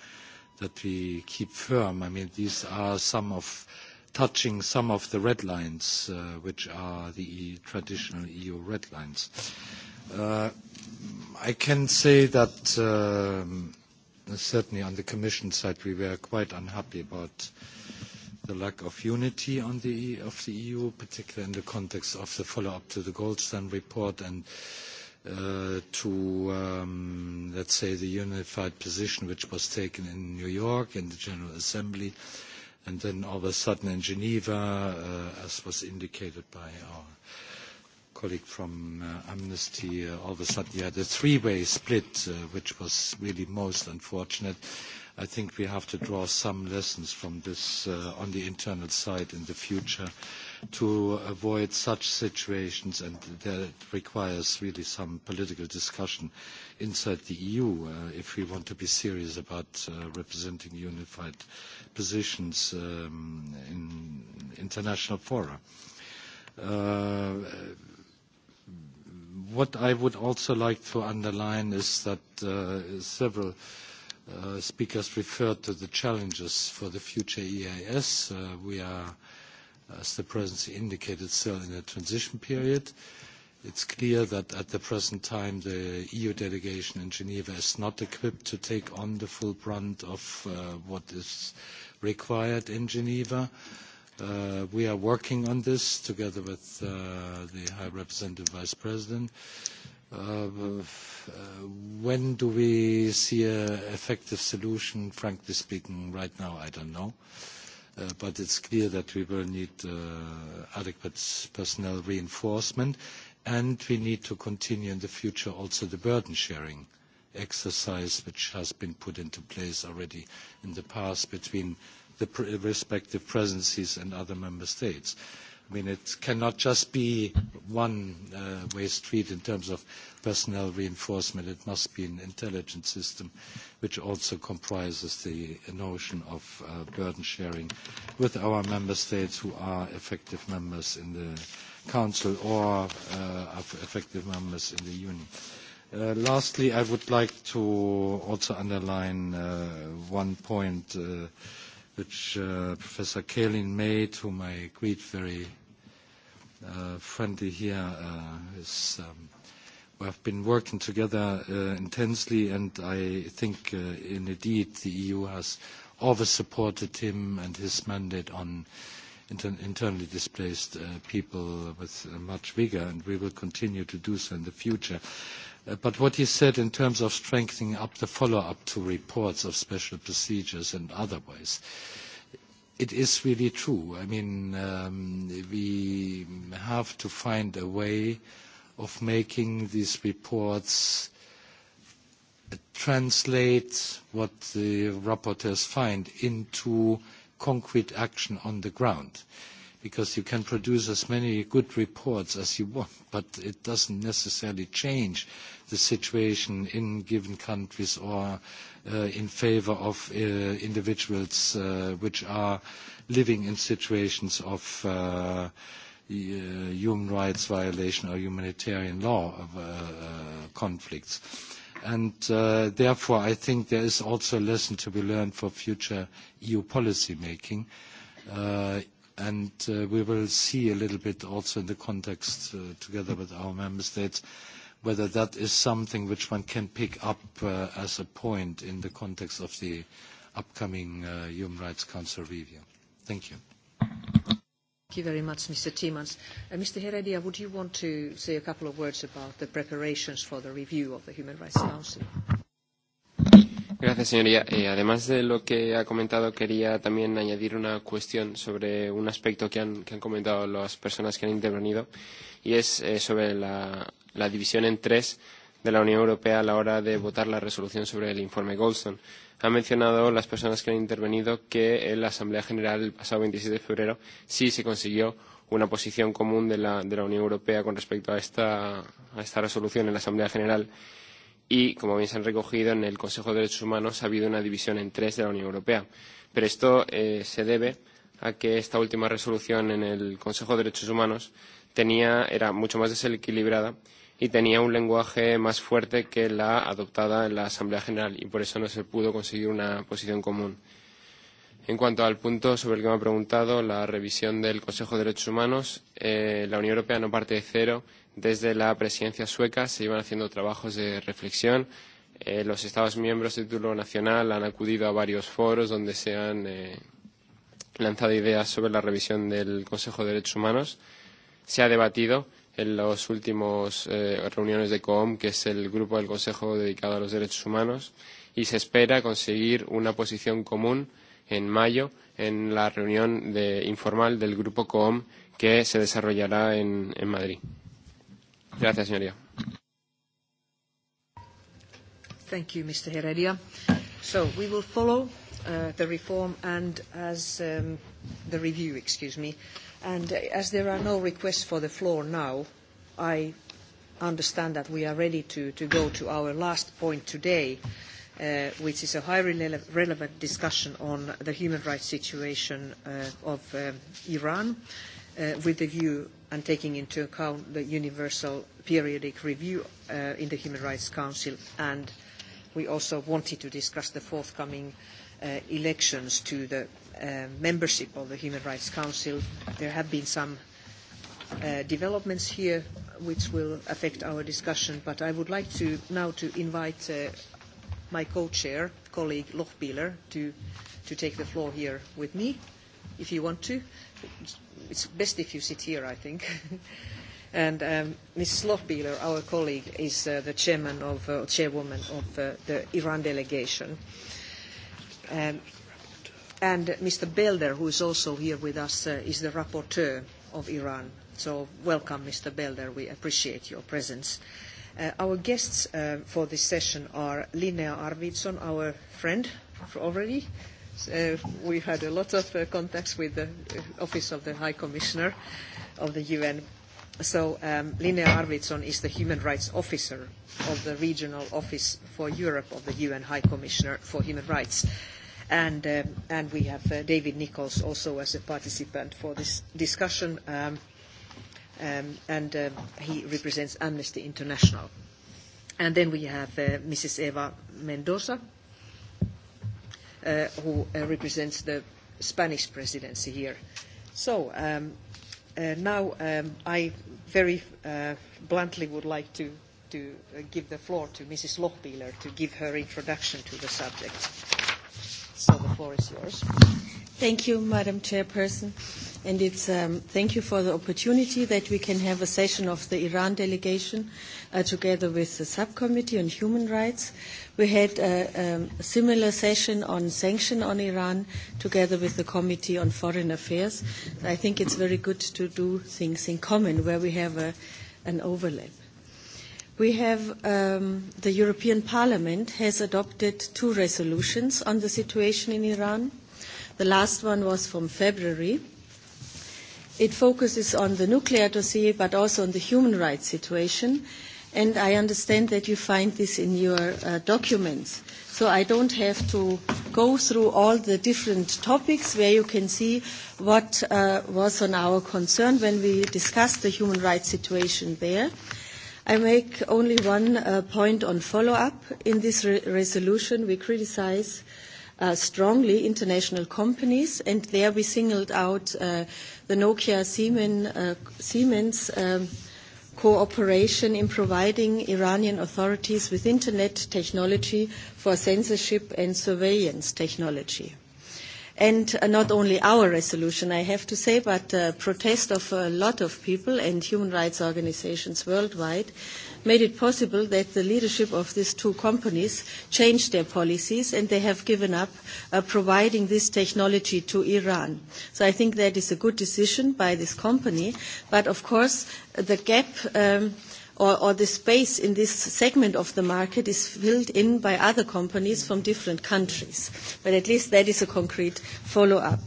that we keep firm. I mean, these are some of touching some of the red lines, which are the traditional EU red lines. I can say that certainly on the Commission side, we were quite unhappy about the lack of unity of the EU, particularly in the context of the follow-up to the Goldstone report and to, let's say, the unified position which was taken in New York in the General Assembly, and then all of a sudden in Geneva, as was indicated by our colleague from Amnesty all of a sudden you had a three-way split, which was really most unfortunate. I think we have to draw some lessons from this on the internal side in the future to avoid such situations, and that requires really some political discussion inside the EU if we want to be serious about representing unified positions in international fora What I would also like to underline is that several speakers referred to the challenges for the future EIS. We are, as the presidency indicated, still in a transition period. It's clear that at the present time, the EU delegation in Geneva is not equipped to take on the full brunt of what is required in Geneva. We are working on this together with the High Representative Vice President. When do we see an effective solution? Frankly speaking, right now, I don't know. But It's clear that we will need adequate personnel reinforcement, and we need to continue in the future also the burden sharing exercise, which has been put into place already in the past between the respective presidencies and other member states. I mean, it cannot just be one-way street in terms of personnel reinforcement. It must be an intelligent system which also comprises the notion of burden sharing with our member states who are effective members in the Council or effective members in the Union. Lastly, I would like to also underline one point uh, which uh, Professor Kaelin made, whom I greet very uh, friendly here, uh, is, um, we have been working together uh, intensely, and I think, uh, in indeed, the EU has always supported him and his mandate on inter- internally displaced uh, people with uh, much vigor, and we will continue to do so in the future. But what he said in terms of strengthening up the follow-up to reports of special procedures and other ways, it is really true. I mean, we have to find a way of making these reports translate what the rapporteurs find into concrete action on the ground. Uh, because you can produce as many good reports as you want, but it doesn't necessarily change the situation in given countries or in favour of individuals which are living in situations of human rights violation or humanitarian law conflicts. Therefore, I think there is also a lesson to be learned for future EU policy making and we will see a little bit also in the context together with our member states whether that is something which one can pick up as a point in the context of the upcoming Human Rights Council review. Thank you. Thank you very much, Mr. Timmermans. Mr. Heredia, would you want to say a couple of words about the preparations for the review of the Human Rights Council? Gracias, señoría. Eh, además de lo que ha comentado, quería también añadir una cuestión sobre un aspecto que han, que han comentado las personas que han intervenido, y es eh, sobre la, la división en tres de la Unión Europea a la hora de votar la resolución sobre el informe Goldstone. Han mencionado las personas que han intervenido que en la Asamblea General el pasado 26 de febrero sí se consiguió una posición común de la, de la Unión Europea con respecto a esta, a esta resolución en la Asamblea General y, como bien se han recogido en el Consejo de Derechos Humanos, ha habido una división en tres de la Unión Europea. Pero esto eh, se debe a que esta última resolución en el Consejo de Derechos Humanos tenía, era mucho más desequilibrada y tenía un lenguaje más fuerte que la adoptada en la Asamblea General y por eso no se pudo conseguir una posición común. En cuanto al punto sobre el que me ha preguntado, la revisión del Consejo de Derechos Humanos, eh, la Unión Europea no parte de cero desde la presidencia sueca se iban haciendo trabajos de reflexión. Eh, los Estados miembros de título nacional han acudido a varios foros donde se han eh, lanzado ideas sobre la revisión del Consejo de Derechos Humanos. Se ha debatido en las últimas eh, reuniones de COOM, que es el grupo del Consejo dedicado a los derechos humanos, y se espera conseguir una posición común en mayo en la reunión de, informal del grupo COOM que se desarrollará en, en Madrid. Gracias, señoría. Thank you, Mr. Heredia. So we will follow uh, the reform and as um, the review, excuse me. And as there are no requests for the floor now, I understand that we are ready to, to go to our last point today, uh, which is a highly relevant discussion on the human rights situation uh, of um, Iran uh, with a view and taking into account the Universal Periodic Review in the Human Rights Council. And we also wanted to discuss the forthcoming elections to the membership of the Human Rights Council. There have been some developments here which will affect our discussion, but I would like to now to invite my co-chair, colleague Lochbieler, to, to take the floor here with me, if you want to it's best if you sit here, I think. and um, Ms Lochbieler, our colleague, is uh, the chairman of, uh, chairwoman of uh, the Iran delegation. Um, and Mr. Belder, who is also here with us, uh, is the rapporteur of Iran. So welcome, Mr. Belder. We appreciate your presence. Uh, our guests uh, for this session are Linnea Arvidsson, our friend already, we had a lot of uh, contacts with the Office of the High Commissioner of the UN. So um, Linnea Arvidsson is the Human Rights Officer of the Regional Office for Europe of the UN High Commissioner for Human Rights. And, um, and we have uh, David Nichols also as a participant for this discussion, um, um, and uh he represents Amnesty International. And then we have uh, Mrs. Eva Mendoza, who represents the Spanish presidency here. So now I very bluntly would like to, to give the floor to Mrs. Lochbieler to give her introduction to the subject. So the floor is yours. Thank you, Madam Chairperson. And it's, um, thank you for the opportunity that we can have a session of the Iran delegation uh, together with the Subcommittee on Human Rights. Uh, We had a, a similar session on sanction on Iran together with the Committee on Foreign Affairs. I think it's very good to do things in common where we have a, an overlap. We have um, the European Parliament has adopted two resolutions on the situation in Iran. The last one was from February. It focuses on the nuclear dossier, but also on the human rights situation and I understand that you find this in your documents. So I don't have to go through all the different topics where you can see what was on our concern when we discussed the human rights situation there. I make only one point on follow-up. In this resolution, we criticise strongly international companies, and there we singled out the Nokia Siemens cooperation in providing Iranian authorities with internet technology for censorship and surveillance technology. And not only our resolution, I have to say, but the protest of a lot of people and human rights organisations worldwide made it possible that the leadership of these two companies changed their policies and they have given up uh, providing this technology to Iran. So I think that is a good decision by this company. But of course, the gap um, or, or the space in this segment of the market is filled in by other companies from different countries. But at least that is a concrete follow-up.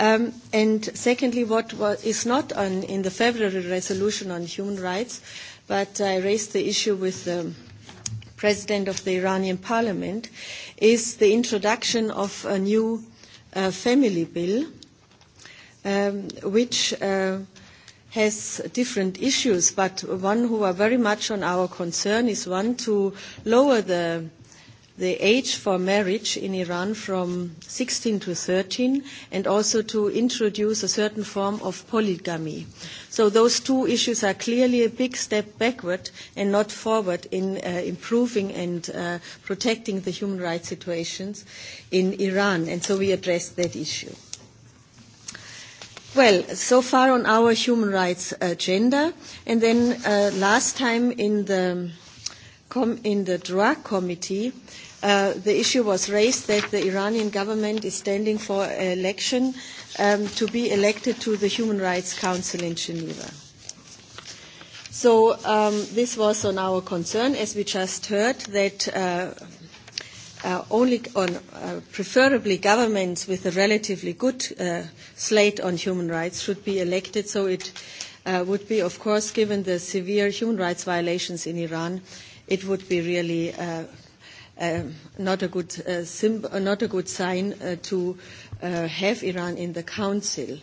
Um, and secondly, what was, is not on, in the February resolution on human rights but I raised the issue with the president of the Iranian parliament, is the introduction of a new family bill, which has different issues, but one who are very much on our concern is one to lower the the age for marriage in Iran from 16 to 13 and also to introduce a certain form of polygamy. So those two issues are clearly a big step backward and not forward in uh, improving and uh, protecting the human rights situations in Iran. And so we addressed that issue. Well, so far on our human rights agenda. And then uh, last time in the, com- in the DROA committee, the issue was raised that the Iranian government is standing for election to be elected to the Human Rights Council in Geneva. So this was on our concern, as we just heard, that only on preferably governments with a relatively good slate on human rights should be elected. So it would be, of course, given the severe human rights violations in Iran, it would be really not a good uh, symb- not a good sign uh, to uh, have Iran in the Council.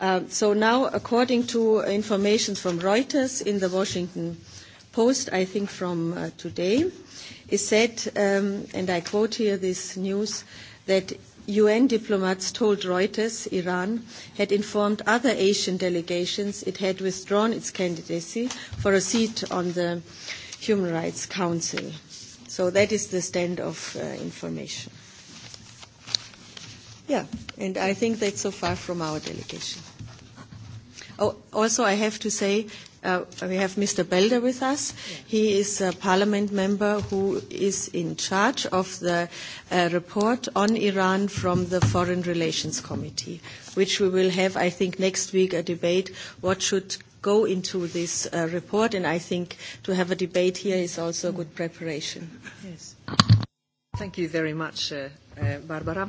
Uh, so now, according to information from Reuters in the Washington Post, I think from uh, today, is said, um, and I quote here this news, that UN diplomats told Reuters Iran had informed other Asian delegations it had withdrawn its candidacy for a seat on the Human Rights Council. So that is the stand of uh, information. Yeah, and I think that's so far from our delegation. Oh, also, I have to say uh, we have Mr. Belder with us. He is a parliament member who is in charge of the uh, report on Iran from the Foreign Relations Committee, which we will have, I think, next week a debate what should go into this uh, report, and I think to have a debate here is also a good preparation. Yes. Thank you very much, uh, uh, Barbara.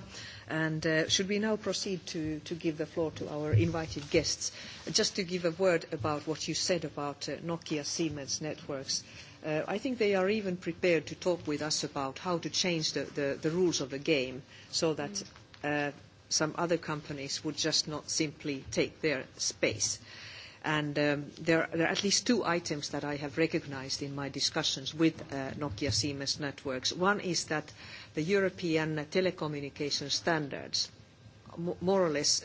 And uh, should we now proceed to, to give the floor to our invited guests? Just to give a word about what you said about uh, Nokia Siemens networks. Uh, I think they are even prepared to talk with us about how to change the, the, the rules of the game so that uh, some other companies would just not simply take their space. And there are at least two items that I have recognised in my discussions with Nokia Siemens Networks. One is that the European telecommunication standards more or less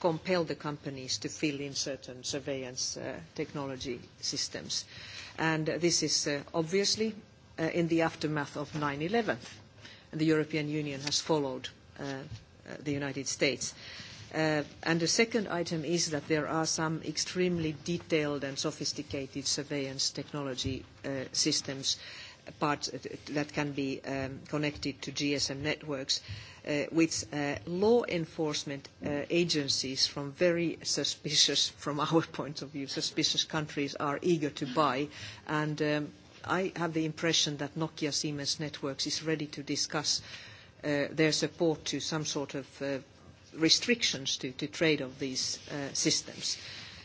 compel the companies to fill in certain surveillance technology systems. And this is obviously in the aftermath of 9/11, and the European Union has followed the United States and the second item is that there are some extremely detailed and sophisticated surveillance technology systems that can be connected to GSM networks, which law enforcement agencies from very suspicious, from our point of view, suspicious countries are eager to buy. And I have the impression that Nokia Siemens Networks is ready to discuss their support to some sort of restrictions to, to trade of these uh, systems.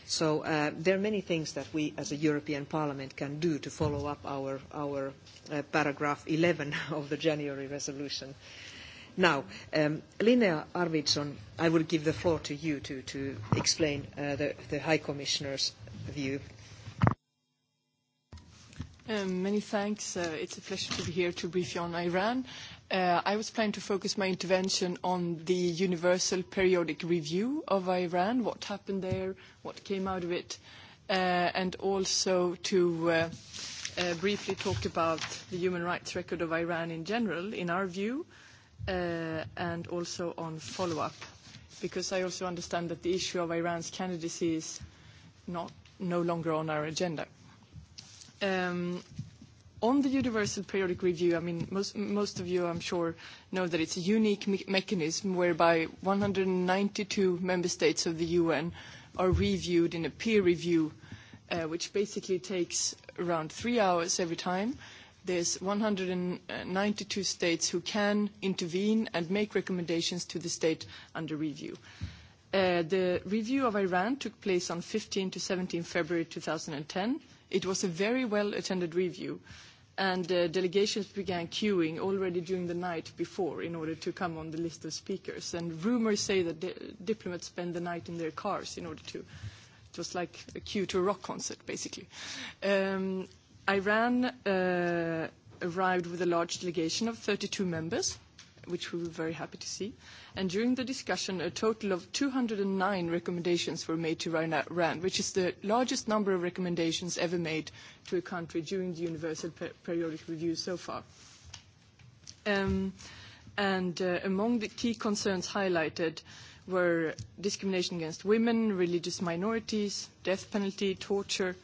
So uh, there are many things that we as a European Parliament can do to follow up our, our uh, paragraph 11 of the January resolution. Now, um, Linnea Arvidsson, I will give the floor to you to, to explain uh, the, the High Commissioner's view. Um, many thanks. Uh, it's a pleasure to be here to brief you on Iran. I was planning to focus my intervention on the Universal Periodic Review of Iran, what happened there, what came out of it, and also to briefly talk about the human rights record of Iran in general, in our view, and also on follow-up, because I also understand that the issue of Iran's candidacy is no longer on our agenda on the Universal Periodic Review, I mean, most, most of you, I'm sure, know that it's a unique me- mechanism whereby 192 member states of the UN are reviewed in a peer review, uh, which basically takes around three hours every time. There's 192 states who can intervene and make recommendations to the state under review. Uh, the review of Iran took place on 15 to 17 February 2010. It was a very well attended review and uh, delegations began queuing already during the night before in order to come on the list of speakers. And rumors say that di- diplomats spend the night in their cars in order to. It was like a queue to a rock concert, basically. Um, Iran uh, arrived with a large delegation of 32 members which we were very happy to see. And during the discussion, a total of two hundred and nine recommendations were made to Iran, which is the largest number of recommendations ever made to a country during the Universal Periodic Review so far. and among the key concerns highlighted were discrimination against women, religious minorities, death penalty, torture,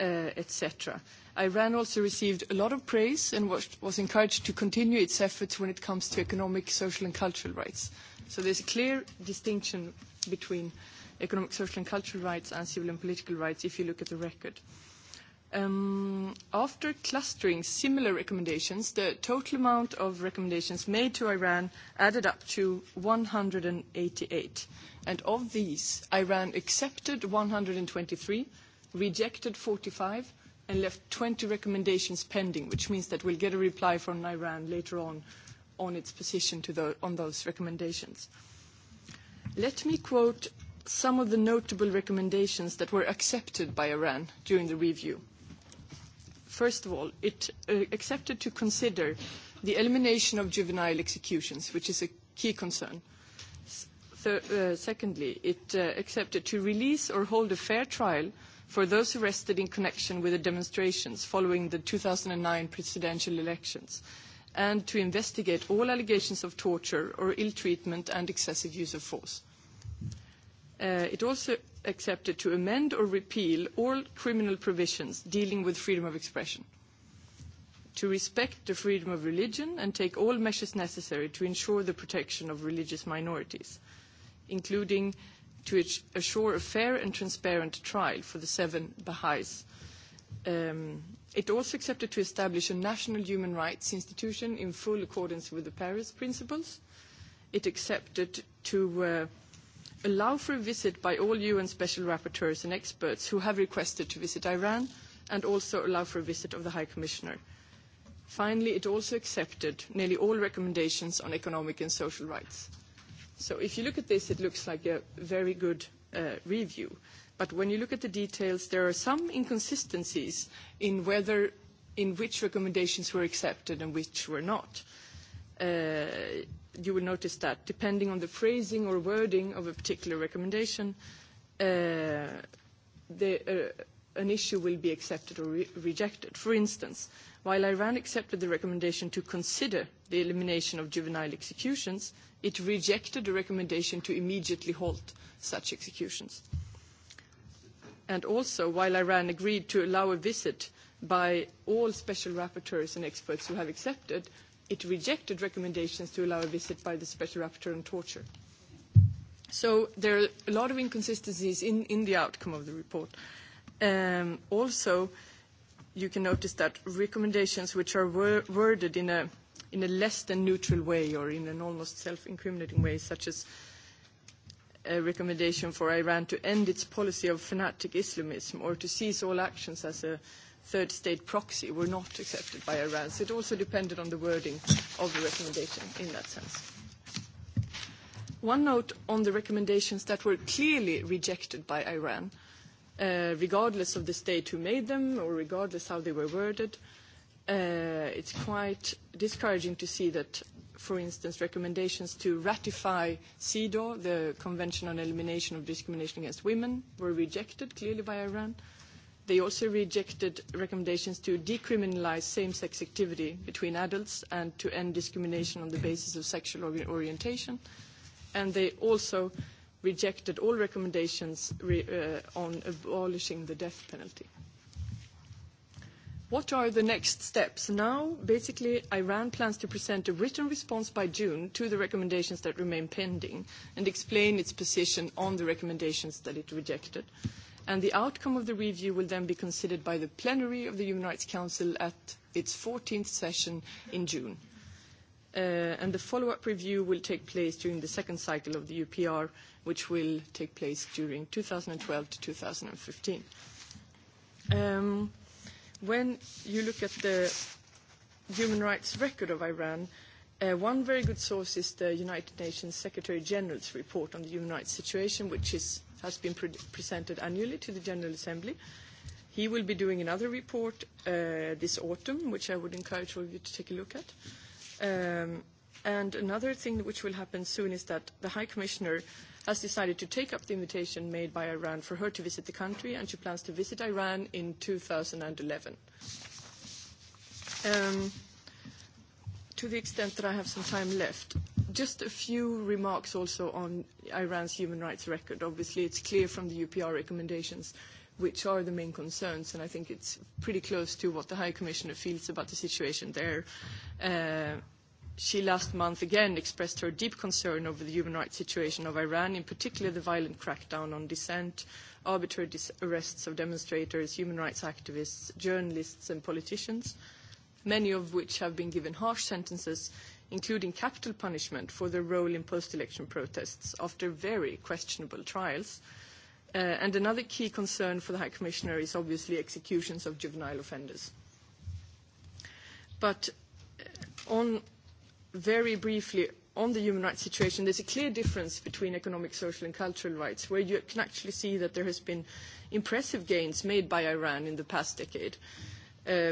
etc Iran also received a lot of praise and was encouraged to continue its efforts when it comes to economic, social and cultural rights. So there's a clear distinction between economic, social and cultural rights and civil and political rights if you look at the record. after clustering similar recommendations, the total amount of recommendations made to Iran added up to one hundred and eighty eight, And of these, Iran accepted one hundred and twenty three, rejected forty five and left 20 recommendations pending, which means that we'll get a reply from Iran later on on its position to the, on those recommendations. Let me quote some of the notable recommendations that were accepted by Iran during the review. First of all, it accepted to consider the elimination of juvenile executions, which is a key concern. secondly, it accepted to release or hold a fair trial for those arrested in connection with the demonstrations following the two thousand nine presidential elections, and to investigate all allegations of torture or ill treatment and excessive use of force. it also accepted to amend or repeal all criminal provisions dealing with freedom of expression to respect the freedom of religion and take all measures necessary to ensure the protection of religious minorities, including to assure a fair and transparent trial for the seven Baha'is. it also accepted to establish a national human rights institution in full accordance with the Paris principles. It accepted to allow for a visit by all UN special rapporteurs and experts who have requested to visit Iran and also allow for a visit of the High Commissioner. Finally, it also accepted nearly all recommendations on economic and social rights. So if you look at this, it looks like a very good review. But when you look at the details, there are some inconsistencies in whether in which recommendations were accepted and which were not. You will notice that depending on the phrasing or wording of a particular recommendation, the an issue will be accepted or re rejected. For instance, while Iran accepted the recommendation to consider the elimination of juvenile executions, it rejected the recommendation to immediately halt such executions. And also, while Iran agreed to allow a visit by all special rapporteurs and experts who have accepted, it rejected recommendations to allow a visit by the special rapporteur on torture. So there are a lot of inconsistencies in, in the outcome of the report. Uh, also, you can notice that recommendations which are wor- worded in a, in a less than neutral way or in an almost self-incriminating way, such as a recommendation for Iran to end its policy of fanatic Islamism or to cease all actions as a third state proxy were not accepted by Iran. So it also depended on the wording of the recommendation in that sense. One note on the recommendations that were clearly rejected by Iran – regardless of the state who made them or regardless how they were worded, it's quite discouraging to see that, for instance, recommendations to ratify CEDAW, the Convention on Elimination of Discrimination Against Women, were rejected clearly by Iran. They also rejected recommendations to decriminalise same-sex activity between adults and to end discrimination on the basis of sexual orientation. And they also rejected all recommendations on abolishing the death penalty. What are the next steps? Now, basically, Iran plans to present a written response by June to the recommendations that remain pending and explain its position on the recommendations that it rejected. And the outcome of the review will then be considered by the plenary of the Human Rights Council at its 14th session in June and the follow-up review will take place during the second cycle of the UPR, which will take place during 2012 to 2015. When you look at the human rights record of Iran, one very good source is the United Nations Secretary General's report on the human rights situation, which is has been presented annually to the General Assembly. He will be doing another report this autumn, which I would encourage all of you to take a look at and another thing which will happen soon is that the High Commissioner has decided to take up the invitation made by Iran for her to visit the country, and she plans to visit Iran in 2011. Um, to the extent that I have some time left, just a few remarks also on Iran's human rights record. Obviously, it's clear from the UPR recommendations which are the main concerns, and I think it's pretty close to what the High Commissioner feels about the situation there. Uh, she last month again expressed her deep concern over the human rights situation of Iran, in particular the violent crackdown on dissent, arbitrary arrests of demonstrators, human rights activists, journalists, and politicians, many of which have been given harsh sentences, including capital punishment for their role in post-election protests after very questionable trials. and another key concern for the High Commissioner is obviously executions of juvenile offenders. But on very briefly on the human rights situation, there's a clear difference between economic, social, and cultural rights, where you can actually see that there has been impressive gains made by Iran in the past decade.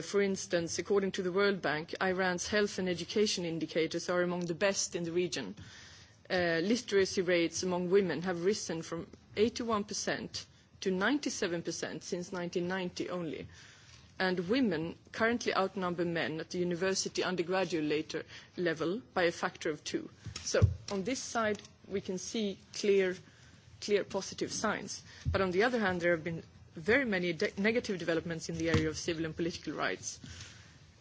for instance, according to the World Bank, Iran's health and education indicators are among the best in the region. literacy rates among women have risen from eighty 81% to ninety 97% since ninety only and women currently outnumber men at the university undergraduate level by a factor of two. So on this side, we can see clear, clear positive signs. But on the other hand, there have been very many de- negative developments in the area of civil and political rights.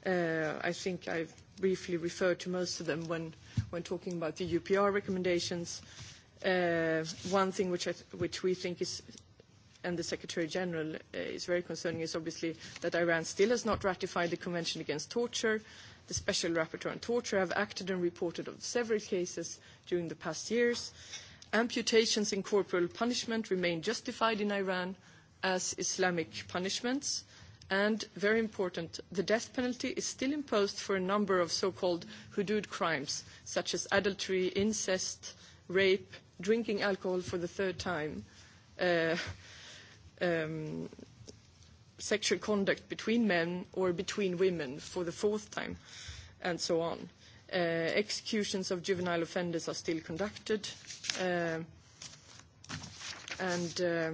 Uh, I think I've briefly referred to most of them when, when talking about the UPR recommendations. Uh, one thing which, I th- which we think is and the Secretary General is very concerning is obviously that Iran still has not ratified the Convention Against Torture. The Special Rapporteur on Torture have acted and reported on several cases during the past years. Amputations in corporal punishment remain justified in Iran as Islamic punishments. And very important, the death penalty is still imposed for a number of so-called hudud crimes, such as adultery, incest, rape, drinking alcohol for the third time, um, sexual conduct between men or between women for the fourth time, and so on. Uh, executions of juvenile offenders are still conducted, uh, and uh,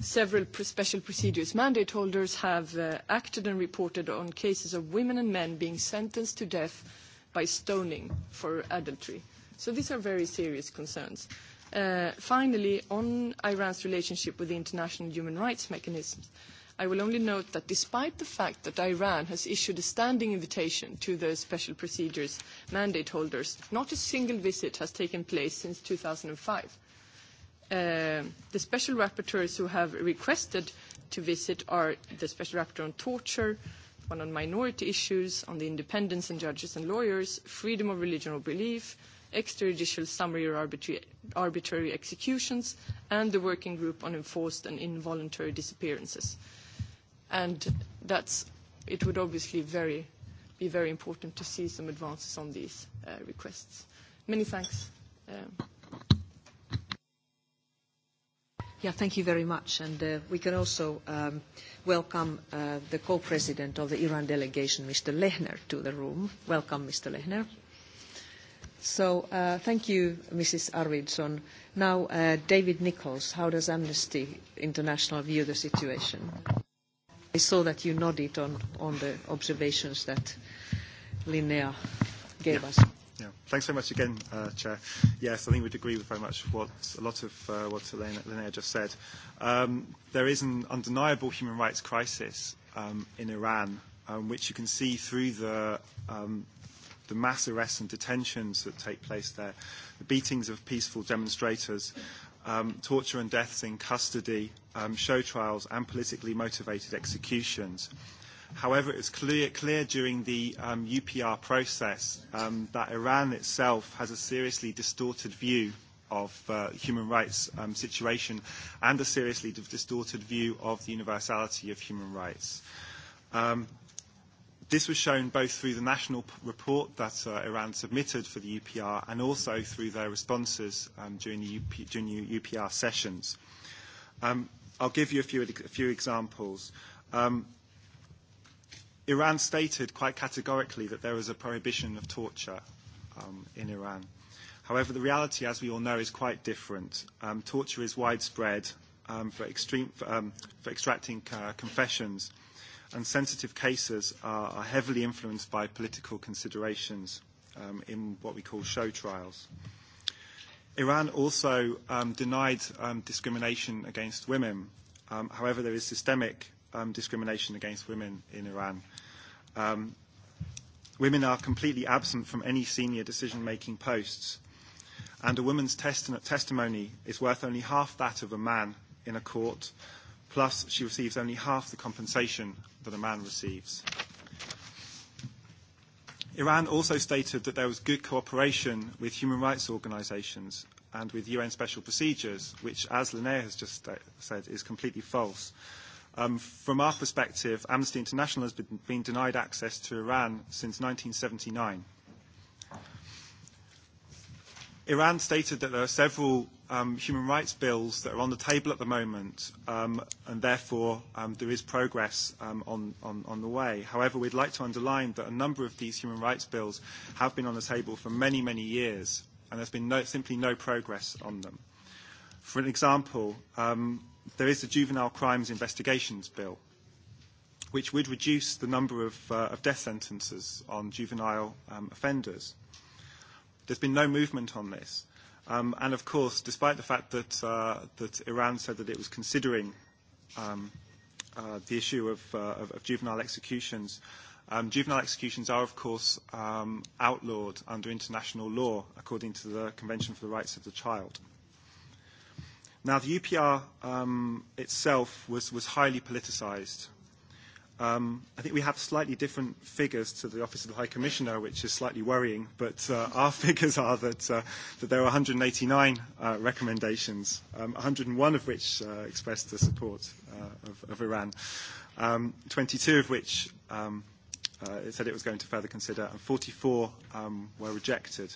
several special procedures mandate holders have uh, acted and reported on cases of women and men being sentenced to death by stoning for adultery. So these are very serious concerns. Finally, on Iran's relationship with the international human rights mechanisms, I will only note that despite the fact that Iran has issued a standing invitation to the special procedures mandate holders, not a single visit has taken place since two thousand five. The special rapporteurs who have requested to visit are the special rapporteur on torture, one on minority issues, on the independence of judges and lawyers, freedom of religion or belief, extrajudicial summary or arbitrary executions, and the Working Group on Enforced and Involuntary Disappearances. And that's, it would obviously very, be very important to see some advances on these uh, requests. Many thanks. Yeah, thank you very much. And we can also welcome the co-president of the Iran delegation, Mr. Lehner, to the room. Welcome, Mr. Lehner. So uh, thank you, Mrs. Arvidsson. Now, uh, David Nichols, how does Amnesty International view the situation? I saw that you nodded on, on the observations that Linnea gave us. Yeah. Thanks very much again, uh, Chair. Yes, I think we'd agree with very much what a lot of uh, what Linnea just said. Um, there is an undeniable human rights crisis um, in Iran, um, which you can see through the um, the mass arrests and detentions that take place there, the beatings of peaceful demonstrators, um, torture and deaths in custody, um, show trials, and politically motivated executions. However, it was clear, clear during the um, UPR process um, that Iran itself has a seriously distorted view of uh, human rights um, situation and a seriously distorted view of the universality of human rights. Um, This was shown both through the national report that uh, Iran submitted for the UPR and also through their responses um, during, the UP, during the UPR sessions. Um, I'll give you a few, a few examples. Um, Iran stated quite categorically that there is a prohibition of torture um, in Iran. However, the reality, as we all know, is quite different. Um, torture is widespread um, for, extreme, for, um, for extracting uh, confessions – and sensitive cases are, are heavily influenced by political considerations um, in what we call show trials. Iran also um, denied um, discrimination against women. Um, however, there is systemic um, discrimination against women in Iran. Um, women are completely absent from any senior decision-making posts, and a woman's testi- testimony is worth only half that of a man in a court, plus she receives only half the compensation that a man receives. Iran also stated that there was good cooperation with human rights organisations and with UN special procedures, which, as Linnea has just said, is completely false. Um, from our perspective, Amnesty International has been, been denied access to Iran since 1979. Iran stated that there are several um, human rights bills that are on the table at the moment, um, and therefore um, there is progress um, on, on, on the way. However, we'd like to underline that a number of these human rights bills have been on the table for many, many years, and there's been no, simply no progress on them. For an example, um, there is the Juvenile Crimes Investigations Bill, which would reduce the number of, uh, of death sentences on juvenile um, offenders. There's been no movement on this. Um, and of course, despite the fact that, uh, that Iran said that it was considering um, uh, the issue of, uh, of, of juvenile executions, um, juvenile executions are, of course, um, outlawed under international law according to the Convention for the Rights of the Child. Now, the UPR um, itself was, was highly politicized Um, I think we have slightly different figures to the Office of the High Commissioner, which is slightly worrying, but uh, our figures are that, uh, that there are 189 uh, recommendations, um, 101 of which uh, expressed the support uh, of, of Iran, um, 22 of which um, uh, it said it was going to further consider, and 44 um, were rejected.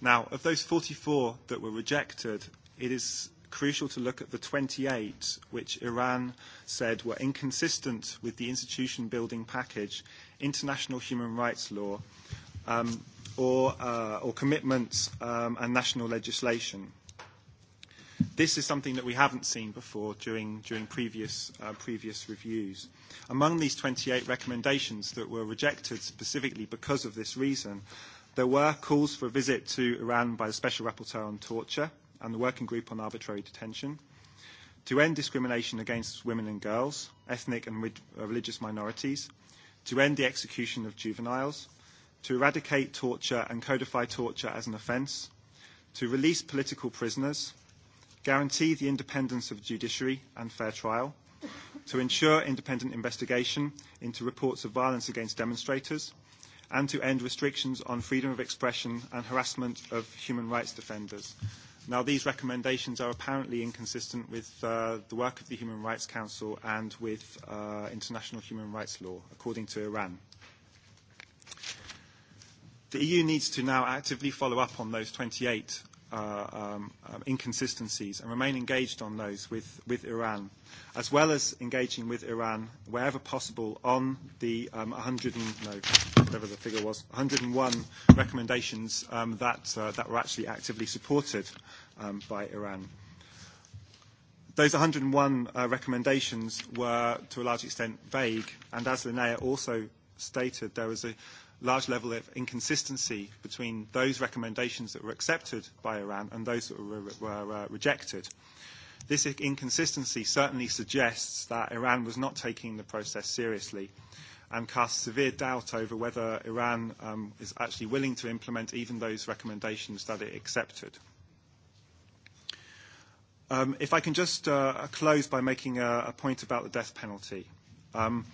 Now, of those 44 that were rejected, it is crucial to look at the 28 which Iran said were inconsistent with the institution building package, international human rights law, um, or, uh, or commitments um, and national legislation. This is something that we haven't seen before during, during previous, uh, previous reviews. Among these 28 recommendations that were rejected specifically because of this reason, there were calls for a visit to Iran by the Special Rapporteur on Torture, and the Working Group on Arbitrary Detention, to end discrimination against women and girls, ethnic and religious minorities, to end the execution of juveniles, to eradicate torture and codify torture as an offence, to release political prisoners, guarantee the independence of judiciary and fair trial, to ensure independent investigation into reports of violence against demonstrators, and to end restrictions on freedom of expression and harassment of human rights defenders. Now, these recommendations are apparently inconsistent with uh, the work of the Human Rights Council and with uh, international human rights law, according to Iran. The EU needs to now actively follow up on those 28 uh, um, inconsistencies and remain engaged on those with, with Iran, as well as engaging with Iran wherever possible on the um, 100 and, no, whatever the figure was, 101 recommendations um, that, uh, that were actually actively supported um, by Iran. Those 101 uh, recommendations were, to a large extent, vague, and as Linnea also stated, there was a large level of inconsistency between those recommendations that were accepted by Iran and those that were, were uh, rejected. This inconsistency certainly suggests that Iran was not taking the process seriously and casts severe doubt over whether Iran um, is actually willing to implement even those recommendations that it accepted. Um, if I can just uh, close by making a, a point about the death penalty. Um,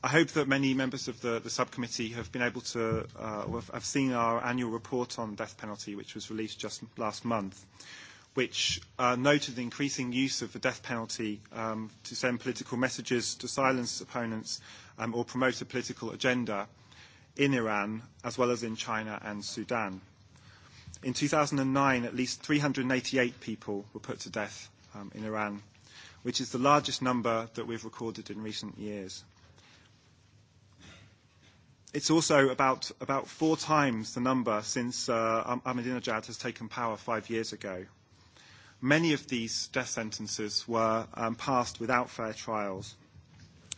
I hope that many members of the, the subcommittee have been able to, uh, have seen our annual report on death penalty, which was released just last month, which uh, noted the increasing use of the death penalty um, to send political messages to silence opponents um, or promote a political agenda in Iran, as well as in China and Sudan. In 2009, at least 388 people were put to death um, in Iran, which is the largest number that we've recorded in recent years. It's also about, about four times the number since uh, Ahmadinejad has taken power five years ago. Many of these death sentences were um, passed without fair trials.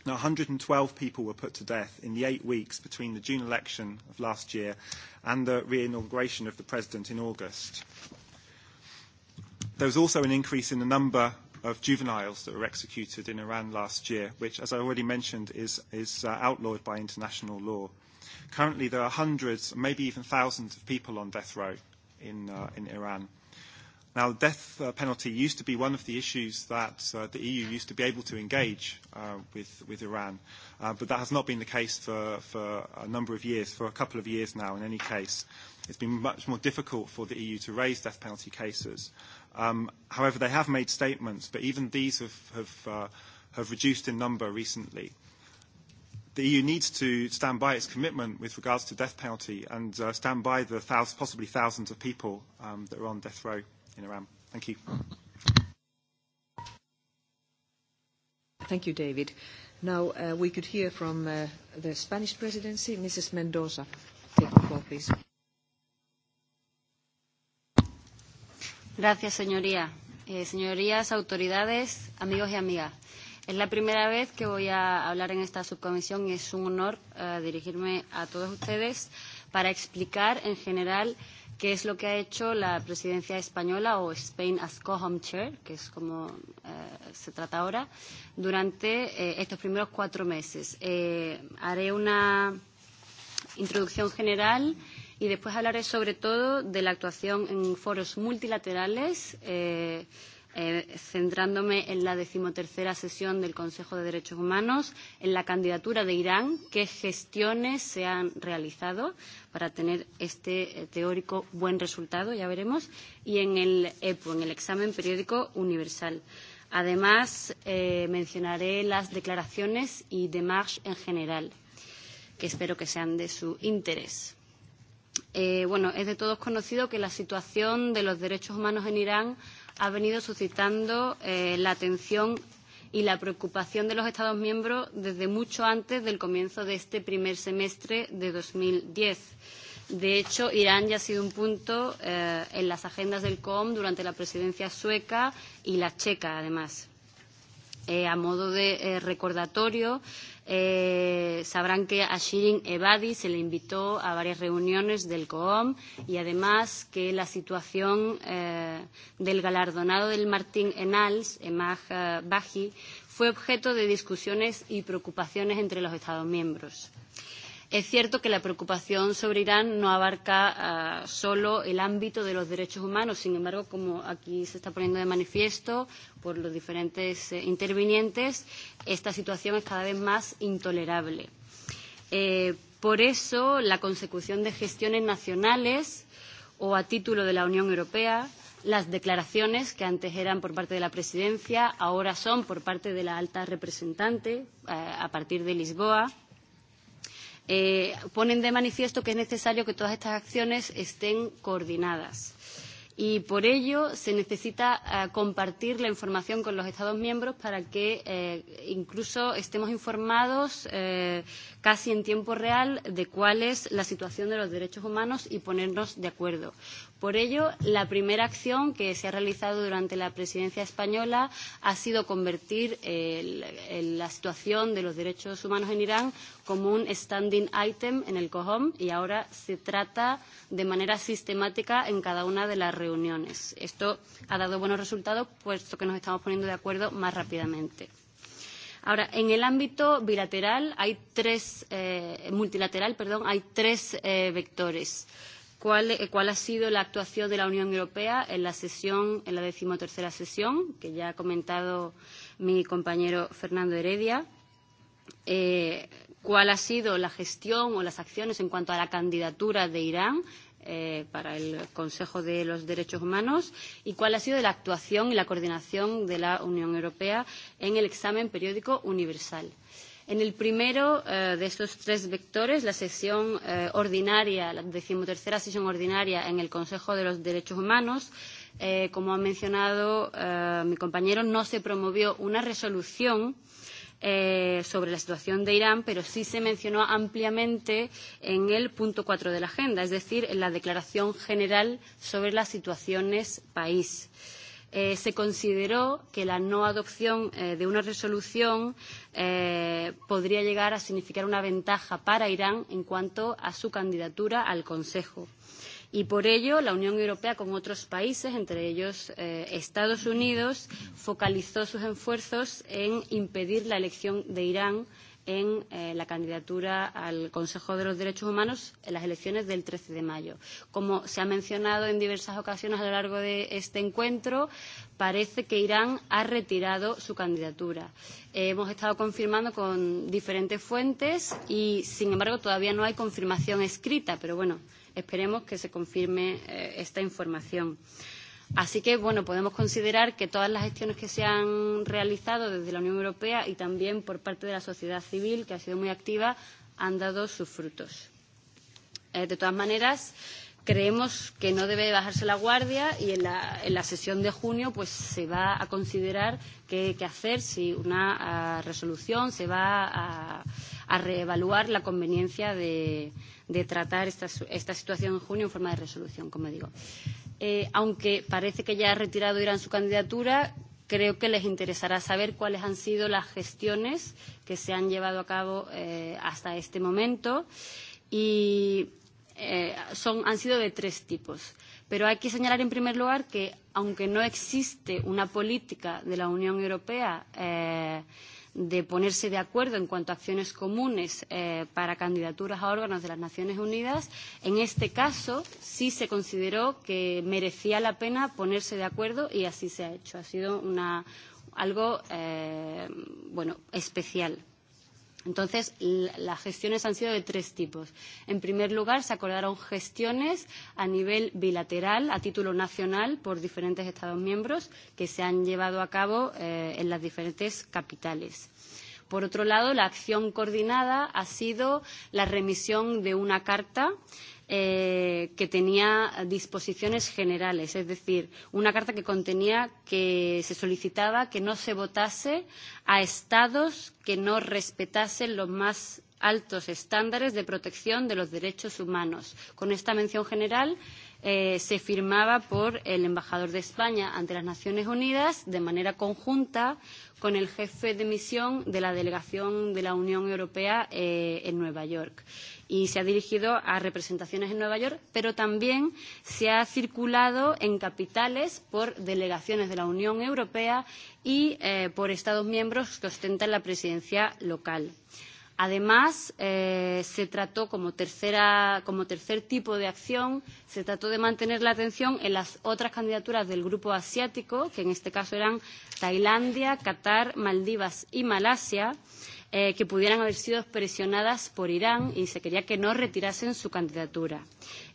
Now, 112 people were put to death in the eight weeks between the June election of last year and the re-inauguration of the president in August. There was also an increase in the number of juveniles that were executed in Iran last year, which, as I already mentioned, is, is uh, outlawed by international law. Currently, there are hundreds, maybe even thousands of people on death row in, uh, in Iran. Now, the death penalty used to be one of the issues that uh, the EU used to be able to engage uh, with, with Iran, uh, but that has not been the case for, for a number of years, for a couple of years now in any case. It's been much more difficult for the EU to raise death penalty cases. Um, however, they have made statements, but even these have, have, uh, have reduced in number recently the EU needs to stand by its commitment with regards to death penalty and uh, stand by the thousands, possibly thousands of people um, that are on death row in Iran. Thank you. Thank you, David. Now, we could hear from the Spanish presidency, Mrs. Mendoza. Take the floor, please. Gracias, señoría. señorías, autoridades, amigos y amigas. Es la primera vez que voy a hablar en esta subcomisión y es un honor dirigirme a todos ustedes para explicar en general qué es lo que ha hecho la presidencia española o Spain as co-home chair, que es como eh, se trata ahora, durante eh, estos primeros cuatro meses. Eh, haré una introducción general y después hablaré sobre todo de la actuación en foros multilaterales. Eh, eh, centrándome en la decimotercera sesión del Consejo de Derechos Humanos, en la candidatura de Irán, qué gestiones se han realizado para tener este eh, teórico buen resultado, ya veremos, y en el EPU, en el examen periódico universal. Además, eh, mencionaré las declaraciones y demarches en general, que espero que sean de su interés. Eh, bueno, es de todos conocido que la situación de los derechos humanos en Irán ha venido suscitando eh, la atención y la preocupación de los Estados miembros desde mucho antes del comienzo de este primer semestre de 2010. De hecho, Irán ya ha sido un punto eh, en las agendas del COM durante la presidencia sueca y la checa, además. Eh, a modo de eh, recordatorio, Eh, sabrán que a Shirin Ebadi se le invitó a varias reuniones del COOM y además que la situación eh, del galardonado del Martín Enals, Emaj Baji, fue objeto de discusiones y preocupaciones entre los Estados miembros. Eh, Es cierto que la preocupación sobre Irán no abarca solo el ámbito de los derechos humanos, sin embargo, como aquí se está poniendo de manifiesto por los diferentes intervinientes, esta situación es cada vez más intolerable. por eso, la consecución de gestiones nacionales o a título de la Unión Europea, las declaraciones que antes eran por parte de la presidencia, ahora son por parte de la alta representante a partir de Lisboa, eh, ponen de manifiesto que es necesario que todas estas acciones estén coordinadas. Y por ello se necesita eh, compartir la información con los Estados miembros para que eh, incluso estemos informados eh, casi en tiempo real de cuál es la situación de los derechos humanos y ponernos de acuerdo. Por ello, la primera acción que se ha realizado durante la presidencia española ha sido convertir la situación de los derechos humanos en Irán como un standing item en el COHOM y ahora se trata de manera sistemática en cada una de las reuniones. Esto ha dado buenos resultados puesto que nos estamos poniendo de acuerdo más rápidamente. Ahora, en el ámbito bilateral hay tres, eh, multilateral, perdón, hay tres eh, vectores cuál, cuál ha sido la actuación de la Unión Europea en la sesión, en la decimotercera sesión, que ya ha comentado mi compañero Fernando Heredia. Eh, cuál ha sido la gestión o las acciones en cuanto a la candidatura de Irán eh, para el Consejo de los Derechos Humanos y cuál ha sido la actuación y la coordinación de la Unión Europea en el examen periódico universal. Eh, En el primero eh, de estos tres vectores, la sesión eh, ordinaria, la decimotercera sesión ordinaria en el Consejo de los Derechos Humanos, eh, como ha mencionado eh, mi compañero, no se promovió una resolución eh, sobre la situación de Irán, pero sí se mencionó ampliamente en el punto 4 de la agenda, es decir, en la Declaración General sobre las Situaciones País. Eh, eh, se consideró que la no adopción eh, de una resolución eh, podría llegar a significar una ventaja para Irán en cuanto a su candidatura al Consejo. Y por ello, la Unión Europea con otros países, entre ellos eh, Estados Unidos, focalizó sus esfuerzos en impedir la elección de Irán en eh, la candidatura al Consejo de los Derechos Humanos en las elecciones del 13 de mayo. Como se ha mencionado en diversas ocasiones a lo largo de este encuentro, parece que Irán ha retirado su candidatura. Eh, hemos estado confirmando con diferentes fuentes y, sin embargo, todavía no hay confirmación escrita, pero bueno, esperemos que se confirme eh, esta información. Así que, bueno, podemos considerar que todas las gestiones que se han realizado desde la Unión Europea y también por parte de la sociedad civil, que ha sido muy activa, han dado sus frutos. Eh, de todas maneras, creemos que no debe bajarse la guardia y en la, en la sesión de junio pues, se va a considerar qué, hacer, si una resolución se va a, a reevaluar la conveniencia de, de tratar esta, esta situación en junio en forma de resolución, como digo eh, aunque parece que ya ha retirado Irán su candidatura, creo que les interesará saber cuáles han sido las gestiones que se han llevado a cabo eh, hasta este momento. Y eh, son, han sido de tres tipos. Pero hay que señalar en primer lugar que, aunque no existe una política de la Unión Europea eh, de ponerse de acuerdo en cuanto a acciones comunes eh, para candidaturas a órganos de las Naciones Unidas, en este caso sí se consideró que merecía la pena ponerse de acuerdo y así se ha hecho. Ha sido una, algo eh, bueno, especial. Entonces, las gestiones han sido de tres tipos. En primer lugar, se acordaron gestiones a nivel bilateral, a título nacional, por diferentes Estados miembros, que se han llevado a cabo eh, en las diferentes capitales. Por otro lado, la acción coordinada ha sido la remisión de una carta eh, que tenía disposiciones generales, es decir, una carta que contenía que se solicitaba que no se votase a estados que no respetasen los más altos estándares de protección de los derechos humanos. Con esta mención general eh, se firmaba por el embajador de España ante las Naciones Unidas de manera conjunta con el jefe de misión de la delegación de la Unión Europea eh, en Nueva York. Y se ha dirigido a representaciones en Nueva York, pero también se ha circulado en capitales por delegaciones de la Unión Europea y eh, por Estados miembros que ostentan la presidencia local. Además, eh, se trató como, tercera, como tercer tipo de acción, se trató de mantener la atención en las otras candidaturas del grupo asiático, que en este caso eran Tailandia, Qatar, Maldivas y Malasia eh, que pudieran haber sido presionadas por Irán y se quería que no retirasen su candidatura.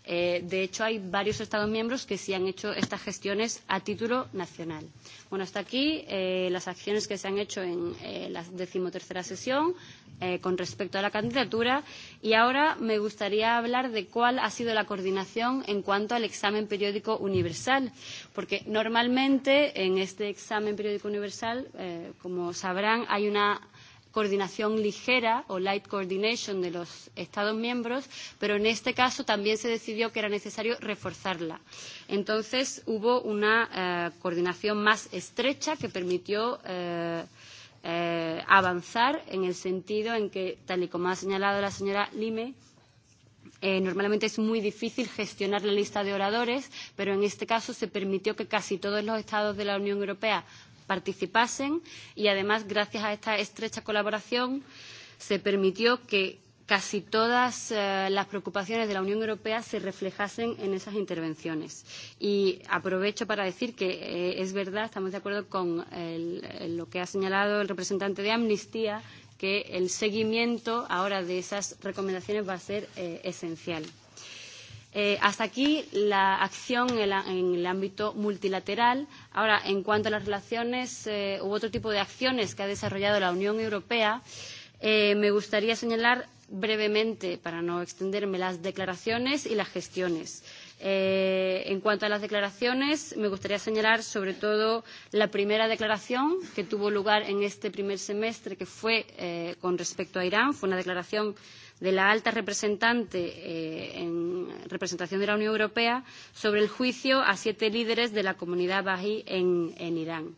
Eh, de hecho, hay varios Estados miembros que sí han hecho estas gestiones a título nacional. Bueno, hasta aquí eh, las acciones que se han hecho en eh, la decimotercera sesión eh, con respecto a la candidatura y ahora me gustaría hablar de cuál ha sido la coordinación en cuanto al examen periódico universal, porque normalmente en este examen periódico universal, eh, como sabrán, hay una coordinación ligera o light coordination de los Estados miembros, pero en este caso también se decidió que era necesario reforzarla. Entonces hubo una eh, coordinación más estrecha que permitió eh, eh, avanzar en el sentido en que, tal y como ha señalado la señora Lime, eh, normalmente es muy difícil gestionar la lista de oradores, pero en este caso se permitió que casi todos los estados de la Unión Europea participasen y además gracias a esta estrecha colaboración se permitió que casi todas las preocupaciones de la Unión Europea se reflejasen en esas intervenciones. Y aprovecho para decir que es verdad, estamos de acuerdo con lo que ha señalado el representante de Amnistía, que el seguimiento ahora de esas recomendaciones va a ser esencial. Eh, hasta aquí la acción en, la, en el ámbito multilateral. Ahora, en cuanto a las relaciones eh, u otro tipo de acciones que ha desarrollado la Unión Europea, eh, me gustaría señalar brevemente, para no extenderme, las declaraciones y las gestiones. Eh, en cuanto a las declaraciones, me gustaría señalar sobre todo la primera declaración que tuvo lugar en este primer semestre, que fue eh, con respecto a Irán. Fue una declaración eh, de la alta representante eh, en representación de la Unión Europea sobre el juicio a siete líderes de la comunidad bají en, en Irán.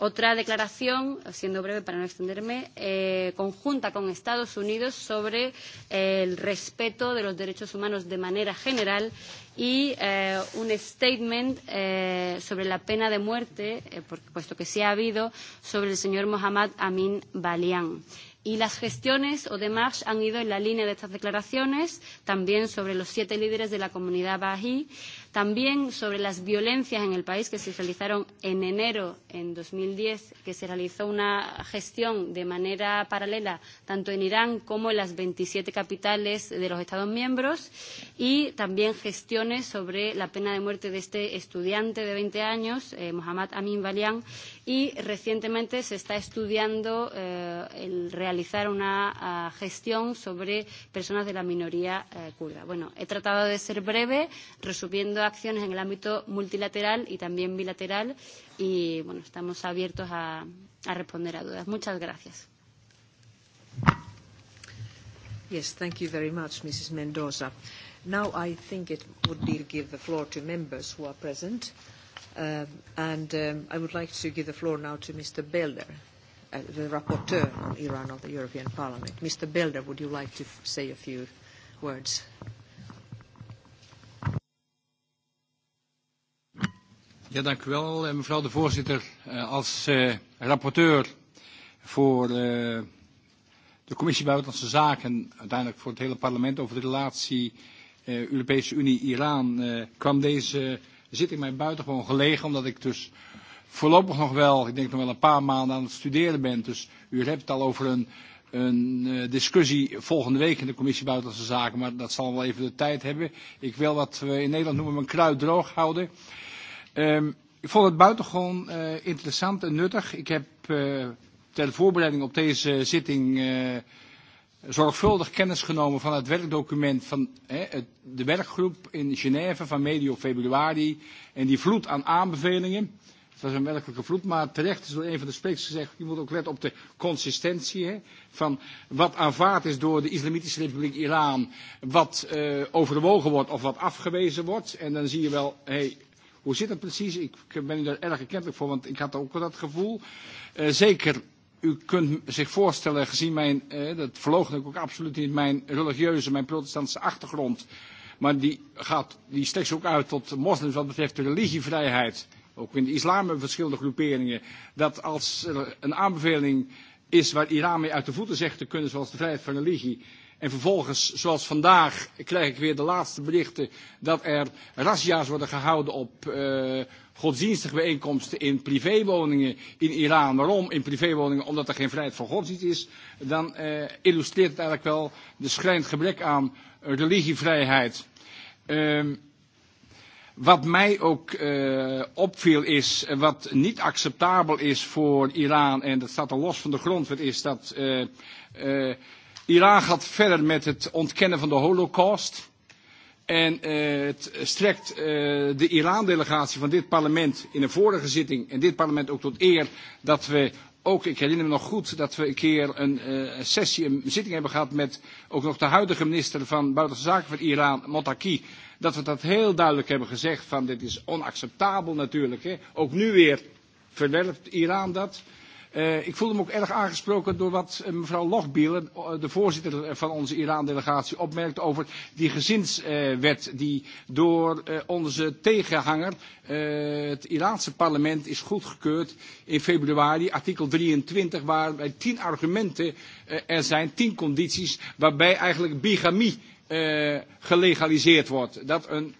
Otra declaración, siendo breve para no extenderme, eh, conjunta con Estados Unidos sobre el respeto de los derechos humanos de manera general y eh, un statement eh, sobre la pena de muerte, eh, por, puesto que sí ha habido, sobre el señor Mohammad Amin Balian. Y las gestiones o demás han ido en la línea de estas declaraciones, también sobre los siete líderes de la comunidad bají, también sobre las violencias en el país que se realizaron en enero de dos mil diez, que se realizó una gestión de manera paralela tanto en Irán como en las veintisiete capitales de los Estados miembros, y también gestiones sobre la pena de muerte de este estudiante de veinte años, Mohammad Amin Balian, y recientemente se está estudiando el realizar una gestión sobre personas de la minoría kurda. Bueno, he tratado de ser breve, resumiendo acciones en el ámbito multilateral y también bilateral y bueno, estamos abiertos a, a responder a dudas. Muchas gracias. Yes, thank you very much, Mrs. Mendoza. Now I think it would be give the floor to members who are present and I would like to give the floor now to Mr. Belder, the rapporteur on Iran of the European Parliament. Mr. Belder, would you like to say a few words? Ja, dank u wel, mevrouw de voorzitter. Als rapporteur voor de Commissie Buitenlandse Zaken, en uiteindelijk voor het hele parlement over de relatie Europese Unie-Iran, kwam deze zit ik mij buitengewoon gelegen, omdat ik dus voorlopig nog wel, ik denk nog wel een paar maanden aan het studeren ben. Dus u hebt het al over een, een discussie volgende week in de commissie Buitenlandse Zaken, maar dat zal wel even de tijd hebben. Ik wil wat we in Nederland noemen mijn kruid droog houden. Um, ik vond het buitengewoon uh, interessant en nuttig. Ik heb uh, ter voorbereiding op deze zitting... Uh, zorgvuldig kennis genomen van het werkdocument van hè, het, de werkgroep in Genève van medio februari. En die vloed aan aanbevelingen. Het was een werkelijke vloed, maar terecht is door een van de sprekers gezegd, je moet ook letten op de consistentie hè, van wat aanvaard is door de Islamitische Republiek Iran, wat uh, overwogen wordt of wat afgewezen wordt. En dan zie je wel, hey, hoe zit dat precies? Ik ben u daar erg erkentelijk voor, want ik had ook wel dat gevoel. Uh, zeker U kunt zich voorstellen, gezien mijn, dat verloochende ik ook absoluut niet, mijn religieuze, mijn protestantse achtergrond. Maar die, gaat, die strekt zich ook uit tot moslims wat betreft de religievrijheid. Ook in de islam hebben verschillende groeperingen. Dat als er een aanbeveling is waar Iran mee uit de voeten zegt te kunnen, zoals de vrijheid van religie, En vervolgens, zoals vandaag, krijg ik weer de laatste berichten dat er razzia's worden gehouden op uh, godsdienstige bijeenkomsten in privéwoningen in Iran. Waarom in privéwoningen? Omdat er geen vrijheid van godsdienst is. Dan uh, illustreert het eigenlijk wel de schrijnend gebrek aan religievrijheid. Uh, Wat mij ook uh, opviel is, wat niet acceptabel is voor Iran, en dat staat al los van de grondwet, is dat uh, uh, Iran gaat verder met het ontkennen van de holocaust. En uh, het strekt uh, de Iran-delegatie van dit parlement in een vorige zitting en dit parlement ook tot eer dat we ook, ik herinner me nog goed, dat we een keer een uh, sessie, een zitting hebben gehad met ook nog de huidige minister van Buitenlandse Zaken van Iran, Motaki. Dat we dat heel duidelijk hebben gezegd van dit is onacceptabel natuurlijk. Hè. Ook nu weer verwerpt Iran dat ik voelde me ook erg aangesproken door wat mevrouw Lochbielen, de voorzitter van onze Iran-delegatie, opmerkte over die gezinswet die door onze tegenhanger, het Iraanse parlement, is goedgekeurd in februari, artikel 23, waarbij tien argumenten er zijn, tien condities, waarbij eigenlijk bigamie gelegaliseerd wordt. Dat een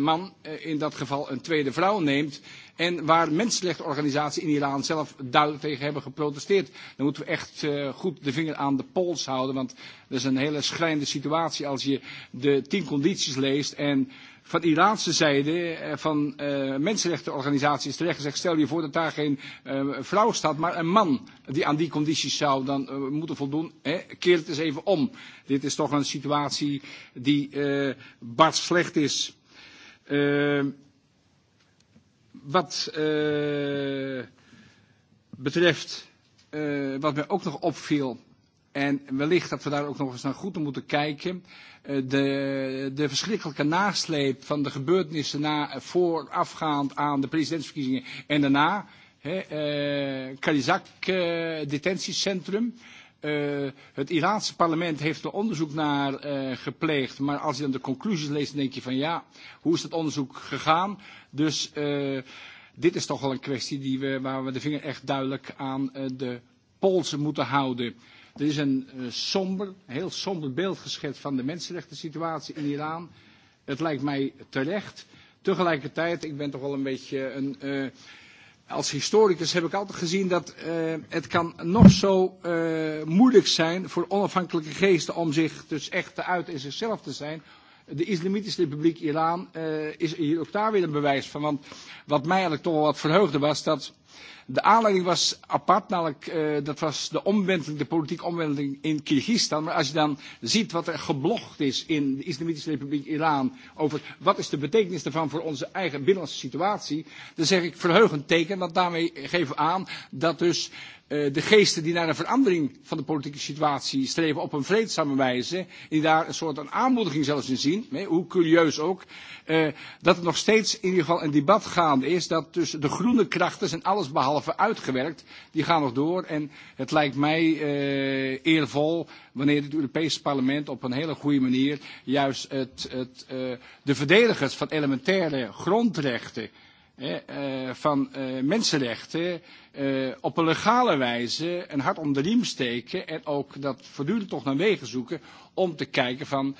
man in dat geval een tweede vrouw neemt en waar mensenrechtenorganisaties in Iran zelf duidelijk tegen hebben geprotesteerd. Dan moeten we echt goed de vinger aan de pols houden, want dat is een hele schrijnende situatie als je de tien condities leest en van Iraanse zijde van uh, mensenrechtenorganisaties terecht gezegd, stel je voor dat daar geen uh, vrouw staat, maar een man die aan die condities zou dan uh, moeten voldoen. Hè? Keer het eens even om. Dit is toch een situatie die uh, slecht is. Uh, Wat uh, betreft, uh, wat mij ook nog opviel, en wellicht dat we daar ook nog eens naar goed naar moeten kijken, de, de verschrikkelijke nasleep van de gebeurtenissen na, voorafgaand aan de presidentsverkiezingen en daarna, hè, uh, Karizak uh, detentiecentrum, uh, het Iraanse parlement heeft er onderzoek naar uh, gepleegd. Maar als je dan de conclusies leest, dan denk je van ja, hoe is dat onderzoek gegaan? Dus uh, dit is toch wel een kwestie die we, waar we de vinger echt duidelijk aan uh, de polsen moeten houden. Er is een uh, somber, heel somber beeld geschetst van de mensenrechten situatie in Iran. Het lijkt mij terecht. Tegelijkertijd, ik ben toch wel een beetje een... Uh, als historicus heb ik altijd gezien dat uh, het kan nog zo uh, moeilijk zijn voor onafhankelijke geesten om zich dus echt te uiten in zichzelf te zijn, de Islamitische Republiek Iran is hier ook daar weer een bewijs van. Want wat mij eigenlijk toch wel wat verheugde was dat De aanleiding was apart, namelijk uh, dat was de omwenteling, de politieke omwenteling in Kyrgyzstan. Maar als je dan ziet wat er geblogd is in de Islamitische Republiek Iran over wat is de betekenis daarvan voor onze eigen binnenlandse situatie, dan zeg ik verheugend teken, want daarmee geven we aan dat dus de geesten die naar een verandering van de politieke situatie streven op een vreedzame wijze, die daar een soort een aanmoediging zelfs in zien, hoe curieus ook, dat er nog steeds in ieder geval een debat gaande is dat tussen de groene krachten en alles behalve zelf uitgewerkt, die gaan nog door. En het lijkt mij uh, eervol wanneer het Europese parlement op een hele goede manier juist het, het, uh, de verdedigers van elementaire grondrechten van mensenrechten op een legale wijze een hart om de riem steken en ook dat voortdurend toch naar wegen zoeken om te kijken van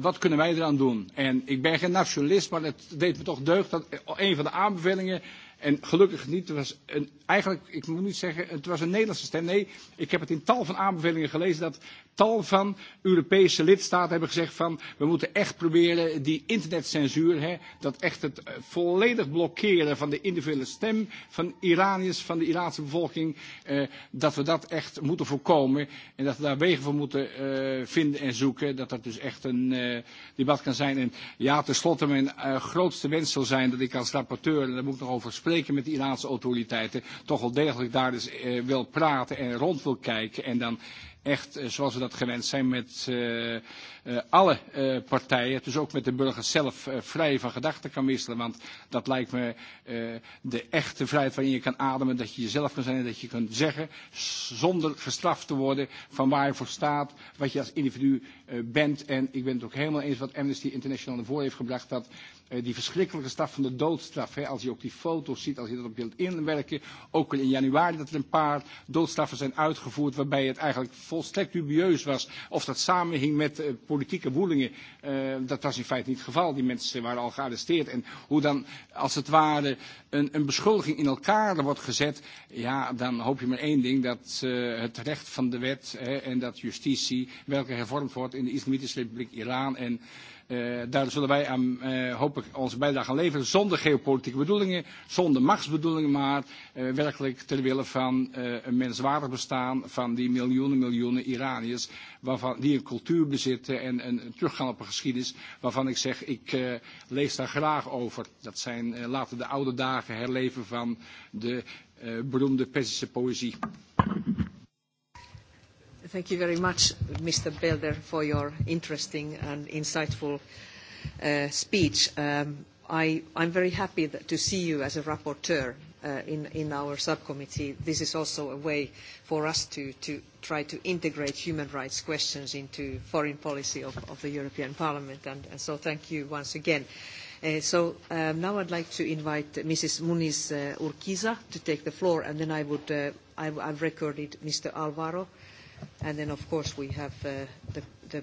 wat kunnen wij eraan doen. En ik ben geen nationalist, maar het deed me toch deugd dat een van de aanbevelingen En gelukkig niet, het was een, eigenlijk, ik moet niet zeggen, het was een Nederlandse stem. Nee, ik heb het in tal van aanbevelingen gelezen dat tal van Europese lidstaten hebben gezegd van, we moeten echt proberen die internetcensuur, hè, dat echt het volledig blokkeren van de individuele stem van Iraniërs, van de Iraanse bevolking, eh, dat we dat echt moeten voorkomen en dat we daar wegen voor moeten eh, vinden en zoeken, dat dat dus echt een eh, debat kan zijn. En ja, tenslotte mijn eh, grootste wens zal zijn dat ik als rapporteur, en daar moet ik nog over spreken, spreken met de Iraanse autoriteiten, toch wel degelijk daar dus wil praten en rond wil kijken. En dan echt, zoals we dat gewend zijn, met alle partijen, dus ook met de burgers zelf, vrij van gedachten kan wisselen. Want dat lijkt me de echte vrijheid waarin je kan ademen, dat je jezelf kan zijn en dat je kunt zeggen, zonder gestraft te worden, van waar je voor staat, wat je als individu bent. En ik ben het ook helemaal eens wat Amnesty International naar voren heeft gebracht, dat die verschrikkelijke straf van de doodstraf. Hè, als je ook die foto's ziet, als je dat op wilt inwerken. Ook in januari dat er een paar doodstraffen zijn uitgevoerd. Waarbij het eigenlijk volstrekt dubieus was of dat samenhing met uh, politieke woelingen. Uh, dat was in feite niet het geval. Die mensen waren al gearresteerd. En hoe dan als het ware een, een beschuldiging in elkaar wordt gezet. Ja, dan hoop je maar één ding. Dat uh, het recht van de wet hè, en dat justitie, welke hervormd wordt in de Islamitische Republiek Iran. En daar zullen wij aan, hoop ik, onze bijdrage aan leveren. Zonder geopolitieke bedoelingen, zonder machtsbedoelingen, maar werkelijk ter wille van een menswaardig bestaan van die miljoenen, miljoenen Iraniërs. Waarvan, die een cultuur bezitten en een teruggaan op een geschiedenis waarvan ik zeg, ik lees daar graag over. Dat zijn laten de oude dagen herleven van de beroemde Persische poëzie. Thank you very much, Mr. Belder, for your interesting and insightful speech. I, I'm very happy to see you as a rapporteur in, our subcommittee. This is also a way for us to, try to integrate human rights questions into foreign policy of, the European Parliament, and, so thank you once again. so now I'd like to invite Mrs. Muniz Urquiza to take the floor, and then I would, I, I've recorded Mr. Alvaro And then, of course, we have the, the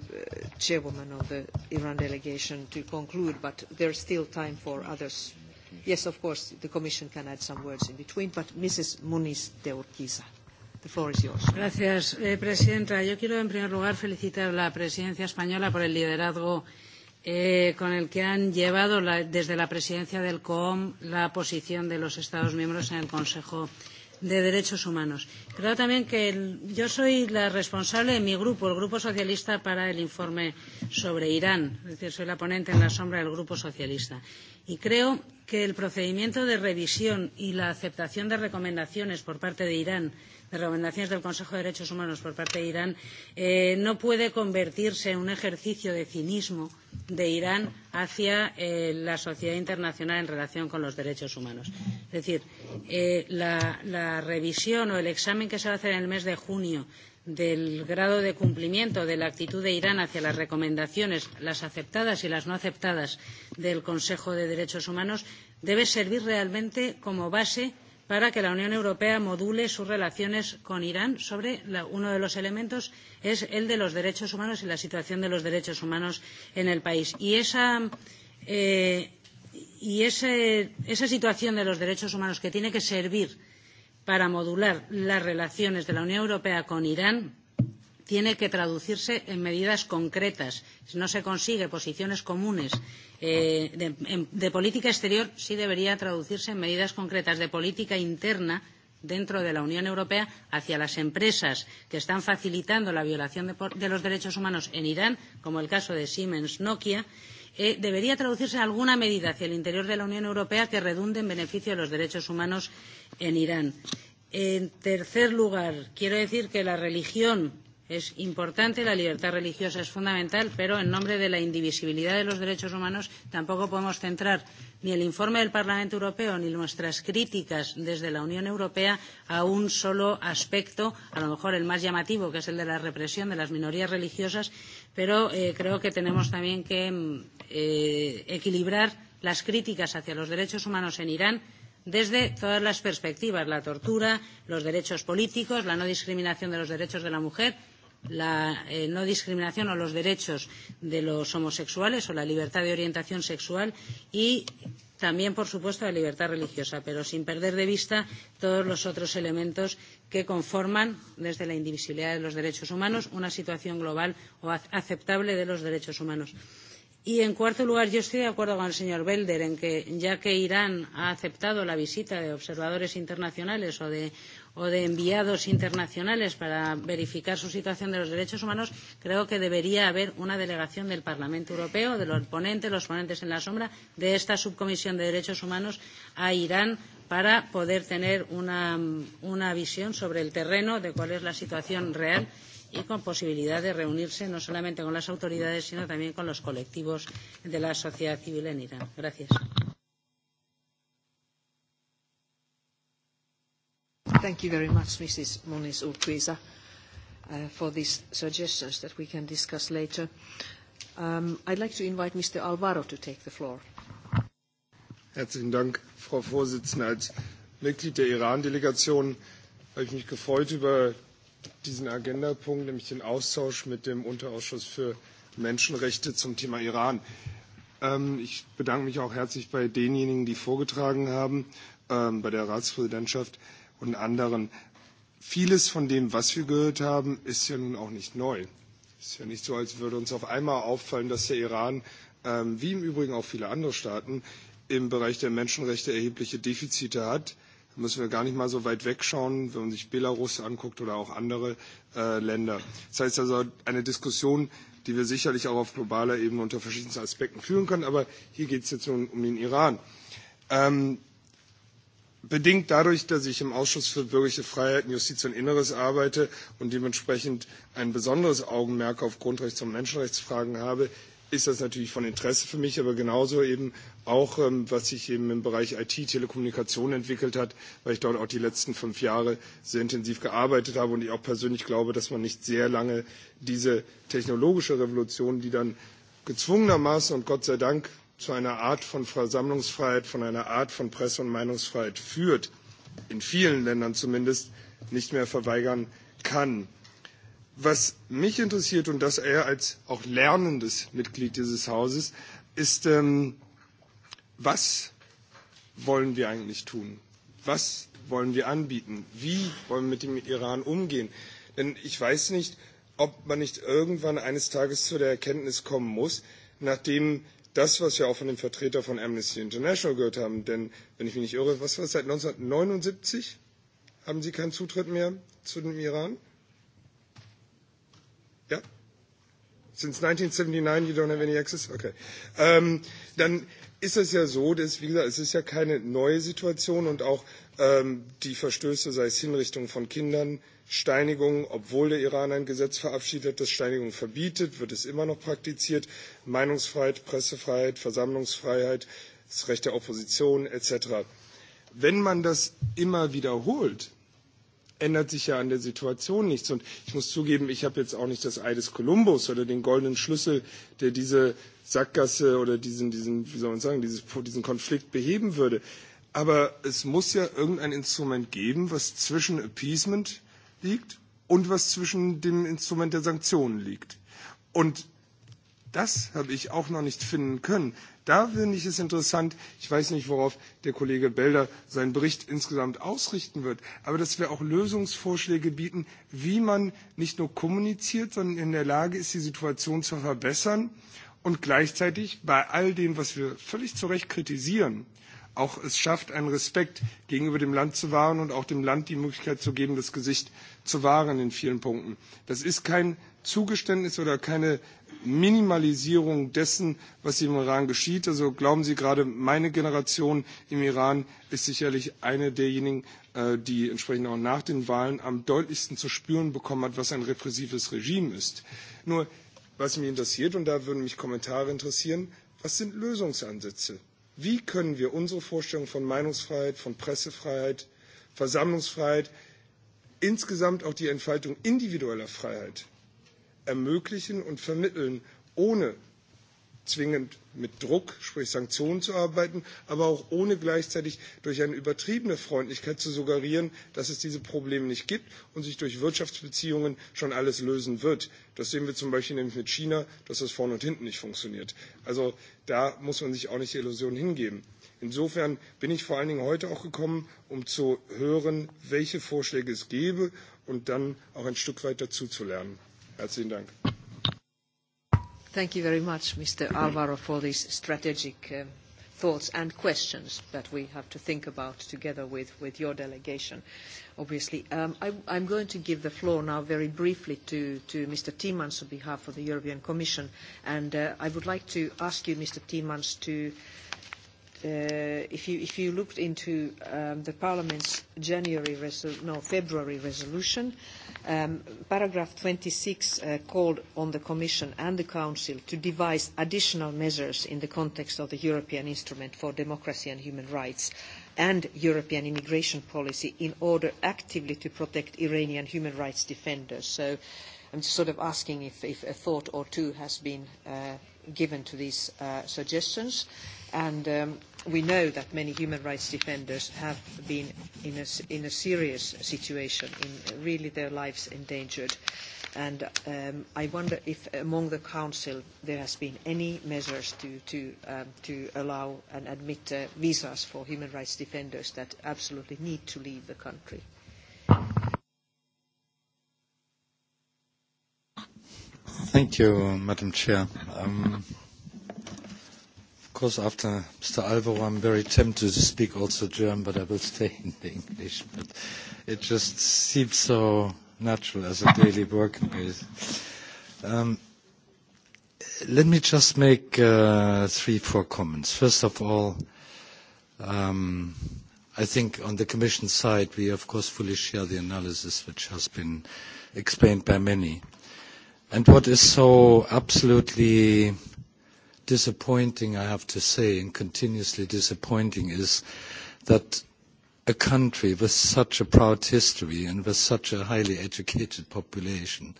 chairwoman of the Iran delegation to conclude, but there's still time for others. Yes, of course, the Commission can add some words in between, but Mrs. Muniz de Urquiza. Señora presidenta. Yo quiero, en primer lugar, felicitar a la presidencia española por el liderazgo con el que han llevado desde la presidencia del COOM la posición de los Estados miembros en el Consejo de de Derechos Humanos. Creo también que el, yo soy la responsable de mi grupo, el Grupo Socialista, para el informe sobre Irán. Es decir, soy la ponente en la sombra del Grupo Socialista. Y creo que el procedimiento de revisión y la aceptación de recomendaciones por parte de Irán recomendaciones del Consejo de Derechos Humanos por parte de Irán no puede convertirse en un ejercicio de cinismo de Irán hacia la sociedad internacional en relación con los derechos humanos. Es decir, la revisión o el examen que se va a hacer en el mes de junio del grado de cumplimiento de la actitud de Irán hacia las recomendaciones, las aceptadas y las no aceptadas del Consejo de Derechos Humanos, debe servir realmente como base para que la Unión Europea module sus relaciones con Irán sobre uno de los elementos es el de los derechos humanos y la situación de los derechos humanos en el país. Y esa, situación de los derechos humanos que tiene que servir para modular las relaciones de la Unión Europea con Irán tiene que traducirse en medidas concretas. Si no se consigue posiciones comunes de, política exterior, sí debería traducirse en medidas concretas de política interna dentro de la Unión Europea hacia las empresas que están facilitando la violación de, los derechos humanos en Irán, como el caso de Siemens Nokia, debería traducirse alguna medida hacia el interior de la Unión Europea que redunde en beneficio de los derechos humanos en Irán. En tercer lugar, quiero decir que la religión es importante, la libertad religiosa es fundamental, pero en nombre de la indivisibilidad de los derechos humanos tampoco podemos centrar ni el informe del Parlamento Europeo ni nuestras críticas desde la Unión Europea a un solo aspecto, a lo mejor el más llamativo, que es el de la represión de las minorías religiosas, pero creo que tenemos también que equilibrar las críticas hacia los derechos humanos en Irán desde todas las perspectivas, la tortura, los derechos políticos, la no discriminación de los derechos de la mujer, la eh, no discriminación o los derechos de los homosexuales o la libertad de orientación sexual y también, por supuesto, la libertad religiosa, pero sin perder de vista todos los otros elementos que conforman, desde la indivisibilidad de los derechos humanos, una situación global o aceptable de los derechos humanos. Y, en cuarto lugar, yo estoy de acuerdo con el señor Belder en que, ya que Irán ha aceptado la visita de observadores internacionales o de o de enviados internacionales para verificar su situación de los derechos humanos, creo que debería haber una delegación del Parlamento Europeo, de los ponentes, los ponentes en la sombra, de esta subcomisión de derechos humanos a Irán para poder tener una, una visión sobre el terreno de cuál es la situación real y con posibilidad de reunirse no solamente con las autoridades, sino también con los colectivos de la sociedad civil en Irán. Gracias. Thank you very much, Mrs. Moniz Urquiza, for these suggestions that we can discuss later. Um, I'd like to invite Mr. Alvaro to take the floor. Herzlichen Dank, Frau Vorsitzende. Als Mitglied der Iran-Delegation habe ich mich gefreut über diesen Agendapunkt, nämlich den Austausch mit dem Unterausschuss für Menschenrechte zum Thema Iran. ich bedanke mich auch herzlich bei denjenigen, die vorgetragen haben, bei der Ratspräsidentschaft und anderen. Vieles von dem, was wir gehört haben, ist ja nun auch nicht neu. Es ist ja nicht so, als würde uns auf einmal auffallen, dass der Iran, wie im Übrigen auch viele andere Staaten, im Bereich der Menschenrechte erhebliche Defizite hat. Da müssen wir gar nicht mal so weit wegschauen, wenn man sich Belarus anguckt oder auch andere Länder. Das heißt also, eine Diskussion, die wir sicherlich auch auf globaler Ebene unter verschiedensten Aspekten führen können. Aber hier geht es jetzt nun um den Iran bedingt dadurch, dass ich im Ausschuss für bürgerliche Freiheiten, Justiz und Inneres arbeite und dementsprechend ein besonderes Augenmerk auf Grundrechts- und Menschenrechtsfragen habe, ist das natürlich von Interesse für mich, aber genauso eben auch, was sich eben im Bereich IT, Telekommunikation entwickelt hat, weil ich dort auch die letzten fünf Jahre sehr intensiv gearbeitet habe und ich auch persönlich glaube, dass man nicht sehr lange diese technologische Revolution, die dann gezwungenermaßen und Gott sei Dank zu einer Art von Versammlungsfreiheit, von einer Art von Presse- und Meinungsfreiheit führt, in vielen Ländern zumindest, nicht mehr verweigern kann. Was mich interessiert und das eher als auch lernendes Mitglied dieses Hauses ist, was wollen wir eigentlich tun? Was wollen wir anbieten? Wie wollen wir mit dem Iran umgehen? Denn ich weiß nicht, ob man nicht irgendwann eines Tages zu der Erkenntnis kommen muss, nachdem das, was wir auch von dem Vertreter von Amnesty International gehört haben. Denn, wenn ich mich nicht irre, was war es, seit 1979 haben Sie keinen Zutritt mehr zu dem Iran? Since 1979 you don't have any access? Okay. Ähm, dann ist es ja so, dass, wie gesagt, es ist ja keine neue Situation und auch ähm, die Verstöße, sei es Hinrichtung von Kindern, Steinigung, obwohl der Iran ein Gesetz verabschiedet hat, das Steinigung verbietet, wird es immer noch praktiziert. Meinungsfreiheit, Pressefreiheit, Versammlungsfreiheit, das Recht der Opposition etc. Wenn man das immer wiederholt, ändert sich ja an der Situation nichts. Und ich muss zugeben, ich habe jetzt auch nicht das Ei des Kolumbus oder den goldenen Schlüssel, der diese Sackgasse oder diesen, diesen wie soll man sagen, dieses, diesen Konflikt beheben würde. Aber es muss ja irgendein Instrument geben, was zwischen Appeasement liegt und was zwischen dem Instrument der Sanktionen liegt. Und Das habe ich auch noch nicht finden können. Da finde ich es interessant. Ich weiß nicht, worauf der Kollege Belder seinen Bericht insgesamt ausrichten wird, aber dass wir auch Lösungsvorschläge bieten, wie man nicht nur kommuniziert, sondern in der Lage ist, die Situation zu verbessern und gleichzeitig bei all dem, was wir völlig zu Recht kritisieren, auch es schafft, einen Respekt gegenüber dem Land zu wahren und auch dem Land die Möglichkeit zu geben, das Gesicht zu wahren in vielen Punkten. Das ist kein Zugeständnis oder keine Minimalisierung dessen, was im Iran geschieht. Also glauben Sie, gerade meine Generation im Iran ist sicherlich eine derjenigen, die entsprechend auch nach den Wahlen am deutlichsten zu spüren bekommen hat, was ein repressives Regime ist. Nur, was mich interessiert, und da würden mich Kommentare interessieren, was sind Lösungsansätze? Wie können wir unsere Vorstellung von Meinungsfreiheit, von Pressefreiheit, Versammlungsfreiheit, insgesamt auch die Entfaltung individueller Freiheit ermöglichen und vermitteln, ohne zwingend mit Druck, sprich Sanktionen zu arbeiten, aber auch ohne gleichzeitig durch eine übertriebene Freundlichkeit zu suggerieren, dass es diese Probleme nicht gibt und sich durch Wirtschaftsbeziehungen schon alles lösen wird. Das sehen wir zum Beispiel nämlich mit China, dass das vorne und hinten nicht funktioniert. Also da muss man sich auch nicht die Illusion hingeben. Insofern bin ich vor allen Dingen heute auch gekommen, um zu hören, welche Vorschläge es gäbe und dann auch ein Stück weit dazuzulernen. Herzlichen Dank. Thank you very much, Mr. Alvaro, for these strategic thoughts and questions that we have to think about together with your delegation, obviously. I I'm going to give the floor now very briefly to Mr. Timmermans on behalf of the European Commission, and I would like to ask you, Mr. Timmermans, to if you if you looked into um, the Parliament's January no February resolution, um, paragraph 26 uh, called on the Commission and the Council to devise additional measures in the context of the European Instrument for Democracy and Human Rights and European immigration policy in order actively to protect Iranian human rights defenders. So I'm just sort of asking if, if a thought or two has been uh, given to these uh, suggestions. Uh, And we know that many human rights defenders have been in a, serious situation, in really their lives endangered. And I wonder if among the Council there has been any measures to, allow and admit visas for human rights defenders that absolutely need to leave the country. Thank you, Madam Chair. Um, course, after Mr. Alvaro, I'm very tempted to speak also German, but I will stay in the English. But it just seems so natural as a daily working base. Um, let me just make uh, three, four comments. First of all, um, I think on the Commission side, we of course fully share the analysis which has been explained by many. And what is so absolutely disappointing, I have to say, and continuously disappointing, is that a country with such a proud history and with such a highly educated population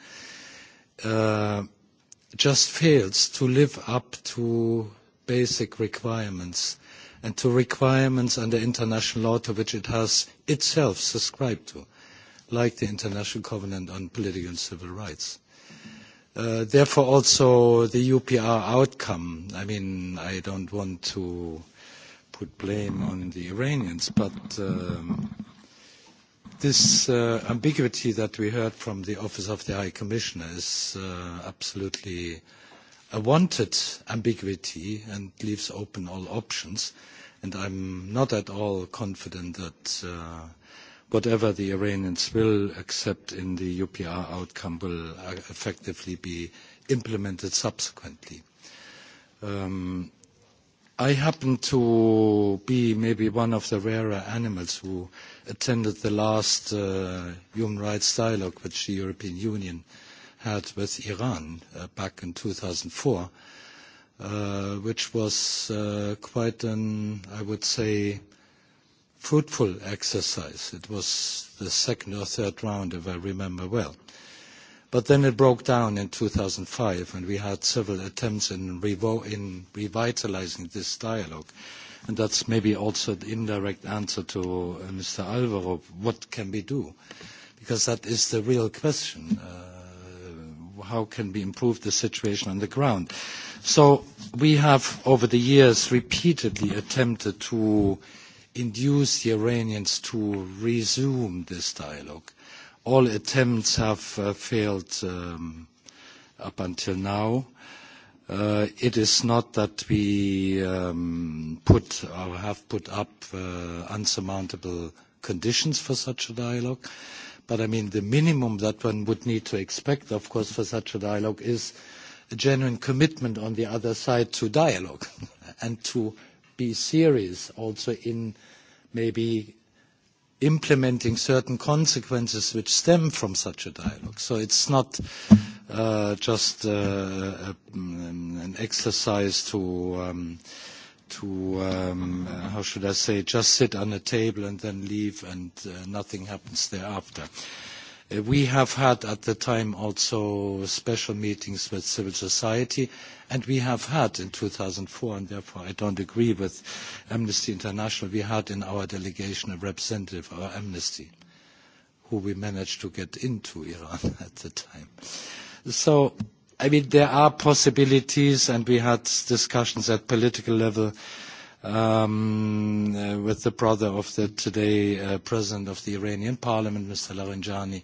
just fails to live up to basic requirements and to requirements under international law to which it has itself subscribed to, like the International Covenant on Political and Civil Rights therefore, also the UPR outcome. I mean, I don't want to put blame on the Iranians, but this ambiguity that we heard from the Office of the High Commissioner is absolutely a wanted ambiguity and leaves open all options. And I'm not at all confident that whatever the Iranians will accept in the UPR outcome will effectively be implemented subsequently. I happen to be maybe one of the rarer animals who attended the last human rights dialogue which the European Union had with Iran back in two thousand four, which was quite an, I would say, fruitful exercise. It was the second or third round, if I remember well. But then it broke down in two thousand five and we had several attempts in, revo in revitalizing this dialogue. And that's maybe also the indirect answer to Mr. Alvaro. What can we do? Because that is the real question. how can we improve the situation on the ground? So we have, over the years, repeatedly attempted to induce the Iranians to resume this dialogue. All attempts have failed up until now. It is not that we put or have put up unsurmountable conditions for such a dialogue, but I mean, the minimum that one would need to expect, of course, for such a dialogue is a genuine commitment on the other side to dialogue and to be serious also in maybe implementing certain consequences which stem from such a dialogue. So it's not uh, just uh, a, an exercise to, um, to um, how should I say, just sit on a table and then leave and uh, nothing happens thereafter. We have had at the time also special meetings with civil society, and we have had in two thousand four and therefore I don't agree with Amnesty International, we had in our delegation a representative of Amnesty who we managed to get into Iran at the time. So, I mean, there are possibilities, and we had discussions at political level um, with the brother of the today uh, president of the Iranian parliament, Mr. Laranjani.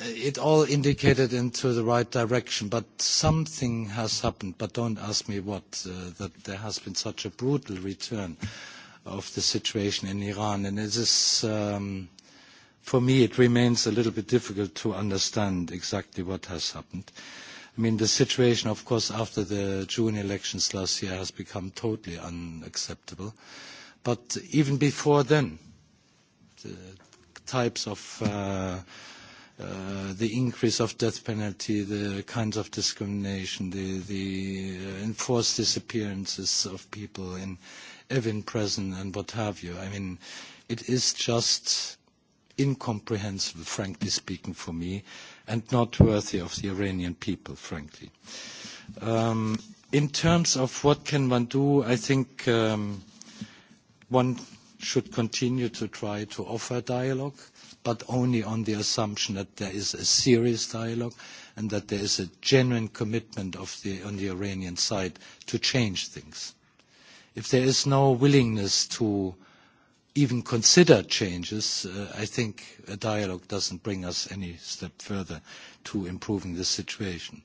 It all indicated into the right direction, but something has happened. But don't ask me what, uh, that there has been such a brutal return of the situation in Iran. And it is, um, for me, it remains a little bit difficult to understand exactly what has happened. Uh, I mean, the situation, of course, after the June elections last year has become totally unacceptable. But even before then, the types of uh, the increase of death penalty, the kinds of discrimination, the, the enforced disappearances of people in Evin prison and what have you. I mean, it is just incomprehensible, frankly speaking, for me, and not worthy of the Iranian people, frankly. in terms of what can one do, I think one should continue to try to offer dialogue, but only on the assumption that there is a serious dialogue and that there is a genuine commitment on the Iranian side to change things. If there is no willingness to even consider changes, I think a dialogue doesn't bring us any step further to improving the situation.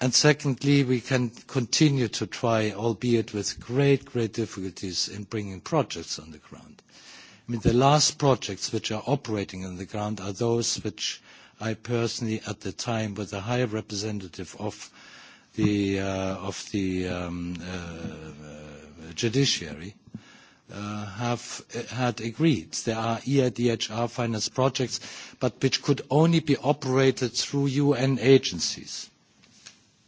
And secondly, we can continue to try, albeit with great, great difficulties in bringing projects on the ground. I mean, the last projects which are operating on the ground are those which I personally, at the time, was a high representative of the, of the judiciary, uh, have had agreed. There are EIDHR finance projects, but which could only be operated through UN agencies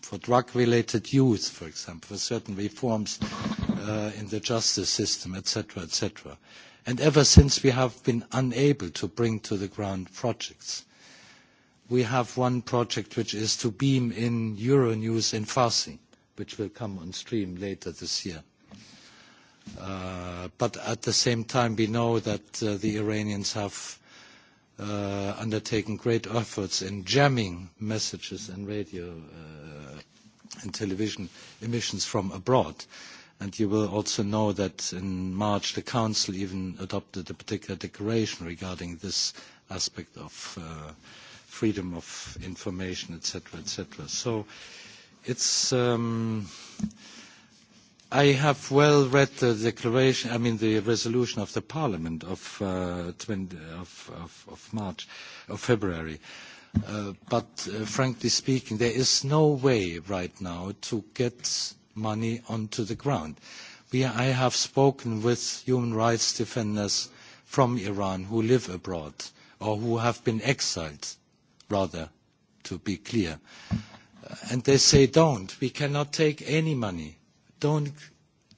for drug-related use, for example, for certain reforms in the justice system, etc., etc. And ever since, we have been unable to bring to the ground projects. We have one project which is to beam in Euronews in Farsi, which will come on stream later this year But at the same time, we know that the Iranians have undertaken great efforts in jamming messages and radio and television emissions from abroad. And you will also know that in March, the Council even adopted a particular declaration regarding this aspect of freedom of information, etc., etc. So it's I have well read the declaration, I mean the resolution of the Parliament of, uh, 20, of, of, of March, of February. but frankly speaking, there is no way right now to get money onto the ground. We, I have spoken with human rights defenders from Iran who live abroad or who have been exiled, rather, to be clear. And they say, don't, we cannot take any money don't,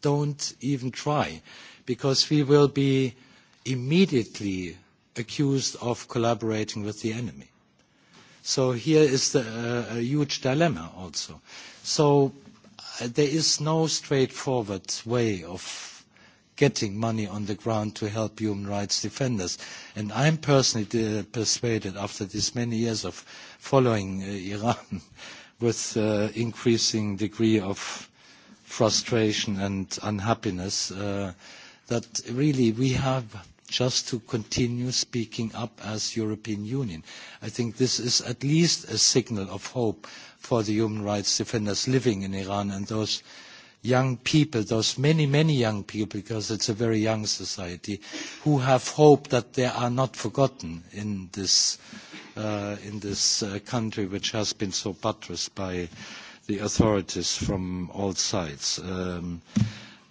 don't even try, because we will be immediately accused of collaborating with the enemy. So here is the, uh, a huge dilemma also. So uh, there is no straightforward way of getting money on the ground to help human rights defenders. And I'm personally persuaded, after these many years of following Iran with uh, increasing degree of frustration and unhappiness that really we have just to continue speaking up as the European Union. I think this is at least a signal of hope for the human rights defenders living in Iran and those young people, those many, many young people, because it's a very young society, who have hope that they are not forgotten in this, country which has been so buttressed by the authorities from all sides.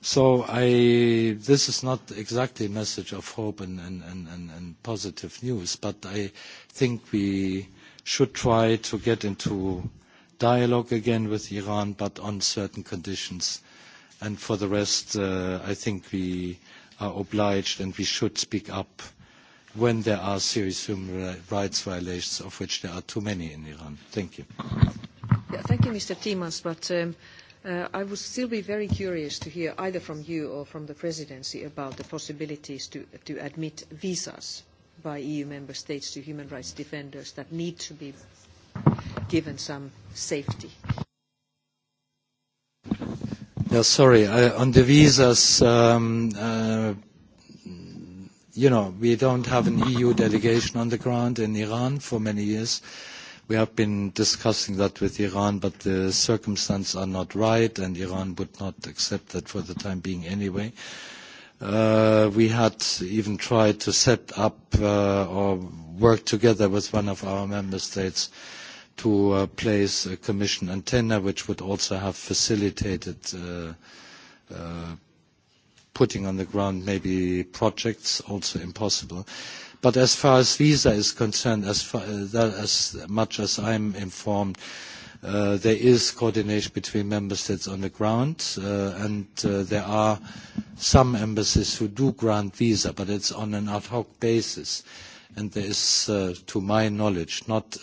so I, this is not exactly a message of hope and, and, and, and, and positive news, but I think we should try to get into dialogue again with Iran, but on certain conditions. And for the rest, I think we are obliged and we should speak up when there are serious human rights violations, of which there are too many in Iran. Thank you. Thank you, Mr. Timmermans, but I would still be very curious to hear either from you or from the presidency about the possibilities to admit visas by EU member states to human rights defenders that need to be given some safety. Sorry. On the visas, you know, we don't have an EU delegation on the ground in Iran for many years We have been discussing that with Iran, but the circumstances are not right, and Iran would not accept that for the time being anyway. We had even tried to set up or work together with one of our member states to place a commission antenna, which would also have facilitated putting on the ground maybe projects, also impossible. But as far as Visa is concerned, as, far, as much as I'm informed, there is coordination between member states on the ground, and there are some embassies who do grant visa, but it's on an ad hoc basis. And there is, to my knowledge, not,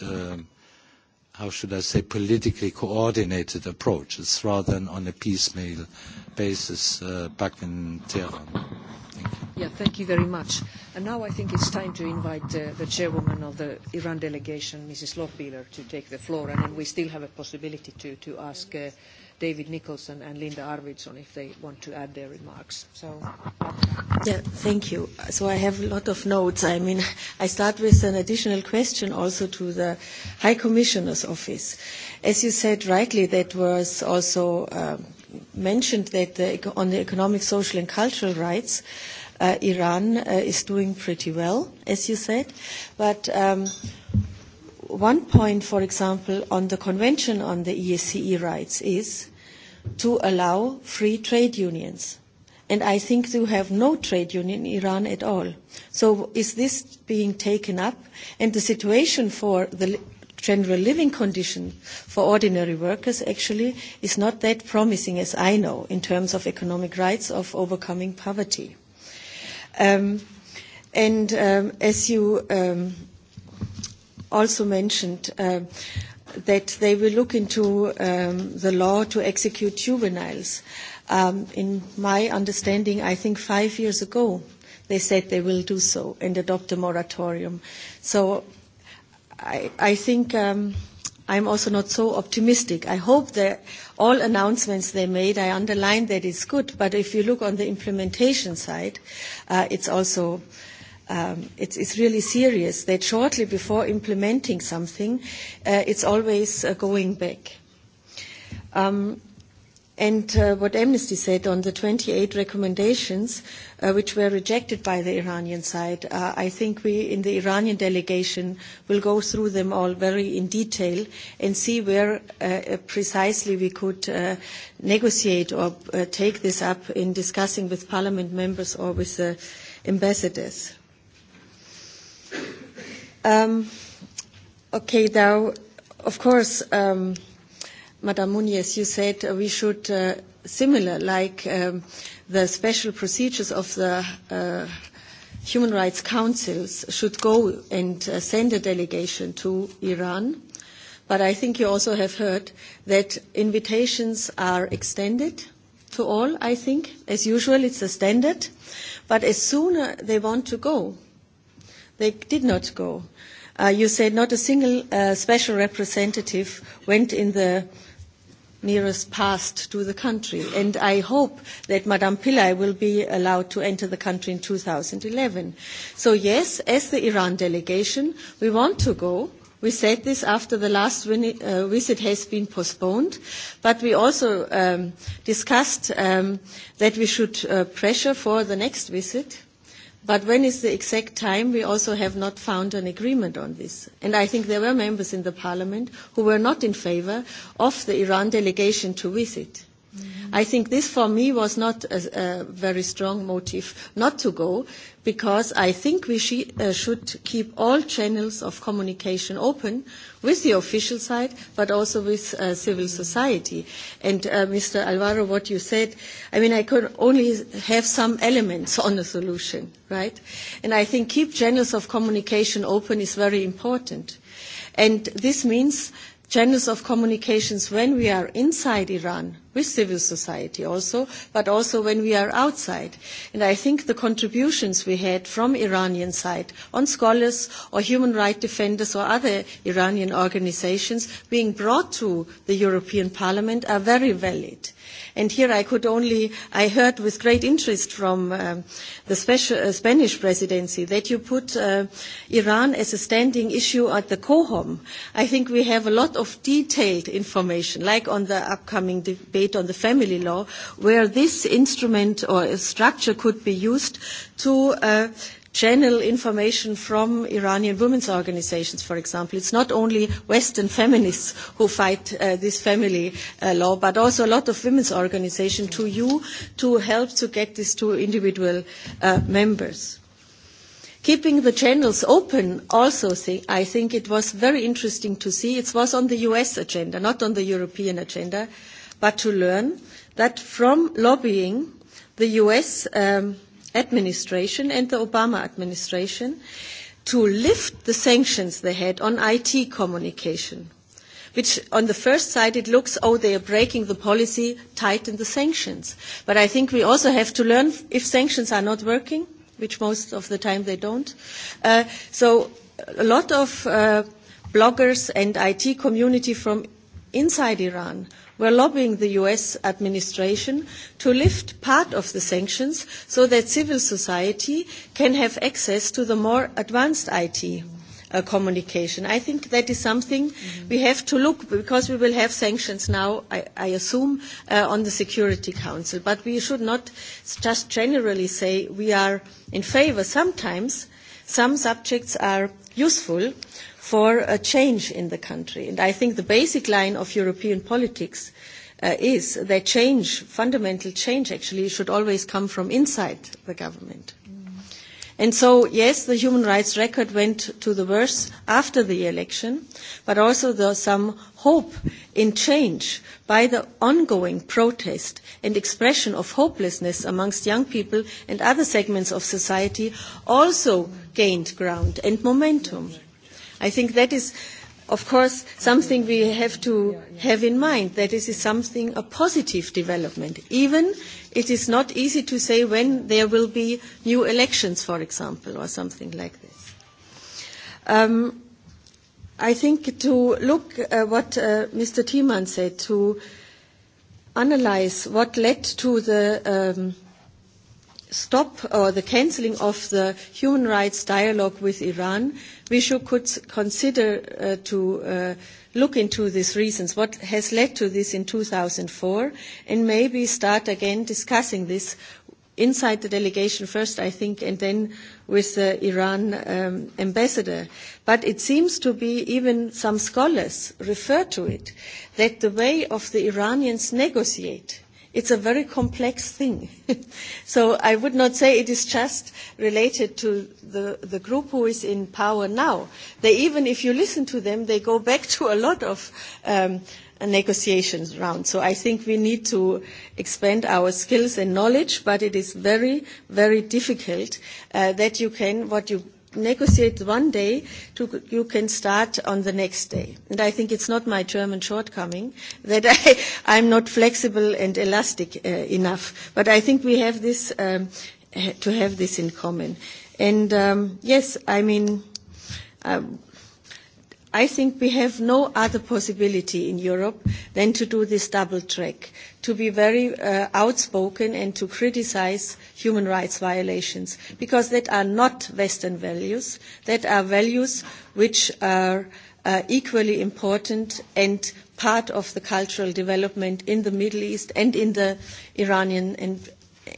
how should I say, politically coordinated approach. It's rather on a piecemeal basis back in Tehran. Yeah, thank you very much. And now I think it's time to invite uh, the chairwoman of the Iran delegation, Mrs. Lochbieler, to take the floor, and then we still have a possibility to, to ask uh, David Nicholson and Linda Arvidsson if they want to add their remarks. So, yeah, thank you. So I have a lot of notes. I mean, I start with an additional question also to the High Commissioner's office. As you said rightly, that was also. mentioned that the, on the economic, social and cultural rights, uh, Iran uh, is doing pretty well, as you said. But um, one point, for example, on the Convention on the ESCE rights is to allow free trade unions. And I think you have no trade union in Iran at all. So is this being taken up? And the situation for the general living condition for ordinary workers actually is not that promising as I know in terms of economic rights of overcoming poverty. Um, and um, as you um, also mentioned, uh, that they will look into um, the law to execute juveniles. Um, in my understanding, I think five years ago, they said they will do so and adopt a moratorium. So I, I think. Um, I am also not so optimistic. I hope that all announcements they made, I underline that it's good, but if you look on the implementation side, uh, it's also um, it's, it's really serious that shortly before implementing something, uh, it's always uh, going back. Um, and uh, what Amnesty said on the 28 recommendations, which were rejected by the Iranian side. I think we in the Iranian delegation will go through them all very in detail and see where precisely we could negotiate or take this up in discussing with parliament members or with the ambassadors. okay, now, of course, um, Madam Muniz, you said we should, similar like the special procedures of the uh, Human Rights Councils should go and uh, send a delegation to Iran. But I think you also have heard that invitations are extended to all, I think. As usual, it's a standard. But as soon as they want to go, they did not go. Uh, you said not a single uh, special representative went in the nearest past to the country. And I hope that Madame Pillay will be allowed to enter the country in 2011. So yes, as the Iran delegation, we want to go. We said this after the last visit has been postponed, but we also discussed that we should pressure for the next visit But when is the exact time? We also have not found an agreement on this. And I think there were members in the parliament who were not in favor of the Iran delegation to visit. I think this for me was not a, a very strong motive not to go because I think we sh uh, should keep all channels of communication open with the official side but also with uh, civil society. And uh, Mr. Alvaro, what you said, I mean, I could only have some elements on a solution, right? And I think keep channels of communication open is very important. And this means channels of communications when we are inside Iran with civil society also, but also when we are outside. And I think the contributions we had from Iranian side on scholars or human rights defenders or other Iranian organisations being brought to the European Parliament are very valid. And here I could only, I heard with great interest from the special, uh, Spanish presidency that you put uh, Iran as a standing issue at the COHOM. I think we have a lot of detailed information, like on the upcoming debate on the family law, where this instrument or structure could be used to uh, channel information from Iranian women's organizations, for example. It's not only Western feminists who fight uh, this family uh, law, but also a lot of women's organizations to you to help to get this to individual uh, members. Keeping the channels open also, I think it was very interesting to see. It was on the US agenda, not on the European agenda, but to learn that from lobbying, the US um, – administration and the Obama administration to lift the sanctions they had on IT communication, which on the first sight it looks, oh, they are breaking the policy, tighten the sanctions. But I think we also have to learn if sanctions are not working, which most of the time they don't. Uh, so a lot of uh, bloggers and IT community from inside Iran were lobbying the US administration to lift part of the sanctions so that civil society can have access to the more advanced IT communication. I think that is something we have to look because we will have sanctions now, I, I assume, on the Security Council. But we should not just generally say we are in favour. Sometimes some subjects are useful for a change in the country. And I think the basic line of European politics is that change, fundamental change actually, should always come from inside the government. And so, yes, the human rights record went to the worse after the election, but also there was some hope in change by the ongoing protest and expression of hopelessness amongst young people and other segments of society also gained ground and momentum. Exactly I think that is, of course, something we have to have in mind, that this is something, a positive development. Even it is not easy to say when there will be new elections, for example, or something like this. Um, I think to look at what uh, Mr. Thiemann said, to analyze what led to the um, stop or the cancelling of the human rights dialogue with Iran, we should consider to look into these reasons, what has led to this in two thousand four, and maybe start again discussing this inside the delegation first, I think, and then with the Iran ambassador. But it seems to be, even some scholars refer to it, that the way of the Iranians negotiate It's a very complex thing. so I would not say it is just related to the, the group who is in power now. They even, if you listen to them, they go back to a lot of um, negotiations around. So I think we need to expand our skills and knowledge, but it is very, very difficult uh, that you can, what you negotiate one day, to, you can start on the next day. And I think it's not my German shortcoming that I, I'm not flexible and elastic uh, enough. But I think we have this um, to have this in common. And um, yes, I mean. Um, I think we have no other possibility in Europe than to do this double track, to be very outspoken and to criticise human rights violations, because that are not Western values, that are values which are equally important and part of the cultural development in the Middle East and in the Iranian and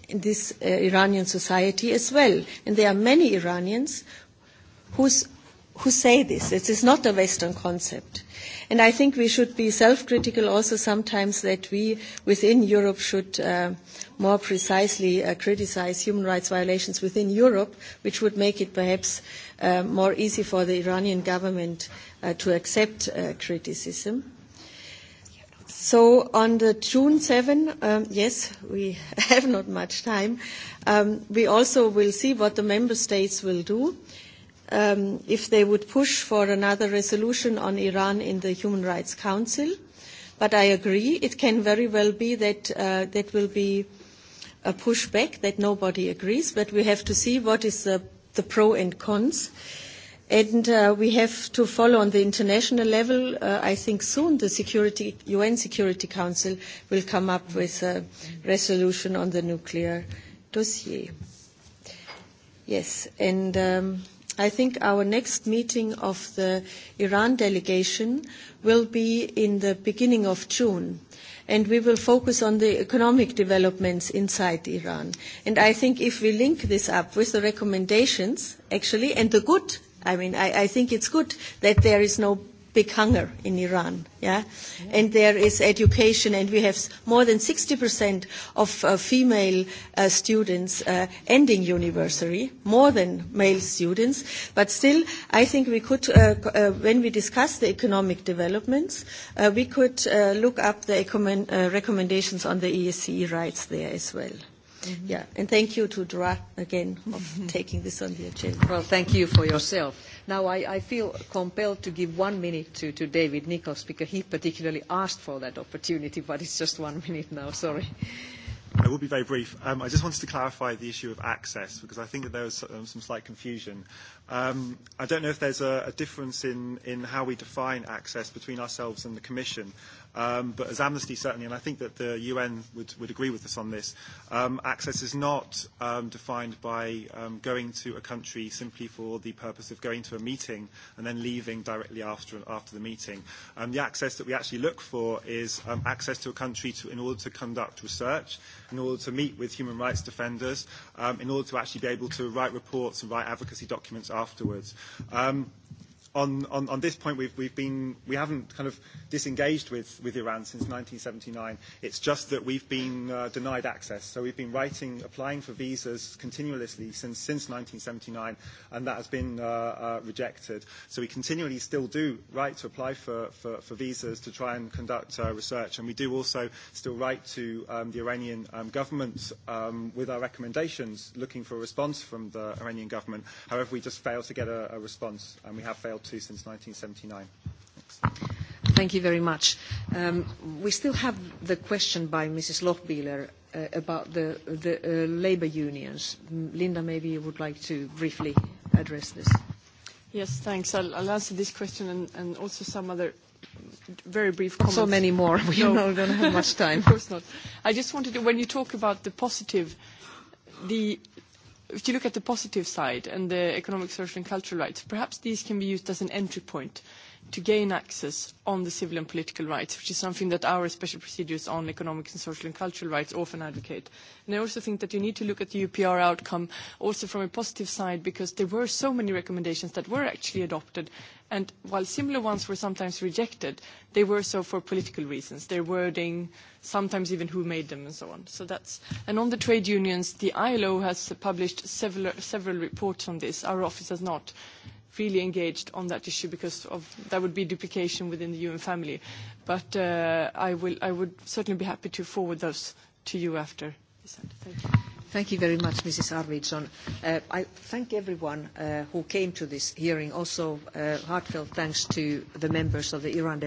in this Iranian society as well. And there are many Iranians whose who say this. It is not a Western concept. And I think we should be self-critical also sometimes that we within Europe should uh, more precisely uh, criticize human rights violations within Europe, which would make it perhaps uh, more easy for the Iranian government uh, to accept uh, criticism. So on the June 7, um, yes, we have not much time. Um, we also will see what the member states will do. Uh, if they would push for another resolution on Iran in the Human Rights Council. But I agree, it can very well be that uh, that will be a pushback that nobody agrees, but we have to see what is the, the pro and cons. And uh, we have to follow on the international level. Uh, I think soon the security, UN Security Council will come up with a resolution on the nuclear dossier. Yes, and... Um, I think our next meeting of the Iran delegation will be in the beginning of June and we will focus on the economic developments inside Iran. And I think if we link this up with the recommendations, actually, and the good, I mean, I, I think it's good that there is no big hunger in Iran. Yeah? And there is education, and we have more than 60% of uh, female uh, students uh, ending university, more than male students. But still, I think we could, uh, uh, when we discuss the economic developments, uh, we could uh, look up the uh, recommendations on the ESCE rights there as well. Yeah, and thank you to Dra again for taking this on the agenda. Well, thank you for yourself. Now, I, I feel compelled to give one minute to, to David Nichols because he particularly asked for that opportunity, but it's just one minute now, sorry. I will be very brief. Um, I just wanted to clarify the issue of access because I think that there was um, some slight confusion. Um, I don't know if there's a, a difference in, in how we define access between ourselves and the Commission. Um, but as Amnesty certainly, and I think that the UN would, would agree with us on this, um, access is not um, defined by um, going to a country simply for the purpose of going to a meeting and then leaving directly after, after the meeting. Um, the access that we actually look for is um, access to a country to, in order to conduct research, in order to meet with human rights defenders, um, in order to actually be able to write reports and write advocacy documents afterwards. Um, on, on, on this point, we've, we've been, we haven't kind of disengaged with, with Iran since 1979. It's just that we've been uh, denied access. So we've been writing, applying for visas continuously since, since 1979, and that has been uh, uh, rejected. So we continually still do write to apply for, for, for visas to try and conduct uh, research, and we do also still write to um, the Iranian um, government um, with our recommendations, looking for a response from the Iranian government. However, we just fail to get a, a response, and we have failed to since 1979. Thanks. Thank you very much. Um, We still have the question by Mrs. Lochbieler uh, about the the uh, labor unions. Linda, maybe you would like to briefly address this. Yes, thanks. I'll I'll answer this question and and also some other very brief comments. So many more. We don't have much time. Of course not. I just wanted to, when you talk about the positive, the if you look at the positive side and the economic, social and cultural rights, perhaps these can be used as an entry point to gain access on the civil and political rights, which is something that our special procedures on economic and social and cultural rights often advocate. And I also think that you need to look at the UPR outcome also from a positive side, because there were so many recommendations that were actually adopted. And while similar ones were sometimes rejected, they were so for political reasons, their wording, sometimes even who made them and so on. So that's, and on the trade unions, the ILO has published several, several reports on this. Our office has not really engaged on that issue because of, that would be duplication within the UN family. But uh, I, will, I would certainly be happy to forward those to you after this. Thank you. Thank you very much, Mrs. Arvidsson. I thank everyone who came to this hearing. Also, heartfelt thanks to the members of the Iran